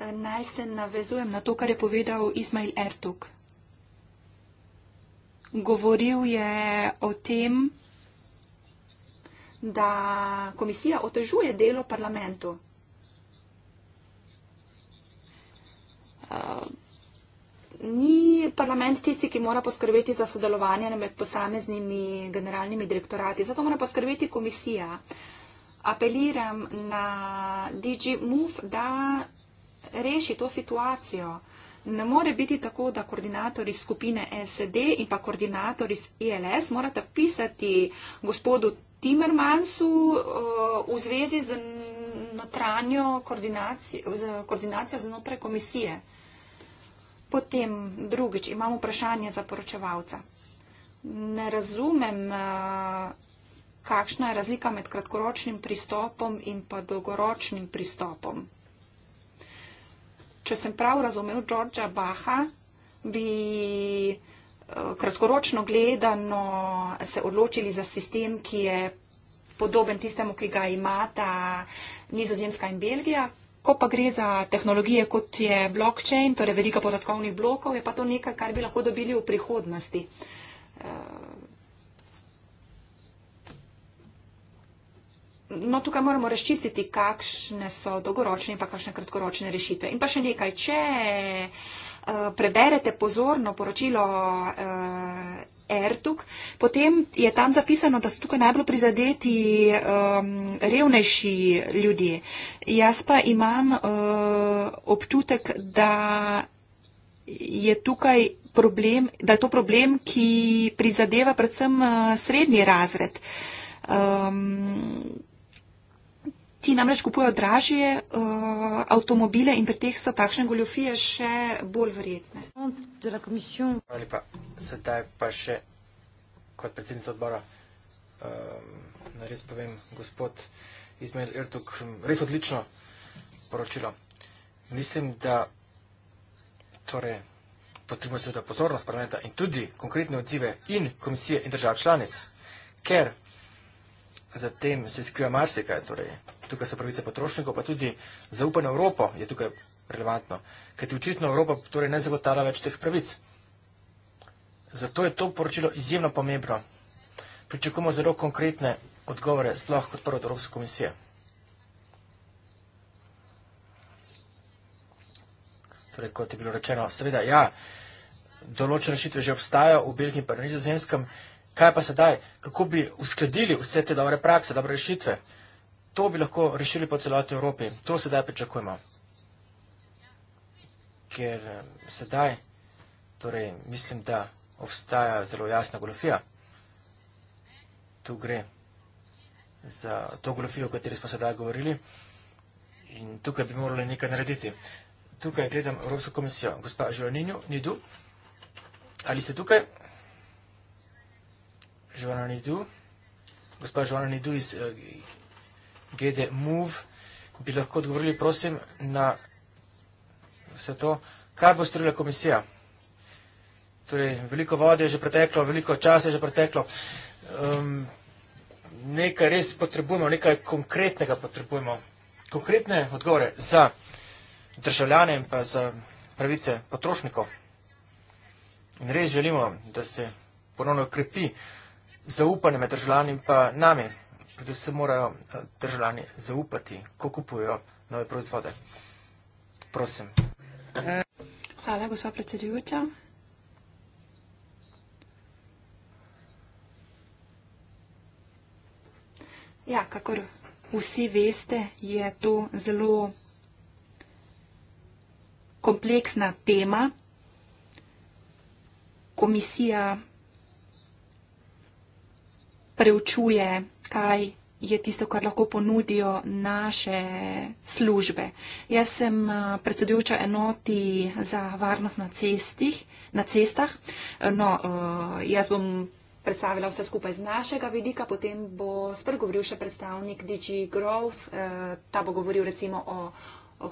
Naj se navezujem na to, kar je povedal Ismail Ertug. Govoril je o tem, da komisija otežuje delo parlamentu. Uh, ni parlament tisti, ki mora poskrbeti za sodelovanje med posameznimi generalnimi direktorati, zato mora poskrbeti komisija. Apeliram na DigiMove, da reši to situacijo. Ne more biti tako, da koordinator iz skupine SD in pa koordinator iz ILS e morata pisati gospodu Timmermansu uh, v zvezi z notranjo koordinacijo, z koordinacijo znotraj komisije. Potem drugič imamo vprašanje za poročevalca. Ne razumem, uh, kakšna je razlika med kratkoročnim pristopom in pa dolgoročnim pristopom če sem prav razumel Đorđa Baha, bi eh, kratkoročno gledano se odločili za sistem, ki je podoben tistemu, ki ga imata Nizozemska in Belgija. Ko pa gre za tehnologije, kot je blockchain, torej velika podatkovnih blokov, je pa to nekaj, kar bi lahko dobili v prihodnosti. Eh, No, tukaj moramo razčistiti, kakšne so dolgoročne in pa kakšne kratkoročne rešitve. In pa še nekaj, če eh, preberete pozorno poročilo uh, eh, Ertug, potem je tam zapisano, da so tukaj najbolj prizadeti um, revnejši ljudje. Jaz pa imam uh, občutek, da je tukaj problem, da je to problem, ki prizadeva predvsem uh, srednji razred. Um, Ti namreč kupujejo dražje uh, avtomobile in pri teh so takšne goljofije še bolj verjetne. Hvala lepa. Sedaj pa še kot predsednica odbora, um, res povem, gospod Izmail Ertug, res odlično poročilo. Mislim, da torej, potrebujemo seveda pozornost parlamenta in tudi konkretne odzive in komisije in držav članic, ker za tem se skriva marsikaj. Torej, tukaj so pravice potrošnikov, pa tudi zaupanje v Evropo je tukaj relevantno, kajti očitno Evropa torej ne zagotavlja več teh pravic. Zato je to poročilo izjemno pomembno. Pričakujemo zelo konkretne odgovore, sploh kot prvo od Evropske komisije. Torej, kot je bilo rečeno, seveda, ja, določene rešitve že obstajajo v Belgiji in pa na nizozemskem, Kaj pa sedaj, kako bi uskladili vse te dobre prakse, dobre rešitve? To bi lahko rešili po celoti Evropi. To sedaj pričakujemo. Ker eh, sedaj, torej mislim, da obstaja zelo jasna golofija. Tu gre za to golofijo, o kateri smo sedaj govorili. In tukaj bi morali nekaj narediti. Tukaj gledam Evropsko komisijo. Gospa Žuaninju, Nidu, ali ste tukaj? Tukaj. Joana Nidu. Gospa Joana Nidu iz eh, GD Move, bi lahko odgovorili, prosim, na vse to, kaj bo storila komisija? Torej, veliko vode je že preteklo, veliko časa je že preteklo. Um, nekaj res potrebujemo, nekaj konkretnega potrebujemo. Konkretne odgovore za državljane in pa za pravice potrošnikov. In res želimo, da se ponovno krepi uh, zaupanje med državljani in pa nami. Predvsem morajo eh, državljani zaupati, ko kupujejo nove proizvode. Prosim. Hvala, gospod predsedujoča. Ja, kakor vsi veste, je to zelo kompleksna tema. Komisija preučuje, kaj je tisto, kar lahko ponudijo naše službe. Jaz sem predsedujoča enoti za varnost na, cestih, na cestah. No, e, jaz bom predstavila vse skupaj z našega vidika, potem bo spregovoril še predstavnik DG Growth, e, ta bo govoril recimo o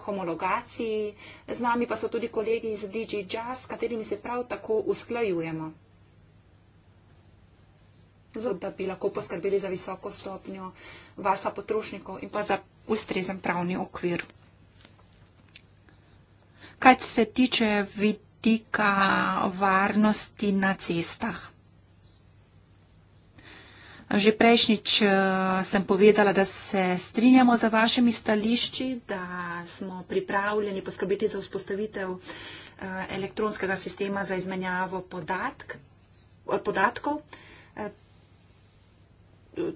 homologaciji. Z nami pa so tudi kolegi iz DG Jazz, s katerimi se prav tako usklajujemo da bi lahko poskrbeli za visoko stopnjo varstva potrošnikov in pa za ustrezen pravni okvir. Kaj se tiče vidika varnosti na cestah? Že prejšnjič eh, sem povedala, da se strinjamo za vašimi stališči, da smo pripravljeni poskrbeti za vzpostavitev eh, elektronskega sistema za izmenjavo podatk, eh, podatkov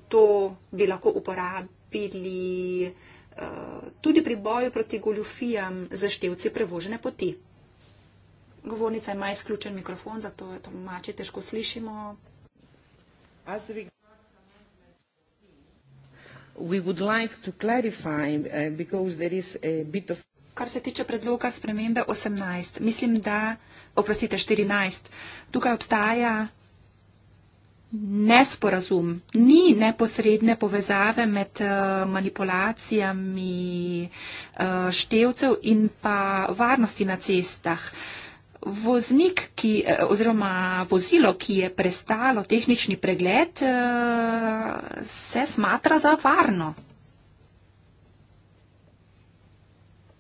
to bi lahko uporabili eh, tudi pri boju proti goljufijam za števce prevožene poti. Govornica ima izključen mikrofon, zato je to mače težko slišimo. Eh, Kar se tiče predloga spremembe 18, mislim, da, oprostite, 14, tukaj obstaja nesporazum, ni neposredne povezave med eh, manipulacijami eh, števcev in pa varnosti na cestah. Voznik, ki, eh, oziroma vozilo, ki je prestalo tehnični pregled, se smatra za varno.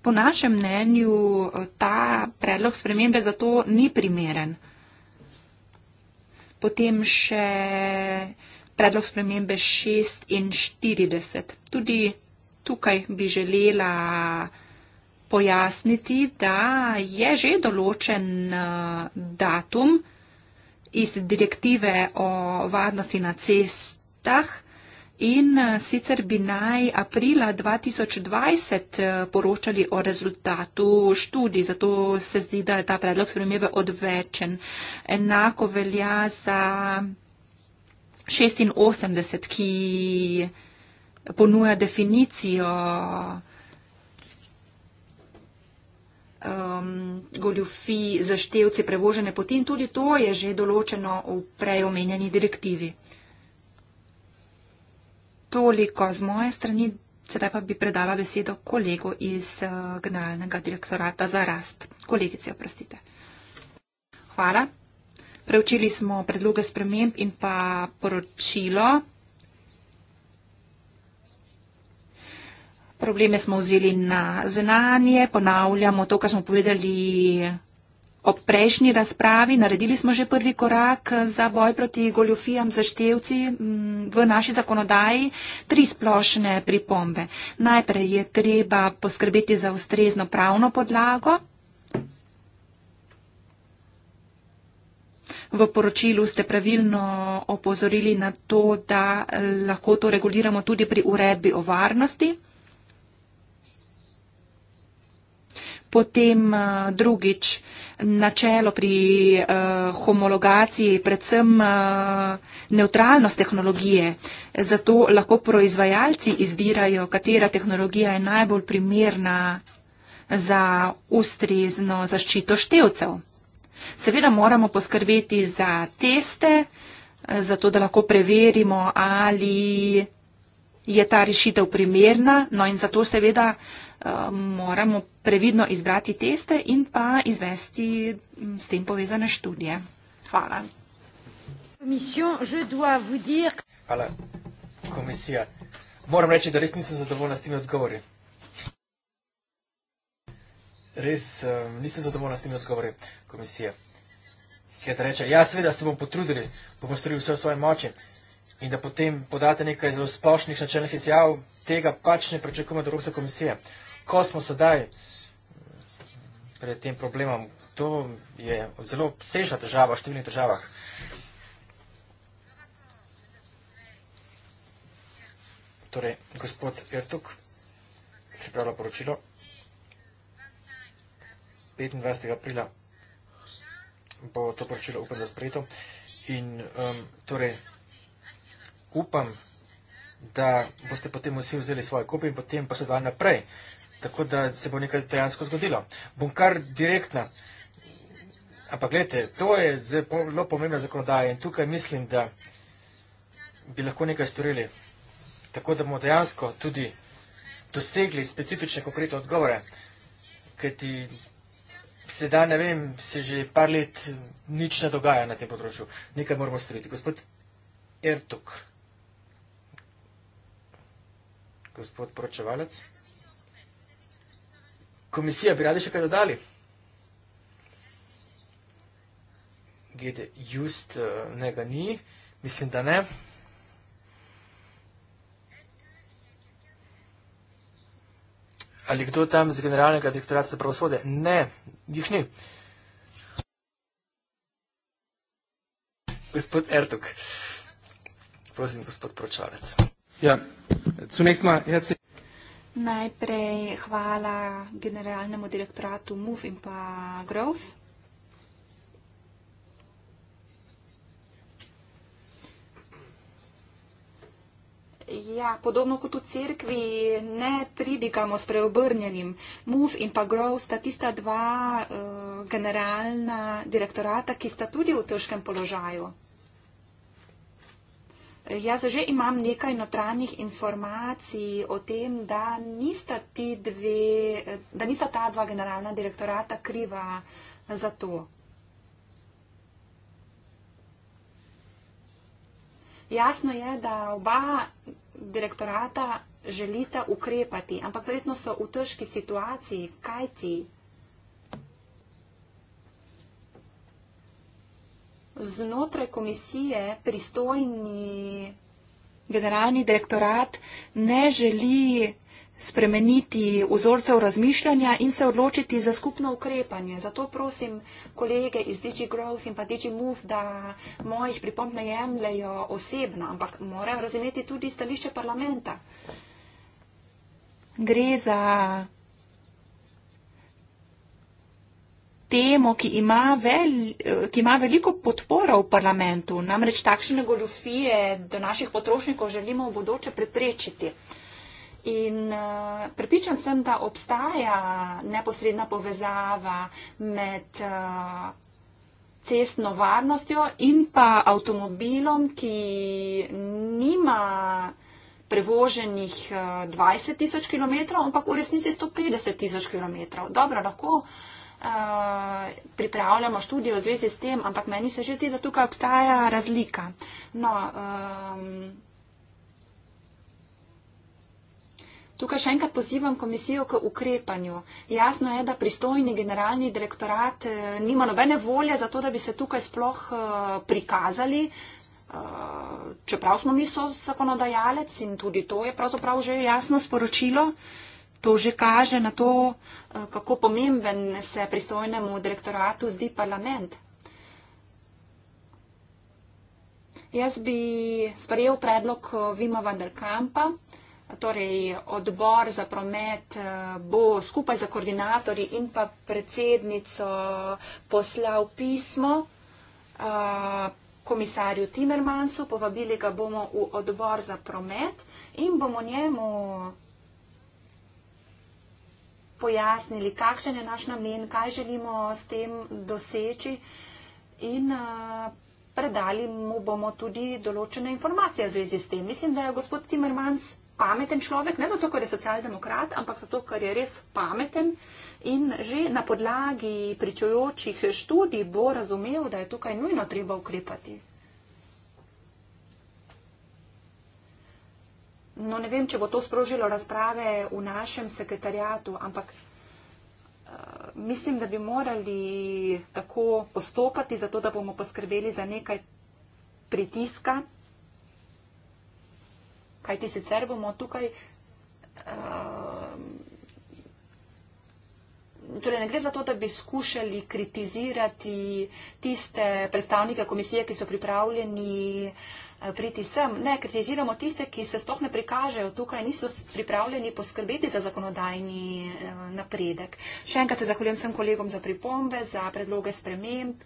Po našem mnenju ta predlog spremembe zato ni primeren. Potem še predlog spremembe 46. Tudi tukaj bi želela pojasniti, da je že določen eh, datum iz direktive o varnosti na cestah In eh, sicer bi naj aprila 2020 eh, poročali o rezultatu študij, zato se zdi, da je ta predlog spremembe odvečen. Enako velja za 86, ki ponuja definicijo um, ehm, goljufi za števce prevožene poti in tudi to je že določeno v prej omenjeni direktivi toliko z moje strani. Sedaj pa bi predala besedo kolegu iz eh, Generalnega direktorata za rast. Kolegice, oprostite. Hvala. Preučili smo predloge sprememb in pa poročilo. Probleme smo vzeli na znanje, ponavljamo to, kar smo povedali Ob prejšnji razpravi naredili smo že prvi korak za boj proti goljofijam za števci mm, v naši zakonodaji. Tri splošne pripombe. Najprej je treba poskrbeti za ustrezno pravno podlago. V poročilu ste pravilno opozorili na to, da eh, lahko to reguliramo tudi pri uredbi o varnosti. Potem eh, drugič načelo pri uh, homologaciji, predvsem uh, eh, neutralnost tehnologije. Zato lahko proizvajalci izbirajo, katera tehnologija je najbolj primerna za ustrezno zaščito števcev. Seveda moramo poskrbeti za teste, zato da lahko preverimo, ali je ta rešitev primerna, no in zato seveda eh, moramo previdno izbrati teste in pa izvesti s tem povezane študije. Hvala. Hvala, komisija. Moram reči, da res nisem zadovoljna s temi odgovori. Res eh, nisem zadovoljna s temi odgovori, komisija. Ker te reče, ja, seveda se bomo potrudili, bomo storili vse v svoje moči in da potem podate nekaj zelo splošnih načelnih izjav, tega pač ne pričakujemo od Evropske komisije. Ko smo sedaj mm, pred tem problemom, to je zelo obsežna država v številnih državah. Torej, gospod Ertuk, pripravljala poročilo. 25. aprila bo to poročilo upen za spredo. In um, torej, upam, da boste potem vsi vzeli svoje kupe in potem posedovali naprej. Tako da se bo nekaj dejansko zgodilo. Bom kar direktna. Ampak gledajte, to je zelo pomembna zakonodaja in tukaj mislim, da bi lahko nekaj storili. Tako da bomo dejansko tudi dosegli specifične konkretne odgovore. Ker ti sedaj, ne vem, se že par let nič ne dogaja na tem področju. Nekaj moramo storiti. Gospod Ertuk gospod poročevalec. Komisija, bi radi še kaj dodali? Gede, just eh, ne ga ni, mislim, da ne. Ali kdo tam z generalnega direktorata za pravosode? Ne, jih ni. Gospod Ertuk. Prosim, gospod poročevalec. Ja, zunajst mal herzlich. Najprej hvala generalnemu direktoratu MOVE in pa Growth. Ja, podobno kot v cerkvi, ne pridigamo s preobrnjenim. MOVE in pa GROWTH sta tista dva uh, generalna direktorata, ki sta tudi v težkem položaju. Jaz že imam nekaj notranjih informacij o tem, da nista, ti dve, da nista ta dva generalna direktorata kriva za to. Jasno je, da oba direktorata želita ukrepati, ampak verjetno so v težki situaciji, kaj ti. znotraj komisije pristojni generalni direktorat ne želi spremeniti vzorcev razmišljanja in se odločiti za skupno ukrepanje. Zato prosim kolege iz DigiGrowth in pa DigiMove, da mojih pripomp ne jemljajo osebno, ampak morajo razumeti tudi stališče parlamenta. Gre za temo, ki ima, vel, ki ima veliko podporo v parlamentu. Namreč takšne goljofije do naših potrošnikov želimo v bodoče preprečiti. In uh, eh, pripričan sem, da obstaja neposredna povezava med uh, cestno varnostjo in pa avtomobilom, ki nima prevoženih uh, eh, 20 tisoč km, ampak v resnici 150 tisoč km. Dobro, lahko uh, Eh, pripravljamo študijo v zvezi s tem, ampak meni se že zdi, da tukaj obstaja razlika. No, um, Tukaj še enkrat pozivam komisijo k ukrepanju. Jasno je, da pristojni generalni direktorat eh, nima nobene volje za to, da bi se tukaj sploh eh, prikazali, čeprav smo mi so zakonodajalec in tudi to je pravzaprav že jasno sporočilo. To že kaže na to, eh, kako pomemben se pristojnemu direktoratu zdi parlament. Jaz bi sprejel predlog eh, Vima Vanderkampa, torej odbor za promet eh, bo skupaj za koordinatorji in pa predsednico poslal pismo komisarju Timermansu, povabili ga bomo v odbor za promet in bomo njemu pojasnili, kakšen je naš namen, kaj želimo s tem doseči in uh, predali mu bomo tudi določene informacije v zvezi s tem. Mislim, da je gospod Timmermans pameten človek, ne zato, ker je socialdemokrat, ampak zato, ker je res pameten in že na podlagi pričujočih študij bo razumel, da je tukaj nujno treba ukrepati. no ne vem, če bo to sprožilo razprave v našem sekretarjatu, ampak eh, mislim, da bi morali tako postopati, zato da bomo poskrbeli za nekaj pritiska, kajti sicer bomo tukaj. Eh, torej, ne gre za to, da bi skušali kritizirati tiste predstavnike komisije, ki so pripravljeni uh, priti sem. Ne, kritiziramo tiste, ki se sploh ne prikažejo tukaj, niso pripravljeni poskrbeti za zakonodajni eh, napredek. Še enkrat se zahvaljujem vsem kolegom za pripombe, za predloge sprememb.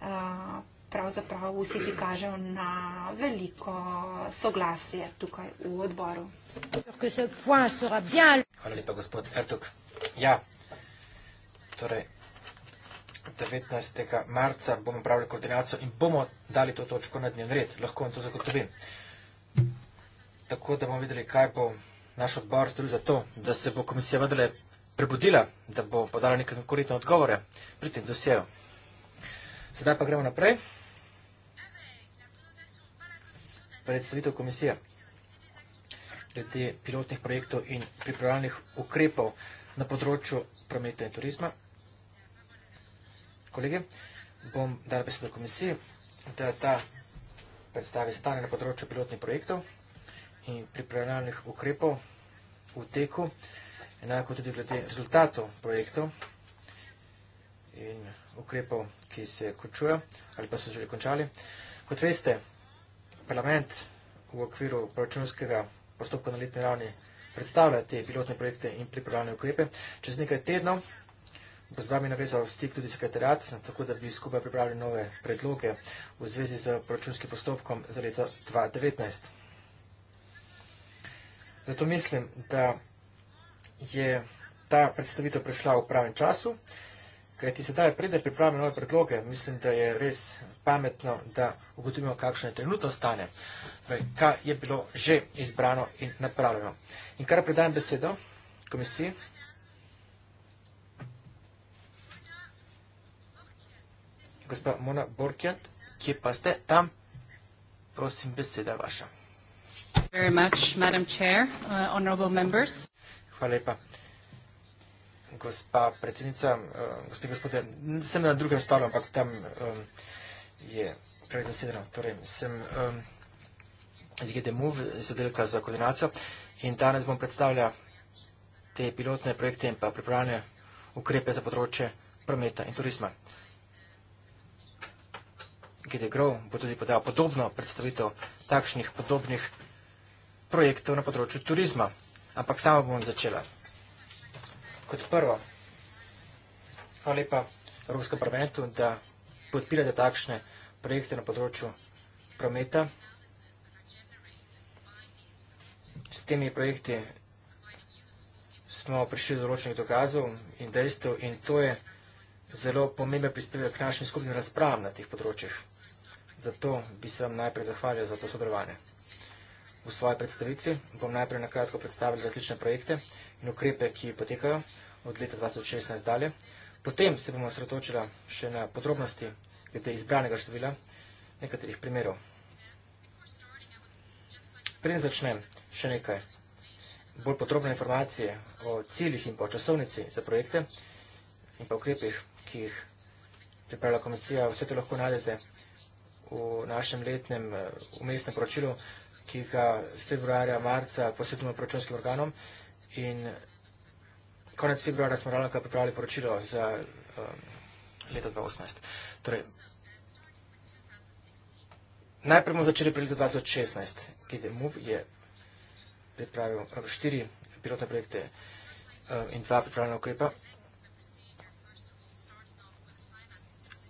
Eh, pravzaprav vsi, ki kažejo na veliko soglasje tukaj v odboru. Hvala lepa, gospod Ertuk. Ja, torej. 19. marca bomo upravili koordinacijo in bomo dali to točko na dnevni red. Lahko vam to zagotovim. Tako da bomo videli, kaj bo naš odbor storil za to, da se bo komisija vendarle prebudila, da bo podala neke konkretne odgovore pri tem dosjeju. Sedaj pa gremo naprej. Predstavitev komisije glede pilotnih projektov in pripravljalnih ukrepov na področju prometa in turizma kolegi, bom dal besedo komisiji, da ta predstavi stanje na področju pilotnih projektov in pripravljalnih ukrepov v teku, enako tudi glede rezultatov projektov in ukrepov, ki se končujo ali pa so že končali. Kot veste, parlament v okviru proračunskega postopka na letni ravni predstavlja te pilotne projekte in pripravljalne ukrepe. Čez nekaj tednov bo z vami navezal stik tudi sekretariat, tako da bi skupaj pripravili nove predloge v zvezi z proračunskim postopkom za leto 2019. Zato mislim, da je ta predstavitev prišla v pravem času, kaj ti sedaj prede pripravljamo nove predloge, mislim, da je res pametno, da ugotovimo, kakšno je trenutno stanje, torej, kaj je bilo že izbrano in napravljeno. In kar predajem besedo komisiji, gospa Mona Borkjant, kje pa ste tam? Prosim, beseda vaša. Very much, Madam Chair, uh, honorable members. Hvala lepa. Gospa predsednica, uh, gospod gospode, sem na drugem stolu, ampak tam um, je prej zasedeno. Torej, sem um, iz GDMU, iz oddelka za koordinacijo in danes bom predstavlja te pilotne projekte in pa pripravljanje ukrepe za področje prometa in turizma. Uh, Gide Grow bo tudi podal podobno predstavitev takšnih podobnih projektov na področju turizma. Ampak sama bom začela. Kot prvo, hvala lepa Evropskem parlamentu, da podpirate takšne projekte na področju prometa. S temi projekti smo prišli do določenih dokazov in dejstev in to je zelo pomembno prispevek k našim skupnim razpravam na teh področjih. Zato bi se vam najprej zahvalil za to sodelovanje. V svoji predstavitvi bom najprej nakratko predstavil različne projekte in ukrepe, ki potekajo od leta 2016 dalje. Potem se bomo sretočila še na podrobnosti glede izbranega števila nekaterih primerov. Preden začnem še nekaj bolj podrobne informacije o ciljih in pa o časovnici za projekte in pa ukrepih, ki jih pripravila komisija, vse te lahko najdete vsega v našem letnem umestnem eh, poročilu, ki ga februarja, marca posvetimo proračunskim organom in konec februarja smo ravno kar pripravili poročilo za um, leto 2018. Torej, najprej bomo začeli pri letu 2016, ki je MUV je pripravil štiri pilotne projekte eh, in dva pripravljena ukrepa.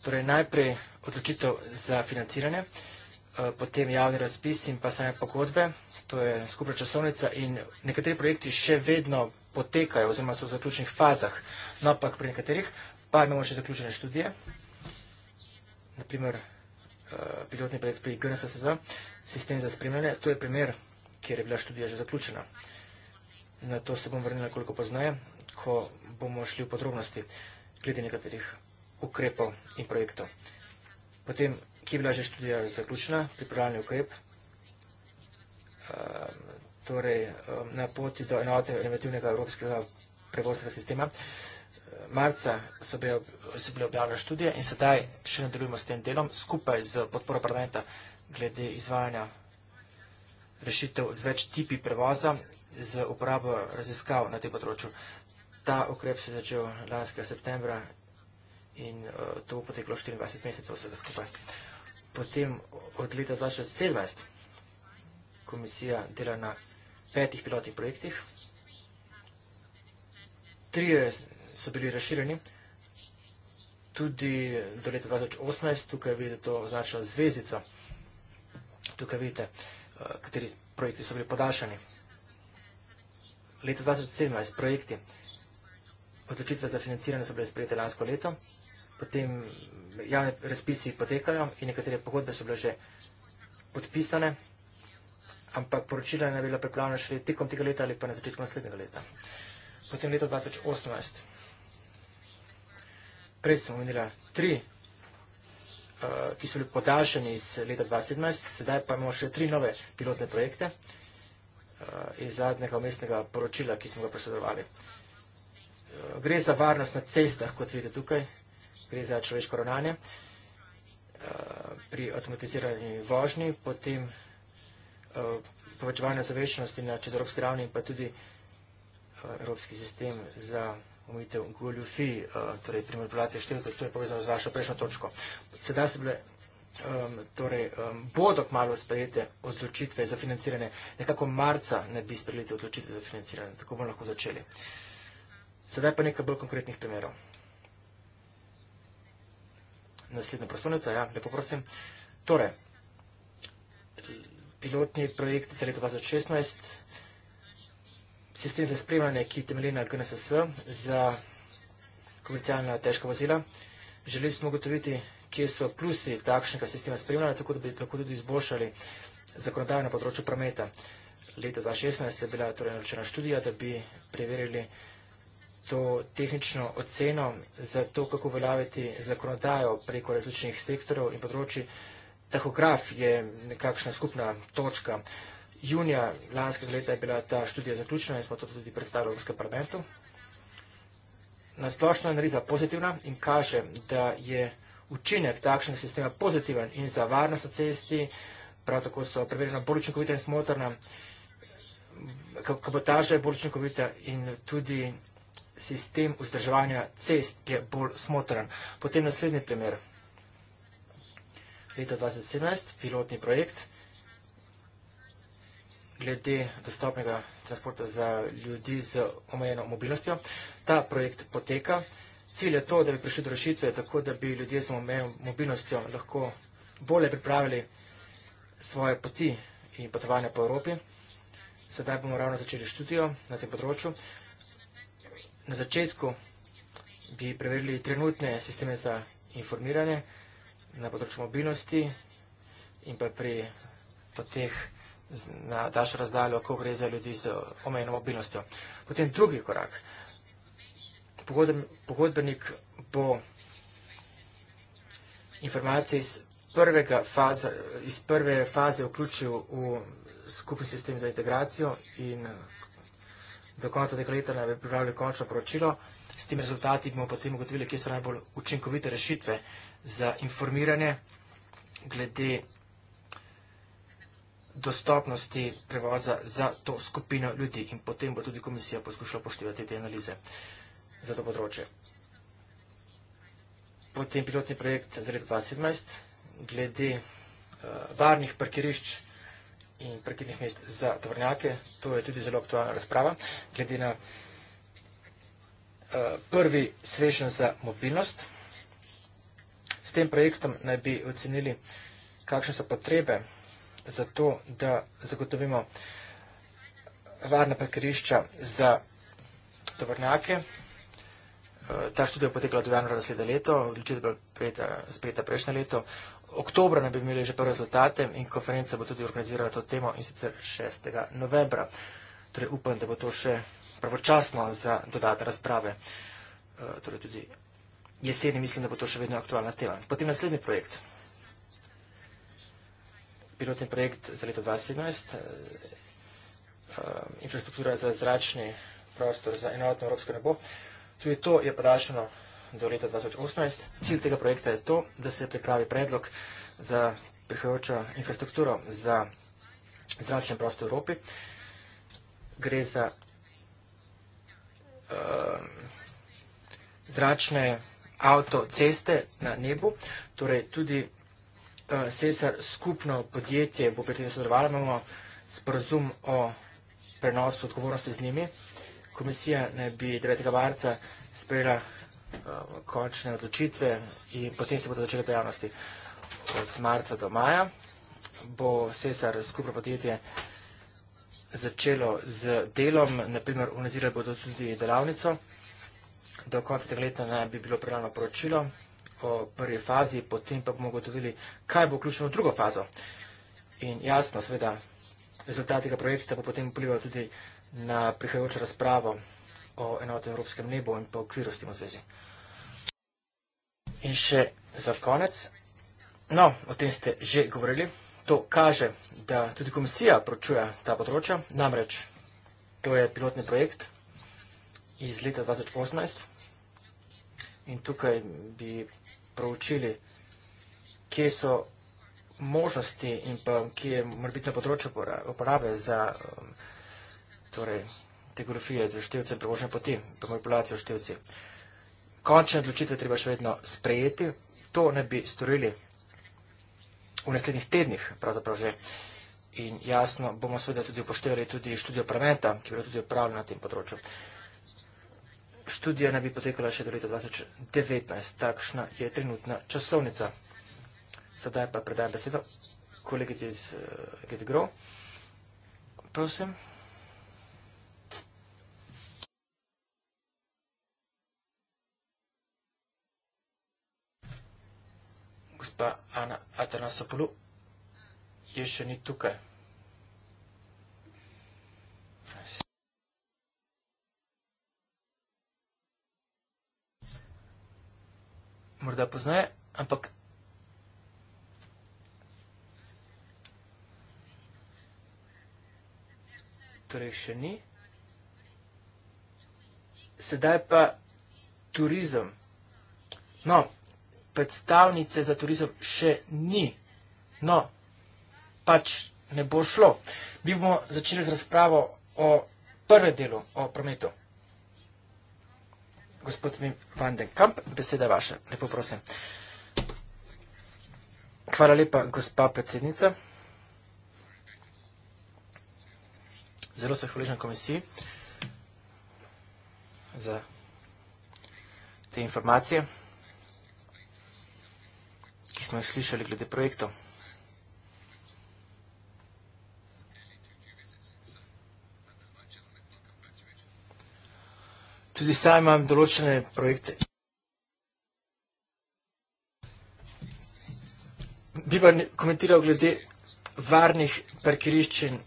Torej, najprej odločitev za financiranje, eh, potem javni razpis in pa same pogodbe, to je skupna časovnica in nekateri projekti še vedno potekajo oziroma so v zaključnih fazah, no pa pri nekaterih pa imamo še zaključene študije, naprimer eh, pilotni projekt pri GNSSZ, sistem za spremljanje, to je primer, kjer je bila študija že zaključena. Na to se bom vrnila koliko poznaje, ko bomo šli v podrobnosti glede nekaterih ukrepov in projektov. Potem, ki je bila že študija zaključena, pripravljanje ukrep, ehm, torej ehm, na poti do enote inovativnega evropskega prevoznega sistema. Ehm, marca so bile objavljene študije in sedaj še nadaljujemo s tem delom skupaj z podporo parlamenta glede izvajanja rešitev z več tipi prevoza z uporabo raziskav na tem področju. Ta ukrep se je začel lanskega septembra in uh, to bo poteklo 24 mesecev vse skupaj. Potem od leta 2017 komisija dela na petih pilotnih projektih. Trije so bili razširjeni, tudi do leta 2018, tukaj vidite to označeno zvezdico, tukaj vidite, eh, kateri projekti so bili podaljšani. Leta 2017 projekti odločitve za financiranje so bile sprejete lansko leto, potem javne razpisi potekajo in nekatere pogodbe so bile že podpisane, ampak poročila je bila pripravljena šele tekom tega leta ali pa na začetku naslednjega leta. Potem leto 2018. Prej sem omenila tri, eh, ki so bili podaljšani iz leta 2017, sedaj pa imamo še tri nove pilotne projekte eh, iz zadnjega umestnega poročila, ki smo ga posredovali. Eh, gre za varnost na cestah, kot vidite tukaj, gre za človeško ravnanje eh, pri avtomatizirani vožnji, potem eh, povečevanje zavešenosti na čezorovski ravni in pa tudi eh, evropski sistem za omitev goljufi, torej pri manipulaciji števcev, to je povezano z vašo prejšnjo točko. Sedaj so bile, torej, bodo kmalo sprejete odločitve za financiranje, nekako marca ne bi sprejeli te odločitve za financiranje, tako bomo lahko začeli. Sedaj pa nekaj bolj konkretnih primerov naslednjo prosovnico, ja, lepo prosim. Torej, pilotni projekt za leto 2016, sistem za spremljanje, ki temelji na GNSS za komercijalna težka vozila. Želeli smo ugotoviti, kje so plusi takšnega sistema spremljanja, tako da bi lahko tudi izboljšali zakonodajo na področju prometa. Leto 2016 je bila torej naročena študija, da bi preverili, to tehnično oceno za to, kako uveljaviti zakonodajo preko različnih sektorov in področji. Tahograf je nekakšna skupna točka. Junija lanskega leta je bila ta študija zaključena in smo to tudi predstavili v Evropskem parlamentu. Nasplošno je analiza pozitivna in kaže, da je učinek takšnega sistema pozitiven in za varnost na cesti, prav tako so preverjena bolj učinkovita in smotrna, kabotaža je bolj učinkovita in tudi sistem vzdrževanja cest je bolj smotren. Potem naslednji primer. Leto 2017, pilotni projekt glede dostopnega transporta za ljudi z omejeno mobilnostjo. Ta projekt poteka. Cilj je to, da bi prišli do rešitve, tako da bi ljudje z omejeno mobilnostjo lahko bolje pripravili svoje poti in potovanja po Evropi. Sedaj bomo ravno začeli študijo na tem področju. Na začetku bi preverili trenutne sisteme za informiranje na področju mobilnosti in pa pri teh na daljšo razdaljo, ko gre za ljudi z omejeno mobilnostjo. Potem drugi korak. Pogodbenik bo informacije iz, prvega faze, iz prve faze vključil v skupni sistem za integracijo in do konca tega leta naj bi pripravili končno poročilo. S tem rezultati bomo potem ugotovili, kje so najbolj učinkovite rešitve za informiranje glede dostopnosti prevoza za to skupino ljudi in potem bo tudi komisija poskušala poštevati te analize za to področje. Potem pilotni projekt za leto 2017 glede eh, varnih parkirišč in prekidnih mest za tovrnjake. To je tudi zelo aktualna razprava, glede na eh, prvi svežen za mobilnost. S tem projektom naj bi ocenili, kakšne so potrebe za to, da zagotovimo varna parkirišča za tovrnjake. Eh, ta študija je potekala do januara naslednje leto, odločitev je bila sprejeta prejšnje leto. Oktobra naj bi imeli že prve rezultate in konferenca bo tudi organizirala to temo in sicer 6. novembra. Torej upam, da bo to še pravočasno za dodatne razprave. E, torej tudi jeseni mislim, da bo to še vedno aktualna tema. Potem naslednji projekt. Pilotni projekt za leto 2017. E, e, infrastruktura za zračni prostor za enotno evropsko nebo. Tudi to je podaljšeno do leta 2018. Cilj tega projekta je to, da se pripravi predlog za prihajajočo infrastrukturo za zračne prosto v Evropi. Gre za uh, zračne avtoceste na nebu, torej tudi uh, eh, SESAR skupno podjetje bo pri tem sodelovalo, imamo sporazum o prenosu odgovornosti z njimi. Komisija naj bi 9. marca sprejela Eh, končne odločitve in potem se bodo začele dejavnosti. Od marca do maja bo SESAR skupno podjetje začelo z delom, naprimer organizirali bodo tudi delavnico. Do konca tega leta naj bi bilo predano poročilo o prvi fazi, potem pa bomo gotovili, kaj bo vključeno v drugo fazo. In jasno, seveda, rezultat tega projekta bo potem vplival tudi na prihajajočo razpravo o enotnem evropskem nebu in pa okvirosti v zvezi. In še za konec. No, o tem ste že govorili. To kaže, da tudi komisija pročuje ta področja. Namreč, to je pilotni projekt iz leta 2018. In tukaj bi proučili, kje so možnosti in pa kje je morbitno področje uporabe za um, torej, tegrofije z števcem prevožne poti, pa manipulacijo števci. Končne odločitve treba še vedno sprejeti, to ne bi storili v naslednjih tednih, pravzaprav že. In jasno, bomo seveda tudi upoštevali tudi študijo parlamenta, ki bo tudi upravljena na tem področju. Študija ne bi potekala še do leta 2019, takšna je trenutna časovnica. Sedaj pa predajam besedo kolegici iz uh, eh, GetGrow. Prosim. gospa Ana Atanasopolu, je še ni tukaj. Morda poznaje, ampak. Torej, še ni. Sedaj pa turizem. No, predstavnice za turizem še ni. No, pač ne bo šlo. Mi bomo začeli z razpravo o prvem delu, o prometu. Gospod Van den Kamp, beseda vaša, lepo prosim. Hvala lepa, gospa predsednica. Zelo se hvaležen komisiji za te informacije smo jih slišali glede projektov. Tudi sam imam določene projekte. Bi pa komentiral glede varnih parkiriščin,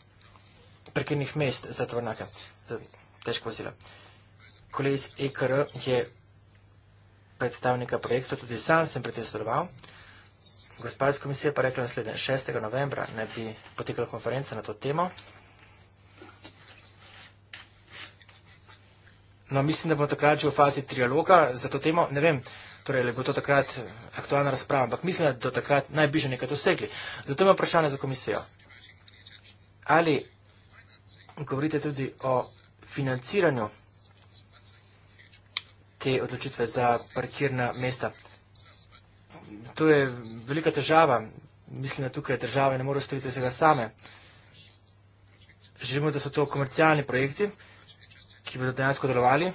parkirnih mest za tovornjaka, za težko vozilo. Kolej iz EKR je predstavnika projekta, tudi sam sem pri tem sodeloval gospodarska komisija pa rekla naslednje, 6. novembra ne bi potekala konferenca na to temo. No, mislim, da bomo takrat že v fazi trialoga za to temo, ne vem, torej, ali bo to takrat aktualna razprava, ampak mislim, da do takrat naj bi že nekaj dosegli. Zato imam vprašanje za komisijo. Ali govorite tudi o financiranju te odločitve za parkirna mesta? To je velika težava. Mislim, da tukaj države ne morejo storiti vsega same. Želimo, da so to komercialni projekti, ki bodo dejansko delovali.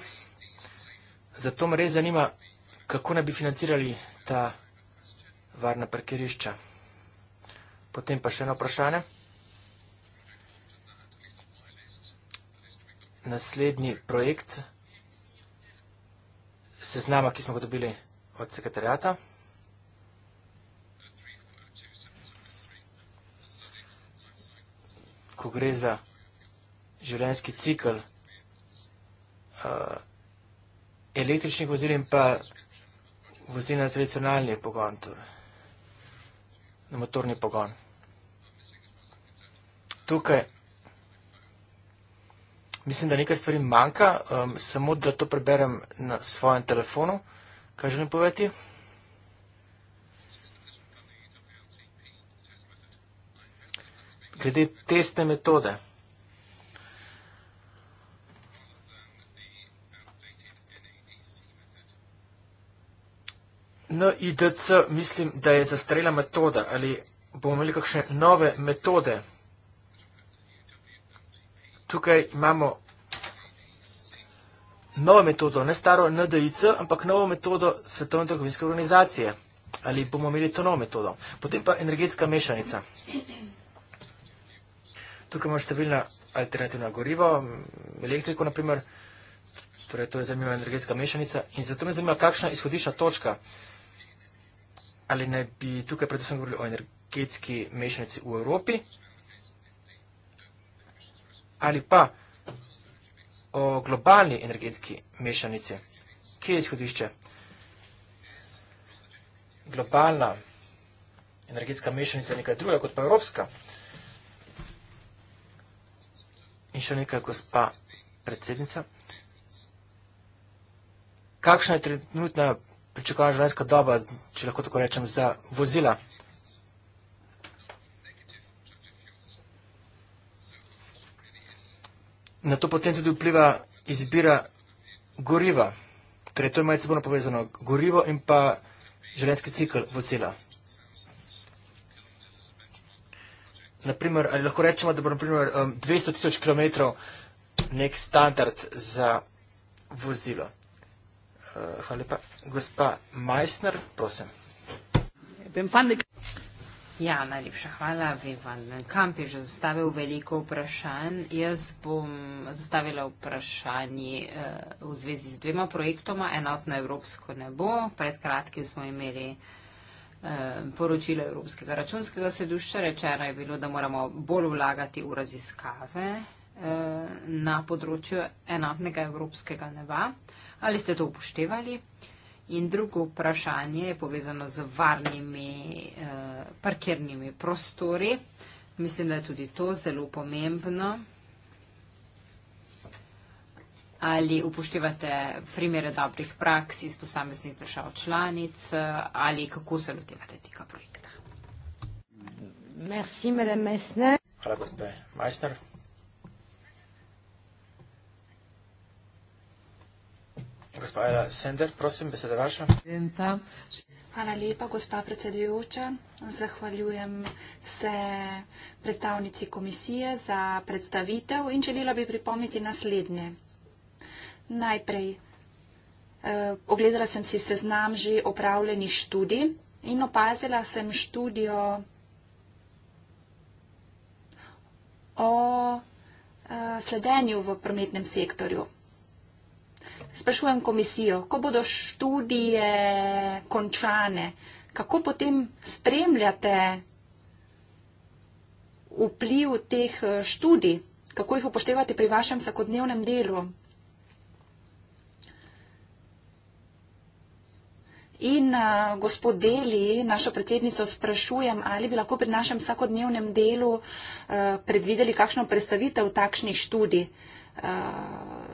Zato me res zanima, kako ne bi financirali ta varna parkirišča. Potem pa še eno vprašanje. Naslednji projekt seznama, ki smo ga dobili od sekretarjata. ko gre za življenjski cikl uh, električnih vozil in pa vozil na tradicionalni pogon, na motorni pogon. Tukaj mislim, da nekaj stvari manjka, um, samo da to preberem na svojem telefonu, kaj želim povedati. glede testne metode. NIDC mislim, da je zastarela metoda ali bomo imeli kakšne nove metode. Tukaj imamo novo metodo, ne staro NDIC, ampak novo metodo Svetovne trgovinske organizacije. Ali bomo imeli to novo metodo. Potem pa energetska mešanica. Tukaj imamo številna alternativna goriva, elektriko naprimer, torej to je zanimiva energetska mešanica in zato me zanima, kakšna izhodišna točka, ali naj bi tukaj predvsem govorili o energetski mešanici v Evropi, ali pa o globalni energetski mešanici, kje je izhodišče? Globalna energetska mešanica je nekaj druga kot pa evropska mešanica. In še nekaj, gospa predsednica. Kakšna je trenutna pričakovana življenjska doba, če lahko tako rečem, za vozila? Na to potem tudi vpliva izbira goriva. Torej, to je malce bolj povezano. Gorivo in pa življenjski cikl vozila. naprimer, ali lahko rečemo, da bo naprimer, um, 200 tisoč km nek standard za vozilo. Uh, hvala lepa. Gospa Majsner, prosim. Ja, najlepša hvala. Vivan Kamp je že zastavil veliko vprašanj. Jaz bom zastavila vprašanje uh, v zvezi z dvema projektoma. Enotno Evropsko nebo. Pred kratkim smo imeli uh, poročilo Evropskega računskega sedušča. Rečeno je bilo, da moramo bolj vlagati v raziskave na področju enotnega evropskega neva. Ali ste to upoštevali? In drugo vprašanje je povezano z varnimi parkirnimi prostori. Mislim, da je tudi to zelo pomembno ali upoštevate primere dobrih praks iz posameznih držav članic ali kako se lotevate tega projekta. Merci, madame Messner. Hvala, gospe Majster. Gospa Ela Sender, prosim, beseda vaša. Hvala lepa, gospa predsedujoča. Zahvaljujem se predstavnici komisije za predstavitev in želela bi pripomiti naslednje najprej. Eh, ogledala sem si seznam že opravljenih študij in opazila sem študijo o eh, sledenju v prometnem sektorju. Sprašujem komisijo, ko bodo študije končane, kako potem spremljate vpliv teh eh, študij, kako jih upoštevate pri vašem vsakodnevnem delu. In uh, gospod Deli, našo predsednico sprašujem, ali bi lahko pri našem vsakodnevnem delu uh, predvideli kakšno predstavitev takšnih študij. Uh,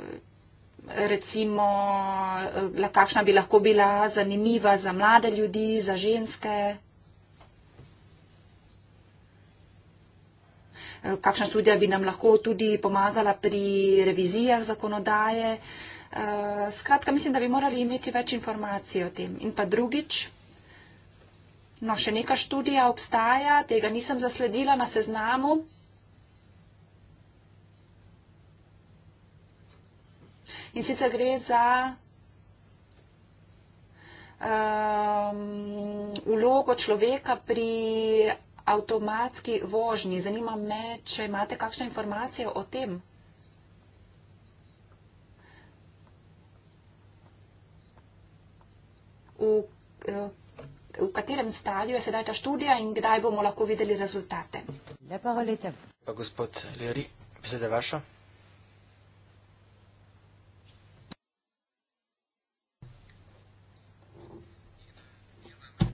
recimo, kakšna bi lahko bila zanimiva za mlade ljudi, za ženske. Kakšna študija bi nam lahko tudi pomagala pri revizijah zakonodaje. Uh, Eh, skratka, mislim, da bi morali imeti več informacij o tem. In pa drugič, no, še neka študija obstaja, tega nisem zasledila na seznamu. In sicer gre za um, vlogo človeka pri avtomatski vožnji. Zanima me, če imate kakšne informacije o tem. v, eh, v katerem stadiju je sedaj ta študija in kdaj bomo lahko videli rezultate. Lepo, hvalite. Pa gospod Leri, beseda vaša.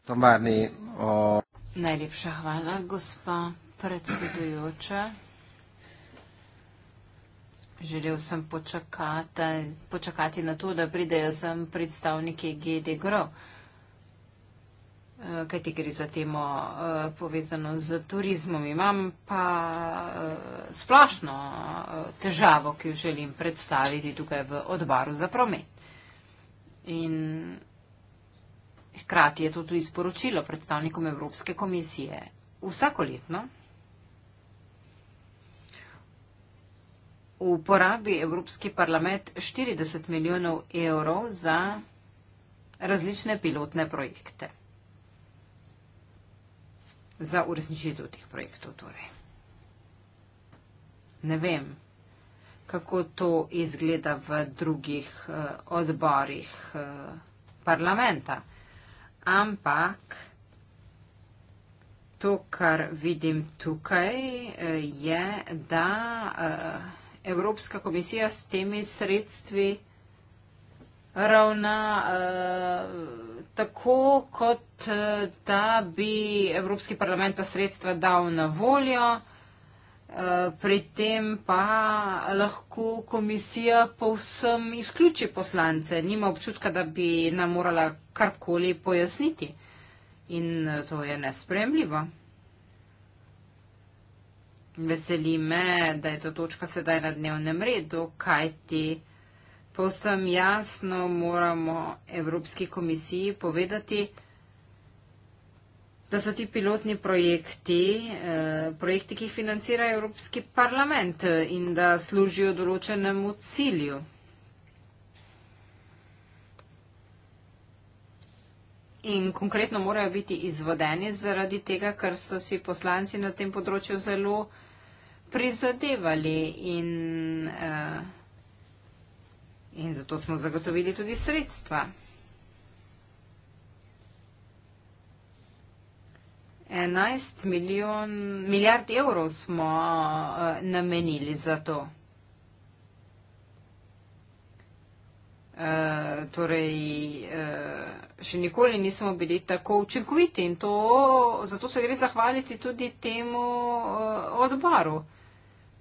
Tomarni, o... Najlepša hvala, gospa predsedujoča. Želel sem počakati, počakati na to, da pridejo sem predstavniki GD Gro, eh, kaj ti gre za temo eh, povezano z turizmom. Imam pa eh, splošno težavo, ki jo želim predstaviti tukaj v odbaru za promet. In hkrati je to tudi sporočilo predstavnikom Evropske komisije. Vsakoletno. No? uporabi Evropski parlament 40 milijonov evrov za različne pilotne projekte. Za uresničitev tih projektov torej. Ne vem, kako to izgleda v drugih eh, odborih eh, parlamenta, ampak to, kar vidim tukaj, eh, je, da... Evropska komisija s temi sredstvi ravna eh, tako, kot eh, da bi Evropski parlament ta sredstva dal na voljo, eh, pri tem pa lahko komisija povsem izključi poslance. Nima občutka, da bi nam morala karkoli pojasniti. In eh, to je nespremljivo. Veseli me, da je to točka sedaj na dnevnem redu, kaj ti povsem jasno moramo Evropski komisiji povedati, da so ti pilotni projekti, eh, projekti, ki jih financira Evropski parlament eh, in da služijo določenemu cilju. In konkretno morajo biti izvodeni zaradi tega, ker so si poslanci na tem področju zelo prizadevali in, eh, in zato smo zagotovili tudi sredstva. Enajst milijard evrov smo eh, namenili za to. Eh, torej, še nikoli nismo bili tako učinkoviti in to, zato se gre zahvaliti tudi temu odbaru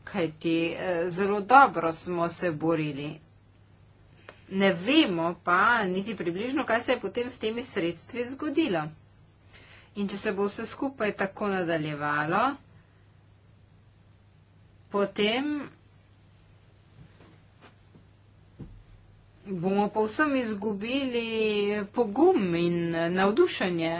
kajti eh, zelo dobro smo se borili. Ne vemo pa niti približno, kaj se je potem s temi sredstvi zgodilo. In če se bo vse skupaj tako nadaljevalo, potem bomo povsem izgubili pogum in navdušenje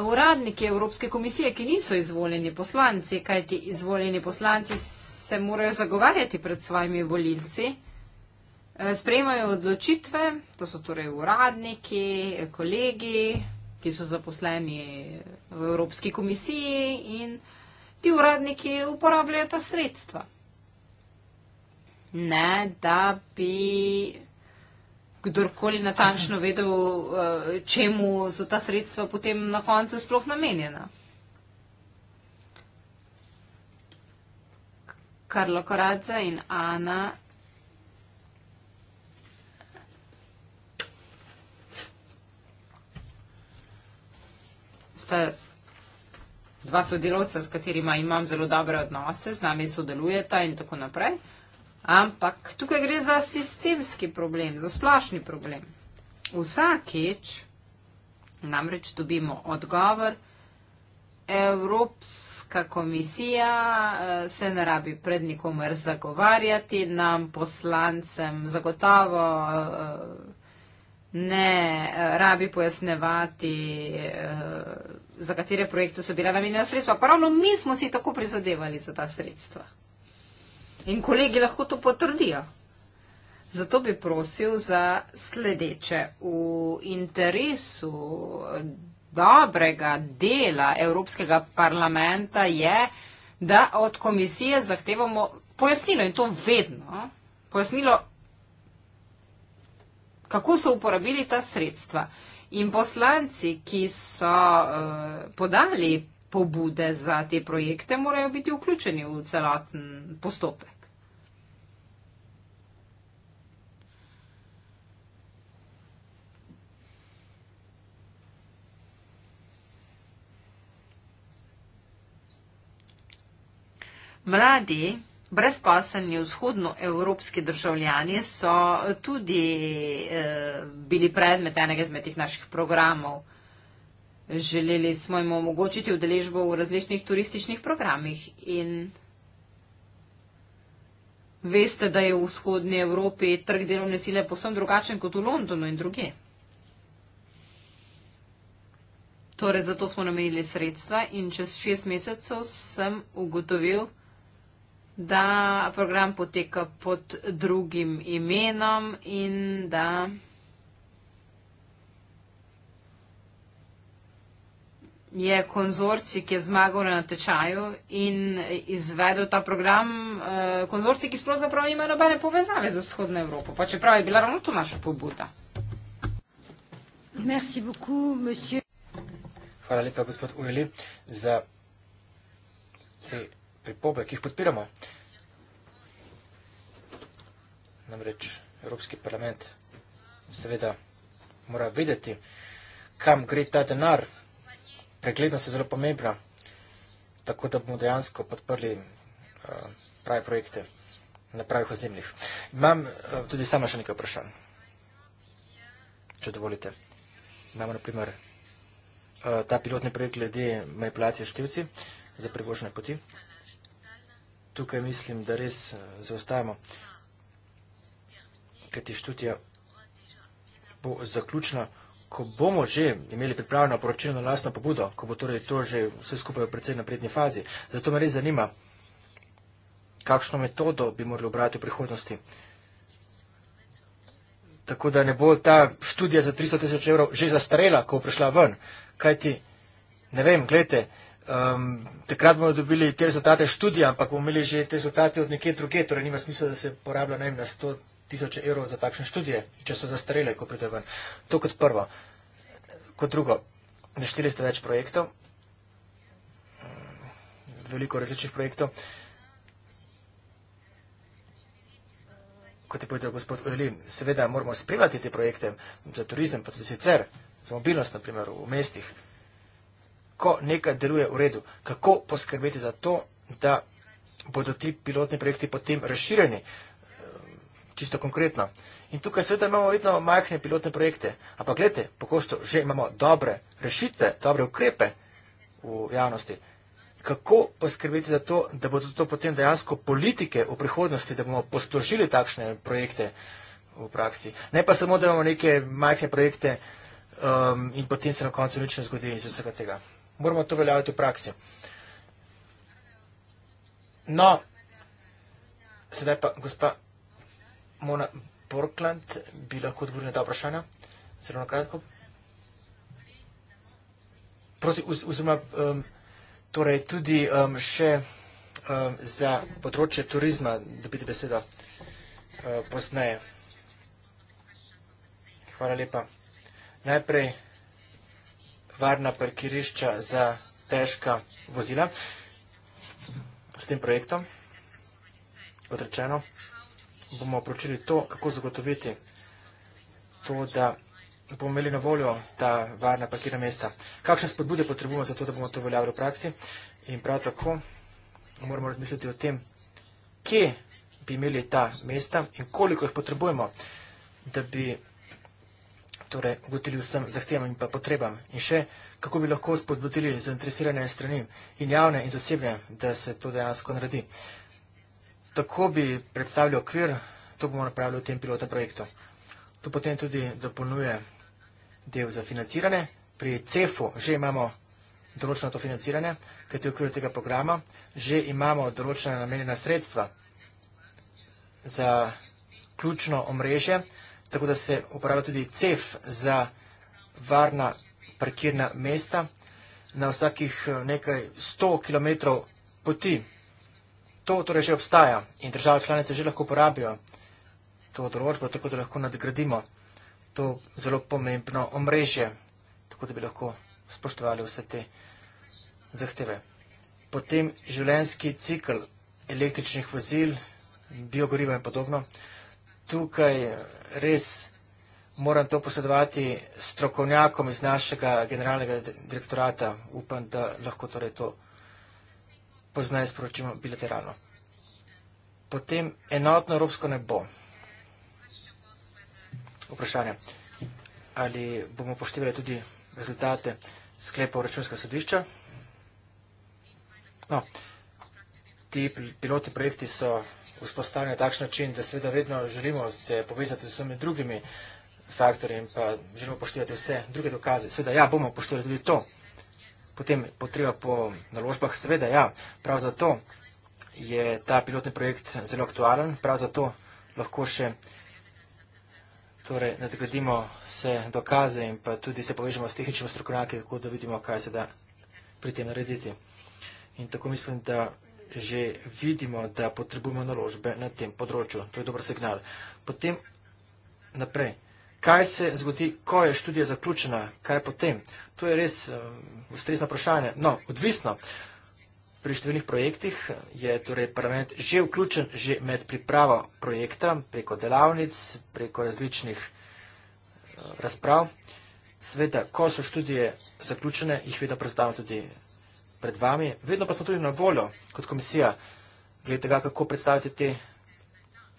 uradniki Evropske komisije, ki niso izvoljeni poslanci, kajti izvoljeni poslanci se morajo zagovarjati pred svojimi volilci, eh, sprejmajo odločitve, to so torej uradniki, kolegi, ki so zaposleni v Evropski komisiji in ti uradniki uporabljajo ta sredstva. Ne, da bi kdorkoli natančno vedel, eh, čemu so ta sredstva potem na koncu sploh namenjena. Karlo Koradza in Ana. Sta dva sodelovca, s katerima imam zelo dobre odnose, z nami sodelujeta in tako naprej. Ampak tukaj gre za sistemski problem, za splošni problem. Vsakeč namreč dobimo odgovor, Evropska komisija eh, se ne rabi pred nikomer zagovarjati, nam poslancem zagotovo eh, ne eh, rabi pojasnevati, za katere projekte so bila namenjena sredstva. Pa ravno mi smo si tako prizadevali za ta sredstva. In kolegi lahko to potrdijo. Zato bi prosil za sledeče. V interesu dobrega dela Evropskega parlamenta je, da od komisije zahtevamo pojasnilo in to vedno. Pojasnilo, kako so uporabili ta sredstva. In poslanci, ki so uh, podali pobude za te projekte, morajo biti vključeni v celoten postopek. Mladi brezposelni vzhodnoevropski državljani so tudi eh, bili predmet enega izmed teh naših programov. Želeli smo jim omogočiti udeležbo v različnih turističnih programih in veste, da je v vzhodni Evropi trg delovne sile posebno drugačen kot v Londonu in druge. Torej, zato smo namenili sredstva in čez šest mesecev sem ugotovil, da program poteka pod drugim imenom in da je konzorci, ki je zmagal na tečaju in izvedel ta program, eh, konzorci, ki sploh zapravo nima nobene povezave z vzhodno Evropo, pa čeprav je bila ravno to naša pobuda. Merci beaucoup, monsieur. Hvala lepa, gospod Ujeli, za te pripombe, ki jih podpiramo. Namreč Evropski parlament seveda mora vedeti, kam gre ta denar. Preglednost je zelo pomembna, tako da bomo dejansko podprli eh, prave projekte na pravih ozemljih. Imam eh, tudi sama še nekaj vprašanj, če dovolite. Imamo na primer eh, ta pilotni projekt glede manipulacije števci za privoženje poti tukaj mislim, da res eh, zaostajamo. Kajti študija bo zaključena, ko bomo že imeli pripravljeno poročilo na lastno pobudo, ko bo torej to že vse skupaj v predvsej napredni fazi. Zato me res zanima, kakšno metodo bi morali obrati v prihodnosti. Tako da ne bo ta študija za 300 tisoč evrov že zastarela, ko bo prišla ven. Kajti, ne vem, gledajte, Um, takrat bomo dobili te rezultate študija, ampak bomo imeli že te rezultate od nekje druge, torej nima smisla, da se porablja najmanj na 100 tisoč evrov za takšne študije, če so zastarele, ko pride ven. To kot prvo. Kot drugo, našteli ste več projektov, veliko različnih projektov. Kot je povedal gospod Ojli, seveda moramo spremljati te projekte za turizem, pa tudi sicer, za mobilnost, naprimer v mestih ko nekaj deluje v redu. Kako poskrbeti za to, da bodo ti pilotni projekti potem razširjeni, ehm, čisto konkretno. In tukaj seveda imamo vedno majhne pilotne projekte, ampak gledajte, pogosto že imamo dobre rešitve, dobre ukrepe v javnosti. Kako poskrbeti za to, da bodo to potem dejansko politike v prihodnosti, da bomo postrožili takšne projekte v praksi. Ne pa samo, da imamo neke majhne projekte um, in potem se na koncu nič ne zgodi iz vsega tega moramo to veljaviti v praksi. No, sedaj pa gospa Mona Borkland bi lahko odgovorila na ta vprašanja. Zelo na kratko. Prosim, oziroma, um, torej tudi um, še um, za področje turizma dobiti besedo uh, posneje. Hvala lepa. Najprej varna parkirišča za težka vozila s tem projektom. Odrečeno bomo pročili to, kako zagotoviti to, da bomo imeli na voljo ta varna parkirna mesta. Kakšne spodbude potrebujemo za to, da bomo to veljavili v praksi in prav tako moramo razmisliti o tem, kje bi imeli ta mesta in koliko jih potrebujemo, da bi potrebujemo torej ugotovili vsem zahtevam in pa potrebam. In še, kako bi lahko spodbudili zainteresirane strani in javne in zasebne, da se to dejansko naredi. Tako bi predstavljal okvir, to bomo napravili v tem pilotnem projektu. To potem tudi dopolnjuje del za financiranje. Pri CEF-u že imamo določeno to financiranje, kajti v okviru tega programa že imamo določena namenjena sredstva za ključno omrežje, tako da se uporablja tudi CEF za varna parkirna mesta na vsakih eh, nekaj 100 km poti. To torej že obstaja in države članice že lahko uporabijo to odročbo, tako da lahko nadgradimo to zelo pomembno omrežje, tako da bi lahko spoštovali vse te zahteve. Potem življenski cikl električnih vozil, biogoriva in podobno tukaj res moram to posledovati strokovnjakom iz našega generalnega direktorata. Upam, da lahko torej to poznaje sporočimo bilateralno. Potem enotno evropsko nebo. Vprašanje. Ali bomo poštevali tudi rezultate sklepov računskega sodišča? No, ti pilotni projekti so vzpostavljen na takšen način, da seveda vedno želimo se povezati z vsemi drugimi faktorji in pa želimo poštevati vse druge dokaze. Seveda, ja, bomo poštevali tudi to. Potem potreba po naložbah, seveda, ja, prav zato je ta pilotni projekt zelo aktualen, prav zato lahko še torej, nadgradimo vse dokaze in pa tudi se povežemo s tehničnimi strokovnjaki, tako da vidimo, kaj se da pri tem narediti. In tako mislim, da že vidimo, da potrebujemo naložbe na tem področju. To je dober signal. Potem naprej. Kaj se zgodi, ko je študija zaključena? Kaj je potem? To je res um, ustrezno vprašanje. No, odvisno. Pri številnih projektih je torej parlament že vključen, že med pripravo projekta, preko delavnic, preko različnih eh, razprav. Sveda, ko so študije zaključene, jih vedno predstavljamo tudi pred vami. Vedno pa smo tudi na voljo kot komisija, glede tega, kako predstaviti te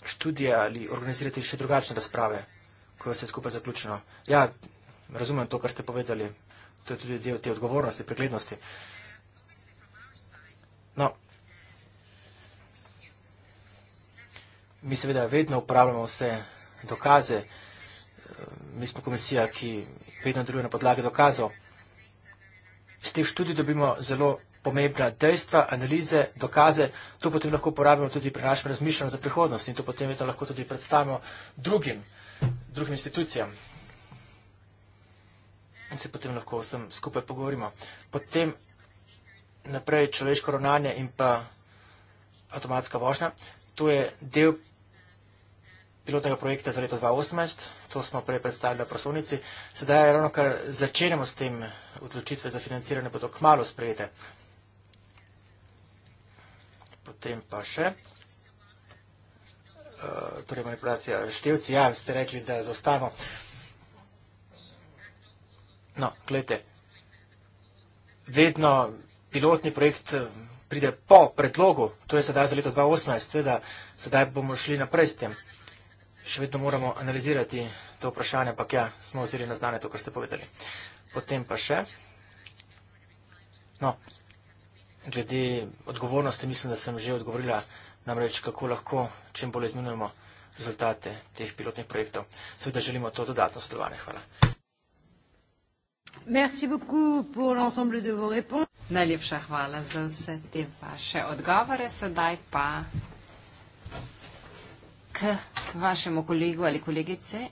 študije ali organizirati še drugačne razprave, ko je vse skupaj zaključeno. Ja, razumem to, kar ste povedali. To je tudi del te odgovornosti, preglednosti. No, mi seveda vedno upravljamo vse dokaze. Mi smo komisija, ki vedno deluje na podlagi dokazov iz teh študij dobimo zelo pomembna dejstva, analize, dokaze. To potem lahko uporabimo tudi pri našem razmišljanju za prihodnost in to potem to lahko tudi predstavimo drugim, drugim institucijam. In se potem lahko vsem skupaj pogovorimo. Potem naprej človeško ravnanje in pa avtomatska vožnja. To je del pilotnega projekta za leto 2018, to smo prej predstavili v proslovnici, sedaj je ravno kar začenjamo s tem, odločitve za financiranje bodo kmalo sprejete. Potem pa še, eh, torej manipulacija števci, ja, ste rekli, da zaostavamo. No, gledajte, vedno pilotni projekt eh, pride po predlogu, to je sedaj za leto 2018, teda sedaj bomo šli naprej s tem še vedno moramo analizirati to vprašanje, ampak ja, smo vzeli na znanje to, kar ste povedali. Potem pa še, no, glede odgovornosti, mislim, da sem že odgovorila namreč, kako lahko čim bolj izminujemo rezultate teh pilotnih projektov. Seveda želimo to dodatno sodelovanje. Hvala. Merci beaucoup pour l'ensemble de vos réponses. Najlepša hvala za vse te vaše odgovore. Sedaj pa k vašemu kolegu ali kolegice,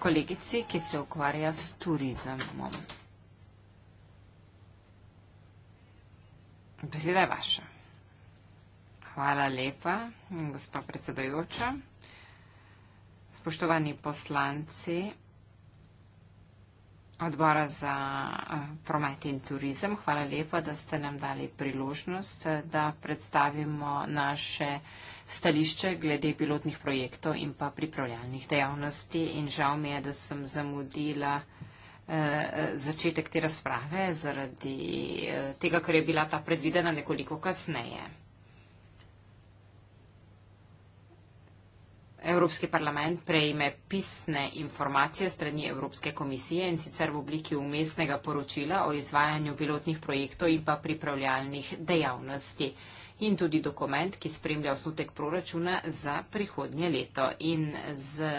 kolegici, ki se ukvarja s turizmom. Beseda je vaša. Hvala lepa, gospa predsedojoča. Spoštovani poslanci, odbora za eh, promet in turizem. Hvala lepa, da ste nam dali priložnost, eh, da predstavimo naše stališče glede pilotnih projektov in pa pripravljalnih dejavnosti. In žal mi je, da sem zamudila eh, začetek te razprave zaradi tega, ker je bila ta predvidena nekoliko kasneje. Evropski parlament prejme pisne informacije strani Evropske komisije in sicer v obliki umestnega poročila o izvajanju pilotnih projektov in pa pripravljalnih dejavnosti in tudi dokument, ki spremlja osnutek proračuna za prihodnje leto. In z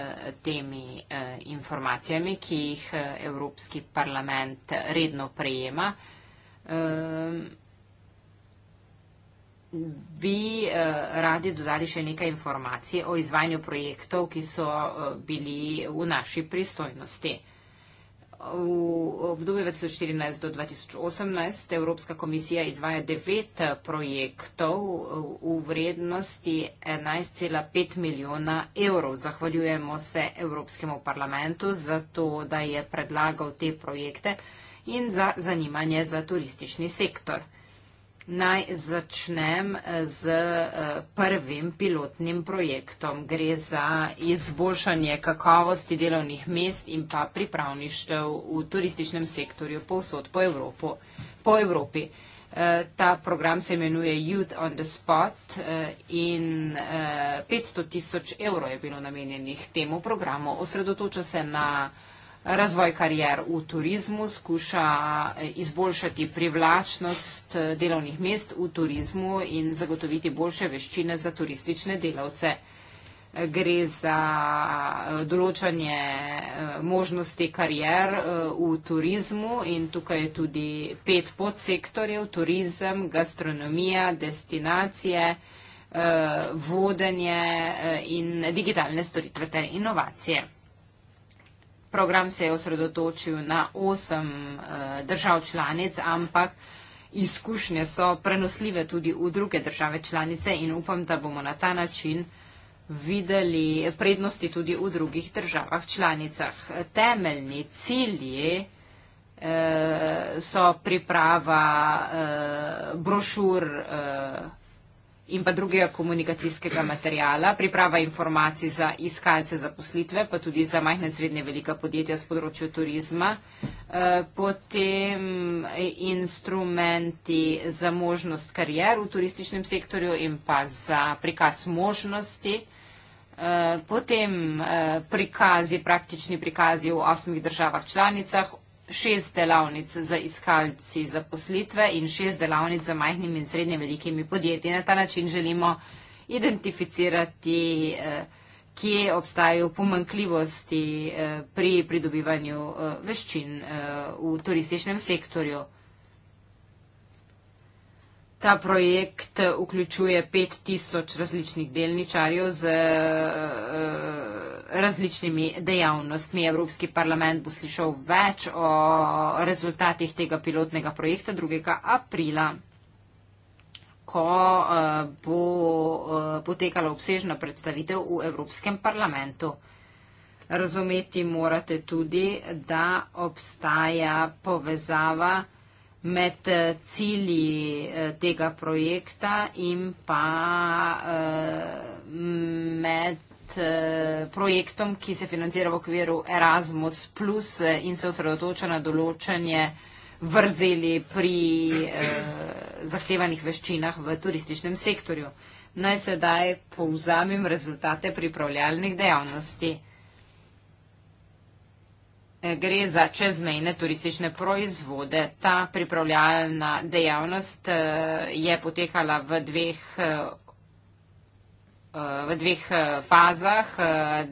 temi eh, informacijami, ki jih eh, Evropski parlament redno prejema, eh, bi eh, radi dodali še nekaj informacij o izvajanju projektov, ki so eh, bili v naši pristojnosti. V obdobju 2014 do 2018 Evropska komisija izvaja devet eh, projektov v vrednosti 11,5 milijona evrov. Zahvaljujemo se Evropskemu parlamentu za to, da je predlagal te projekte in za zanimanje za turistični sektor naj začnem eh, z eh, prvim pilotnim projektom. Gre za izboljšanje kakovosti delovnih mest in pa pripravništev v turističnem sektorju povsod po, Evropo, po Evropi. Eh, ta program se imenuje Youth on the Spot in 500 tisoč evrov je bilo namenjenih temu programu. Osredotoča se na Razvoj karijer v turizmu skuša eh, izboljšati privlačnost eh, delovnih mest v turizmu in zagotoviti boljše veščine za turistične delavce. Eh, gre za določanje možnosti karijer v turizmu in tukaj je tudi pet podsektorjev, turizem, gastronomija, destinacije, vodenje in digitalne storitve ter inovacije. Program se je osredotočil na osem uh, držav članic, ampak izkušnje so prenosljive tudi v druge države članice in upam, da bomo na ta način videli prednosti tudi v drugih državah članicah. Temeljni cilji eh, so priprava eh, brošur in pa drugega komunikacijskega materijala, priprava informacij za iskalce zaposlitve, pa tudi za majhne srednje velika podjetja z področju turizma, eh, potem eh, instrumenti za možnost karijer v turističnem sektorju in pa za prikaz možnosti, eh, potem prikazi, praktični prikazi v osmih državah članicah, šest delavnic za iskalci zaposlitve in šest delavnic za majhnimi in srednje velikimi podjetji. Na ta način želimo identificirati, eh, kje obstajajo pomankljivosti eh, pri pridobivanju eh, veščin v turističnem sektorju. Ta projekt vključuje 5000 različnih delničarjev z različnimi dejavnostmi. Evropski parlament bo slišal več o rezultatih tega pilotnega projekta 2. aprila ko uh, bo uh, potekala obsežna predstavitev v Evropskem parlamentu. Razumeti morate tudi, da obstaja povezava med eh, cilji tega projekta in pa uh, med Eh, projektom, ki se financira v okviru Erasmus Plus eh, in se osredotoča na določanje vrzeli pri eh, zahtevanih veščinah v turističnem sektorju. Naj sedaj povzamem rezultate pripravljalnih dejavnosti. Eh, gre za čezmejne turistične proizvode. Ta pripravljalna dejavnost je potekala v dveh Eh, v dveh eh, fazah.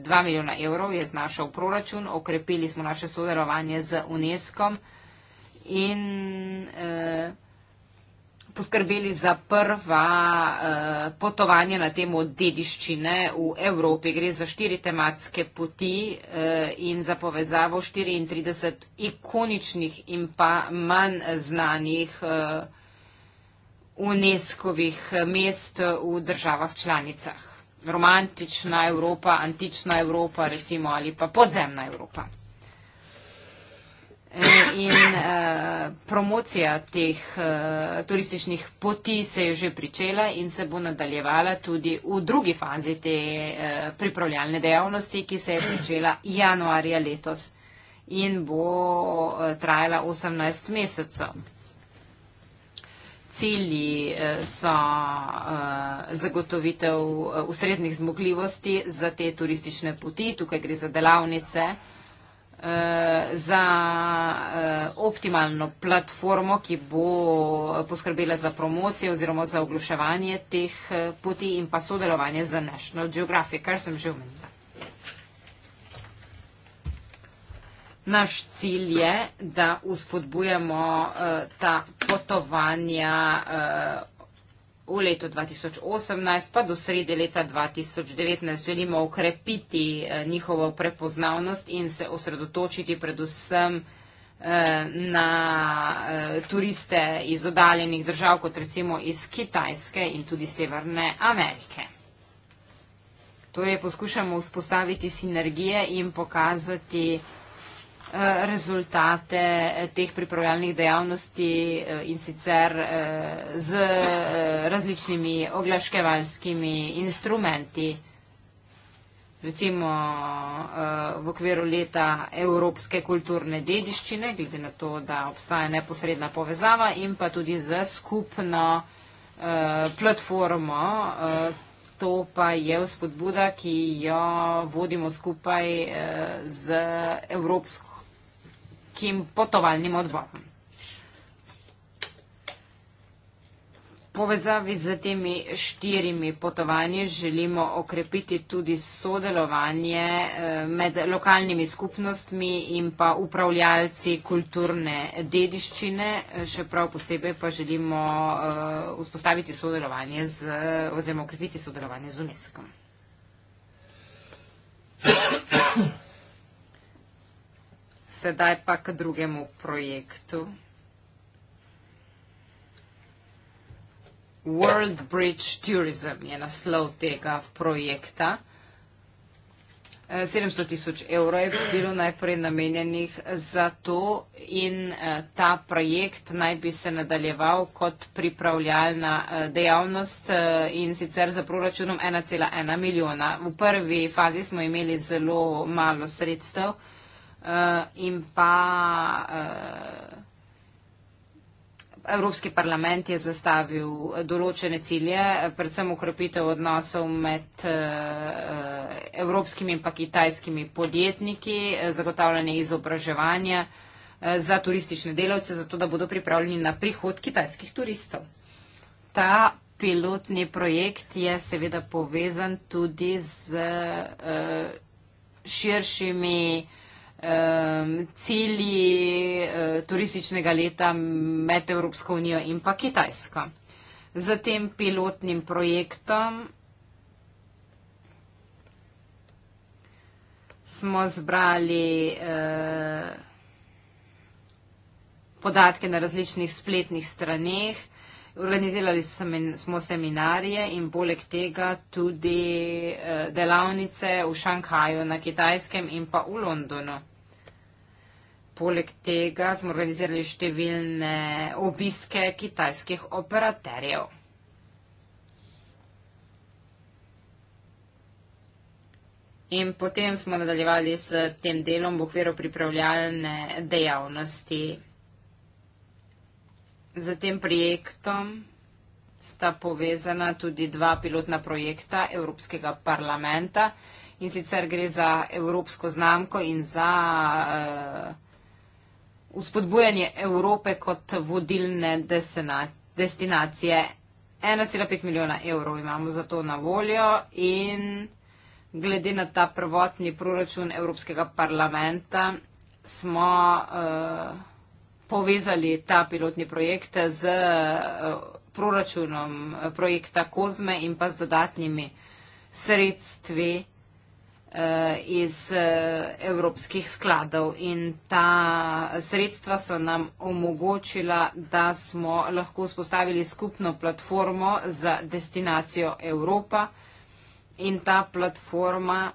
2 eh, milijona evrov je znašal proračun, okrepili smo naše sodelovanje z UNESCO in poskrbeli za prva potovanja na temo dediščine v Evropi. Gre za štiri tematske poti in za povezavo 34 ikoničnih in pa manj znanih UNESCO-vih mest v državah članicah romantična Evropa, antična Evropa, recimo, ali pa podzemna Evropa. E, in uh, promocija teh uh, turističnih poti se je že pričela in se bo nadaljevala tudi v drugi fazi te uh, pripravljalne dejavnosti, ki se je pričela januarja letos in bo uh, trajala 18 mesecev cilji eh, so eh, zagotovitev eh, ustreznih zmogljivosti za te turistične poti, tukaj gre za delavnice, za optimalno platformo, ki bo poskrbela za promocijo oziroma za oglaševanje teh poti in pa sodelovanje za National Geographic, kar sem že omenila. Naš cilj je, da uspodbujamo uh, eh, ta potovanja uh, v letu 2018, pa do sredi leta 2019. Želimo ukrepiti uh, eh, njihovo prepoznavnost in se osredotočiti predvsem uh, na uh, turiste iz odaljenih držav, kot recimo iz Kitajske in tudi Severne Amerike. Torej poskušamo vzpostaviti sinergije in pokazati, Eh, rezultate eh, teh pripravljalnih dejavnosti eh, in sicer z različnimi oglaškevalskimi instrumenti, recimo v okviru leta Evropske kulturne dediščine, glede na to, da obstaja neposredna povezava in pa tudi z skupno platformo, To pa je vzpodbuda, ki jo vodimo skupaj z Evropsko kim potovalnim odborom. Povezavi z temi štirimi potovanji želimo okrepiti tudi sodelovanje eh, med lokalnimi skupnostmi in pa upravljalci kulturne dediščine. Še prav posebej pa želimo eh, vzpostaviti sodelovanje z, oziroma okrepiti sodelovanje z UNESCO. Sedaj pa k drugemu projektu. World Bridge Tourism je naslov tega projekta. 700 tisoč evrov je bilo najprej namenjenih za to in eh, ta projekt naj bi se nadaljeval kot pripravljalna eh, dejavnost eh, in sicer za proračunom 1,1 milijona. V prvi fazi smo imeli zelo malo sredstev uh, in pa uh, Evropski parlament je zastavil določene cilje, predvsem ukrepitev odnosov med uh, evropskimi in pa kitajskimi podjetniki, zagotavljanje izobraževanja uh, za turistične delavce, zato da bodo pripravljeni na prihod kitajskih turistov. Ta pilotni projekt je seveda povezan tudi z uh, širšimi uh, Ehm, cilji eh, turističnega leta med Evropsko unijo in pa Kitajsko. Za tem pilotnim projektom smo zbrali eh, podatke na različnih spletnih straneh, organizirali smo seminarije in poleg tega tudi eh, delavnice v Šanghaju na Kitajskem in pa v Londonu poleg tega smo organizirali številne obiske kitajskih operaterjev. In potem smo nadaljevali s tem delom v okviru pripravljalne dejavnosti. Z tem projektom sta povezana tudi dva pilotna projekta Evropskega parlamenta in sicer gre za evropsko znamko in za uh, vzpodbujanje Evrope kot vodilne destinacije. 1,5 milijona evrov imamo za to na voljo in glede na ta prvotni proračun Evropskega parlamenta smo uh, povezali ta pilotni projekt z uh, proračunom eh, projekta Kozme in pa z dodatnimi sredstvi. Eh, iz eh, evropskih skladov in ta sredstva so nam omogočila, da smo lahko spostavili skupno platformo za destinacijo Evropa in ta platforma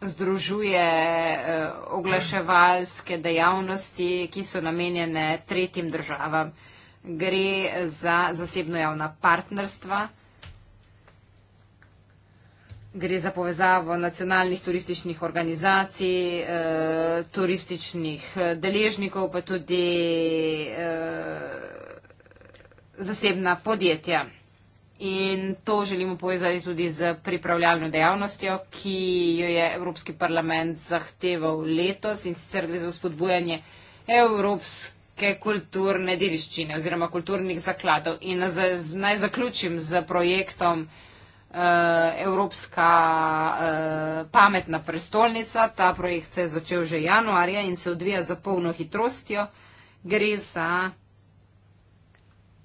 združuje eh, oglaševalske dejavnosti, ki so namenjene tretjim državam. Gre za zasebno javna partnerstva gre za povezavo nacionalnih turističnih organizacij, eh, turističnih eh, deležnikov, pa tudi eh, zasebna podjetja. In to želimo povezati tudi z pripravljalno dejavnostjo, ki jo je Evropski parlament zahteval letos in sicer gre za spodbujanje evropske kulturne dediščine oziroma kulturnih zakladov. In naj zaključim z projektom eh, Eh, Evropska eh, pametna prestolnica. Ta projekt se je začel že januarja in se odvija za polno hitrostjo. Gre za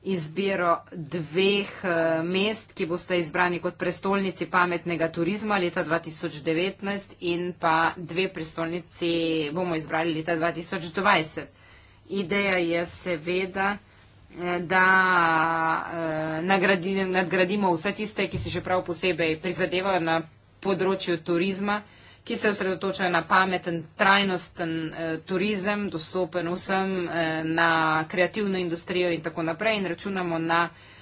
izbiro dveh eh, mest, ki boste izbrani kot prestolnici pametnega turizma leta 2019 in pa dve prestolnici bomo izbrali leta 2020. Ideja je seveda, da eh, nagradi, nadgradimo vse tiste, ki si še prav posebej prizadevajo na področju turizma, ki se osredotočajo na pameten, trajnosten eh, turizem, dostopen vsem, eh, na kreativno industrijo in tako naprej in računamo na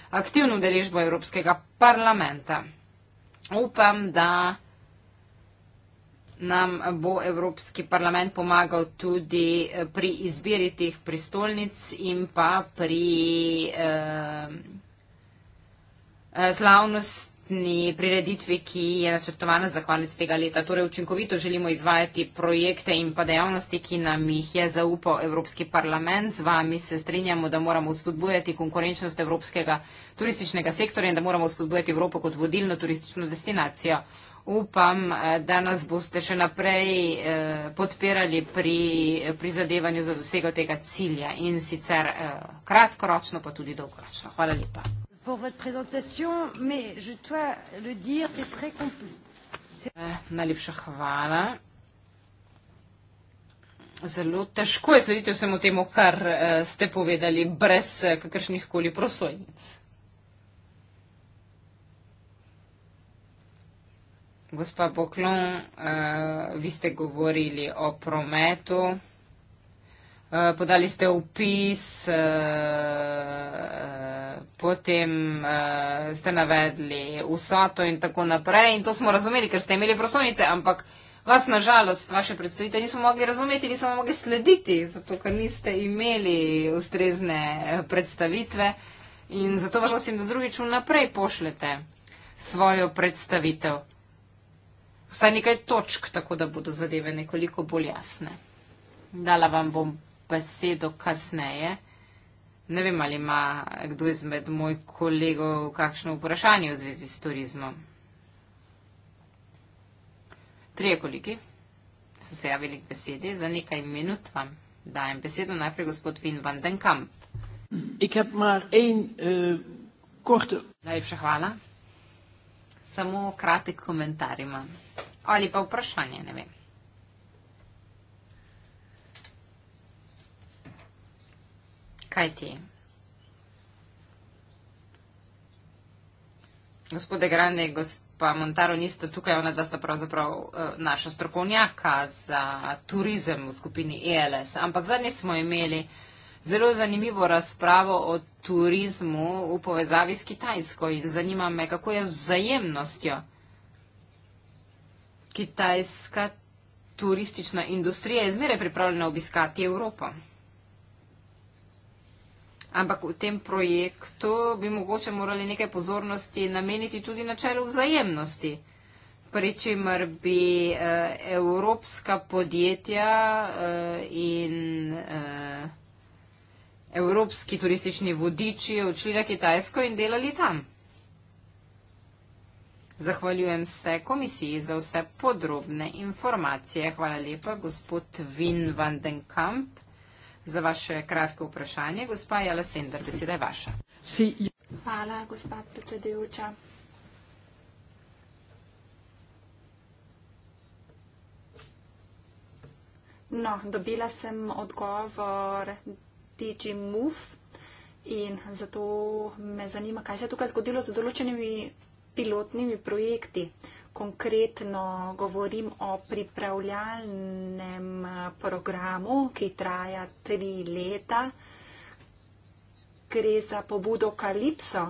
aktivno deležbo Evropskega parlamenta. Upam, da nam bo Evropski parlament pomagal tudi eh, pri izbiri teh pristolnic in pa pri eh, eh, slavnostni prireditvi, ki je načrtovana za konec tega leta. Torej učinkovito želimo izvajati projekte in pa dejavnosti, ki nam jih je zaupal Evropski parlament. Z vami se strinjamo, da moramo spodbujati konkurenčnost Evropskega turističnega sektorja in da moramo spodbujati Evropo kot vodilno turistično destinacijo. Upam, eh, da nas boste še naprej eh, podpirali pri prizadevanju za dosego tega cilja in sicer eh, kratkoročno, pa tudi dolgoročno. Hvala lepa. Najlepša hvala. Zelo težko je slediti vsemu temu, kar ste povedali, brez kakršnih koli prosojnic. Gospa Poklon, eh, vi ste govorili o prometu, eh, podali ste upis, eh, potem ste navedli vsoto in tako naprej in to smo razumeli, ker ste imeli prosovnice, ampak vas na žalost, vaše predstavite, nismo mogli razumeti, nismo mogli slediti, zato ker niste imeli ustrezne predstavitve in zato vas prosim, da drugič vnaprej pošljete svojo predstavitev vsaj nekaj točk, tako da bodo zadeve nekoliko bolj jasne. Dala vam bom besedo kasneje. Ne vem, ali ima kdo izmed moj kolegov kakšno vprašanje v zvezi s turizmom. Trije kolegi so se javili k besedi. Za nekaj minut vam dajem besedo. Najprej gospod Vin van den Kamp. Ik heb maar één uh, korte. Najlepša hvala samo kratek komentar ima. Ali pa vprašanje, ne vem. Kaj ti? Gospode Grande, gospa Montaro, niste tukaj, ona dva sta pravzaprav eh, naša strokovnjaka za turizem v skupini ELS, ampak zadnji smo imeli uh, zelo zanimivo razpravo o turizmu v povezavi s Kitajsko in zanima me, kako je vzajemnostjo kitajska turistična industrija izmere pripravljena obiskati Evropo. Ampak v tem projektu bi mogoče morali nekaj pozornosti nameniti tudi načelu vzajemnosti, pri čemer bi eh, evropska podjetja eh, in evropska eh, podjetja evropski turistični vodiči odšli na Kitajsko in delali tam. Zahvaljujem se komisiji za vse podrobne informacije. Hvala lepa, gospod Vin van den Kamp, za vaše kratko vprašanje. Gospa Jala Sender, beseda je vaša. Hvala, gospa predsedujoča. No, dobila sem odgovor, tiči MUF in zato me zanima, kaj se je tukaj zgodilo z določenimi pilotnimi projekti. Konkretno govorim o pripravljalnem eh, programu, ki traja tri leta. Gre za pobudo Kalipso,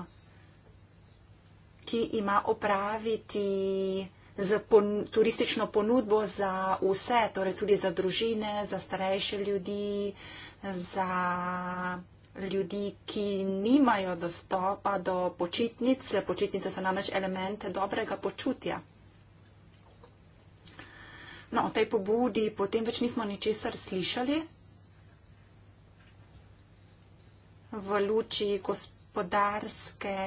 ki ima opraviti z pon turistično ponudbo za vse, torej tudi za družine, za starejše ljudi. Uh, za ljudi, ki nimajo dostopa do počitnic. Počitnice so namreč element dobrega počutja. No, o tej pobudi potem več nismo ničesar slišali. V luči gospodarske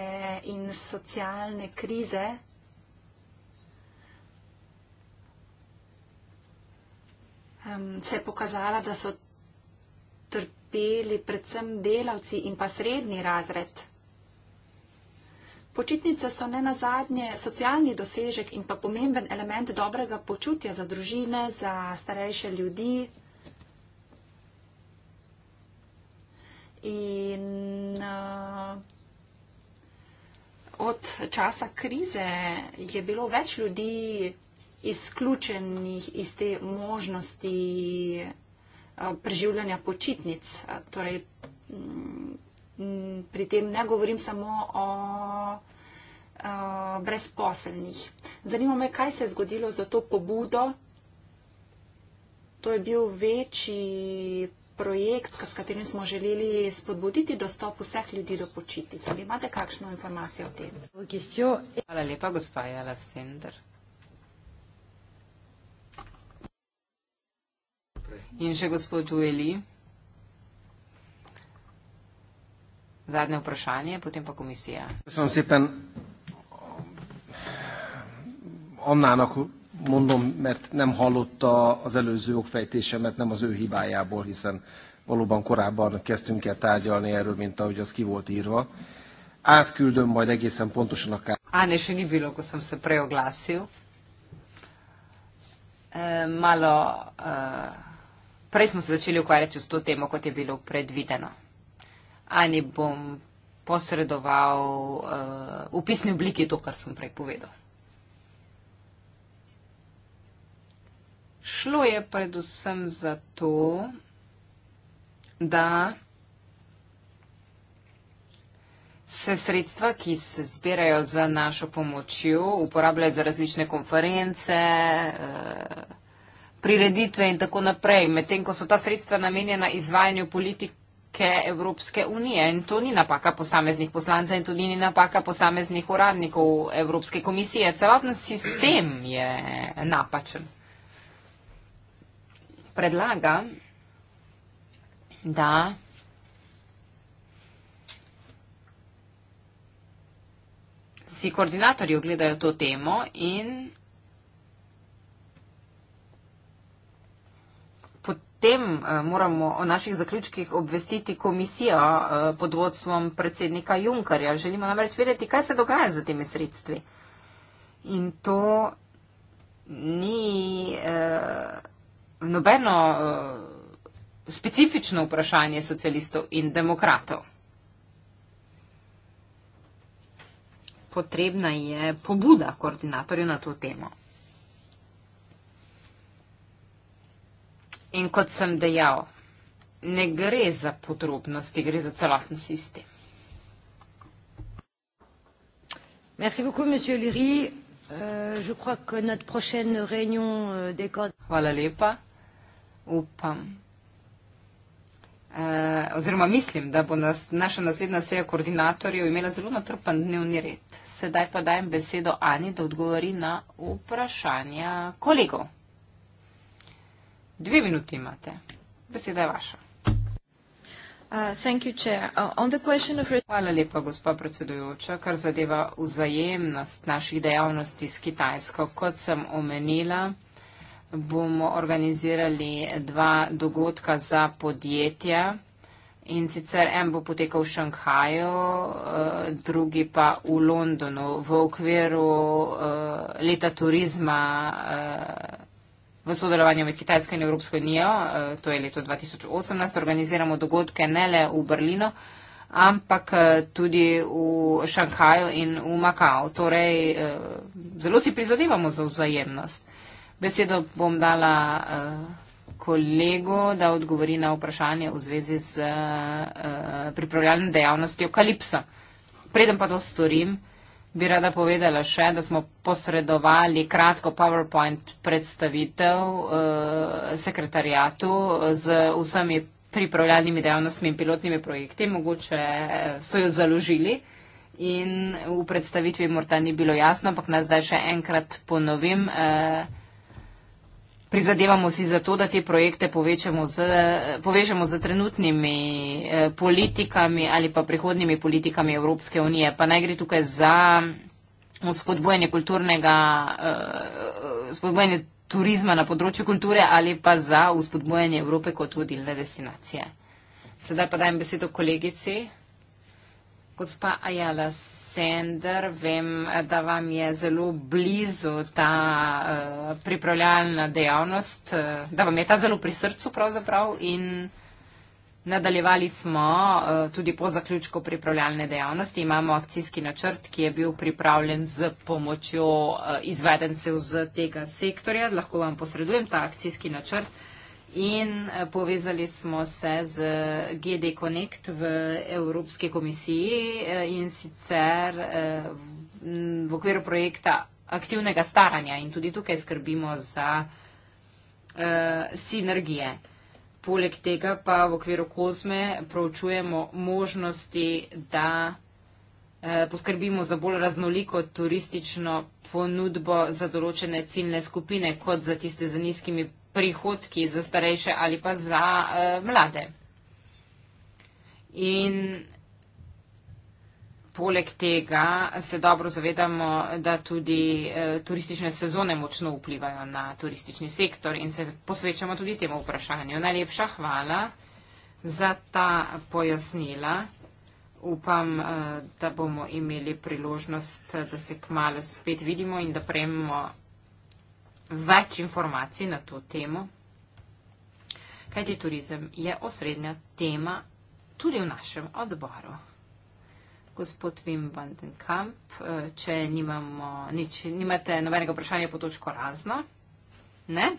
in socialne krize se je pokazala, da so trpeli predvsem delavci in pa srednji razred. Počitnice so ne nazadnje socialni dosežek in pa pomemben element dobrega počutja za družine, za starejše ljudi. In uh, od časa krize je bilo več ljudi izključenih iz te možnosti Eh, preživljanja počitnic. Eh, torej, mm, pri tem ne govorim samo o eh, brezposelnih. Zanima me, kaj se je zgodilo za to pobudo. To je bil večji projekt, s katerim smo želeli spodbuditi dostop vseh ljudi do počitnic. Ali imate kakšno informacijo o tem? Hvala lepa, gospa Jala Sender. In še gospod Ueli. Zadnje vprašanje, potem pa komisija. Sem szépen Annának mondom, mert nem hallotta az előző okfejtésemet, nem az ő hibájából, hiszen valóban korábban kezdtünk el tárgyalni erről, mint ahogy az ki volt írva. Átküldöm majd egészen pontosan a kár. Áne, és ennyi bílok, hogy szemsz preoglászió. Ehm, Mála uh... Eh, prej smo se začeli ukvarjati s to temo, kot je bilo predvideno. Ani bom posredoval uh, v pisni obliki to, kar sem prej povedal. Šlo je predvsem zato, da se sredstva, ki se zbirajo za našo pomočjo, uporabljajo za različne konference. Uh, prireditve in tako naprej, medtem ko so ta sredstva namenjena izvajanju politike Evropske unije. In to ni napaka posameznih poslancev in tudi ni napaka posameznih uradnikov Evropske komisije. Celoten sistem je napačen. Predlaga, da. Si koordinatorji ogledajo to temo in potem eh, moramo o naših zaključkih obvestiti komisijo eh, pod vodstvom predsednika Junkarja. Želimo namreč vedeti, kaj se dogaja z temi sredstvi. In to ni eh, nobeno eh, specifično vprašanje socialistov in demokratov. Potrebna je pobuda koordinatorju na to temo. In kot sem dejal, ne gre za podrobnosti, gre za celoten sistem. Merci beaucoup, monsieur Liri. Uh, je crois que notre prochaine réunion uh, des cordes... Hvala lepa. Upam. Uh, oziroma mislim, da bo nas, naša naslednja seja koordinatorjev imela zelo natrpan dnevni red. Sedaj pa dajem besedo Ani, da odgovori na vprašanja kolegov. Dve minuti imate. Beseda je vaša. Uh, uh, Hvala lepa, gospa predsedujoča. Kar zadeva vzajemnost naših dejavnosti s Kitajsko, kot sem omenila, bomo organizirali dva dogodka za podjetja in sicer en bo potekal v Šanghaju, uh, drugi pa v Londonu v okviru leta turizma V sodelovanju med Kitajsko in Evropsko unijo, eh, to je leto 2018, organiziramo dogodke ne le v Berlino, ampak eh, tudi v Šanghaju in v Makau. Torej, eh, zelo si prizadevamo za vzajemnost. Besedo bom dala kolego, da odgovori na vprašanje v zvezi z pripravljalno dejavnostjo Kalipsa. Preden pa to storim, Bi rada povedala še, da smo posredovali kratko PowerPoint predstavitev eh, sekretarijatu z vsemi pripravljalnimi dejavnostmi in pilotnimi projekti. Mogoče eh, so jo založili in v predstavitvi morda ni bilo jasno, ampak nas zdaj še enkrat ponovim. Eh, prizadevamo si za to, da te projekte z, povežemo z trenutnimi eh, politikami ali pa prihodnimi politikami Evropske unije. Pa naj gre tukaj za mm, spodbojanje kulturnega, eh, eh, spodbojanje turizma na področju kulture ali pa za uspodbojanje Evrope kot vodilne destinacije. Sedaj pa dajem besedo kolegici. Gospa Ajala Sender, vem, da vam je zelo blizu ta uh, pripravljalna dejavnost, uh, da vam je ta zelo pri srcu pravzaprav in nadaljevali smo uh, tudi po zaključku pripravljalne dejavnosti. Imamo akcijski načrt, ki je bil pripravljen z pomočjo uh, izvedencev z tega sektorja. Lahko vam posredujem ta akcijski načrt in eh, povezali smo se z GD Connect v Evropski komisiji eh, in sicer eh, v okviru projekta aktivnega staranja in tudi tukaj skrbimo za sinergije. Poleg tega pa v okviru kozme proučujemo možnosti, da poskrbimo za bolj raznoliko turistično ponudbo za določene ciljne skupine, kot za tiste z nizkimi prihodki za starejše ali pa za uh, mlade. In poleg tega se dobro zavedamo, da tudi uh, turistične sezone močno vplivajo na turistični sektor in se posvečamo tudi temu vprašanju. Najlepša hvala za ta pojasnila. Upam, uh, da bomo imeli priložnost, da se kmalo spet vidimo in da prejmemo več informacij na to temo, kajti turizem je osrednja tema tudi v našem odboru. Gospod Wim van den Kamp, eh, če nimamo, nič, nimate nobenega vprašanja po točko razno, ne?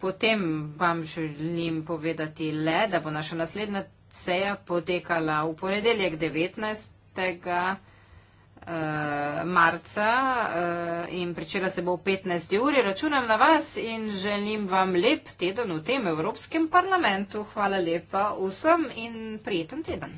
Potem vam želim povedati le, da bo naša naslednja seja potekala v ponedeljek 19. Eh, marca eh, in pričela se bo v 15. uri. Računam na vas in želim vam lep teden v tem Evropskem parlamentu. Hvala lepa vsem in prijeten teden.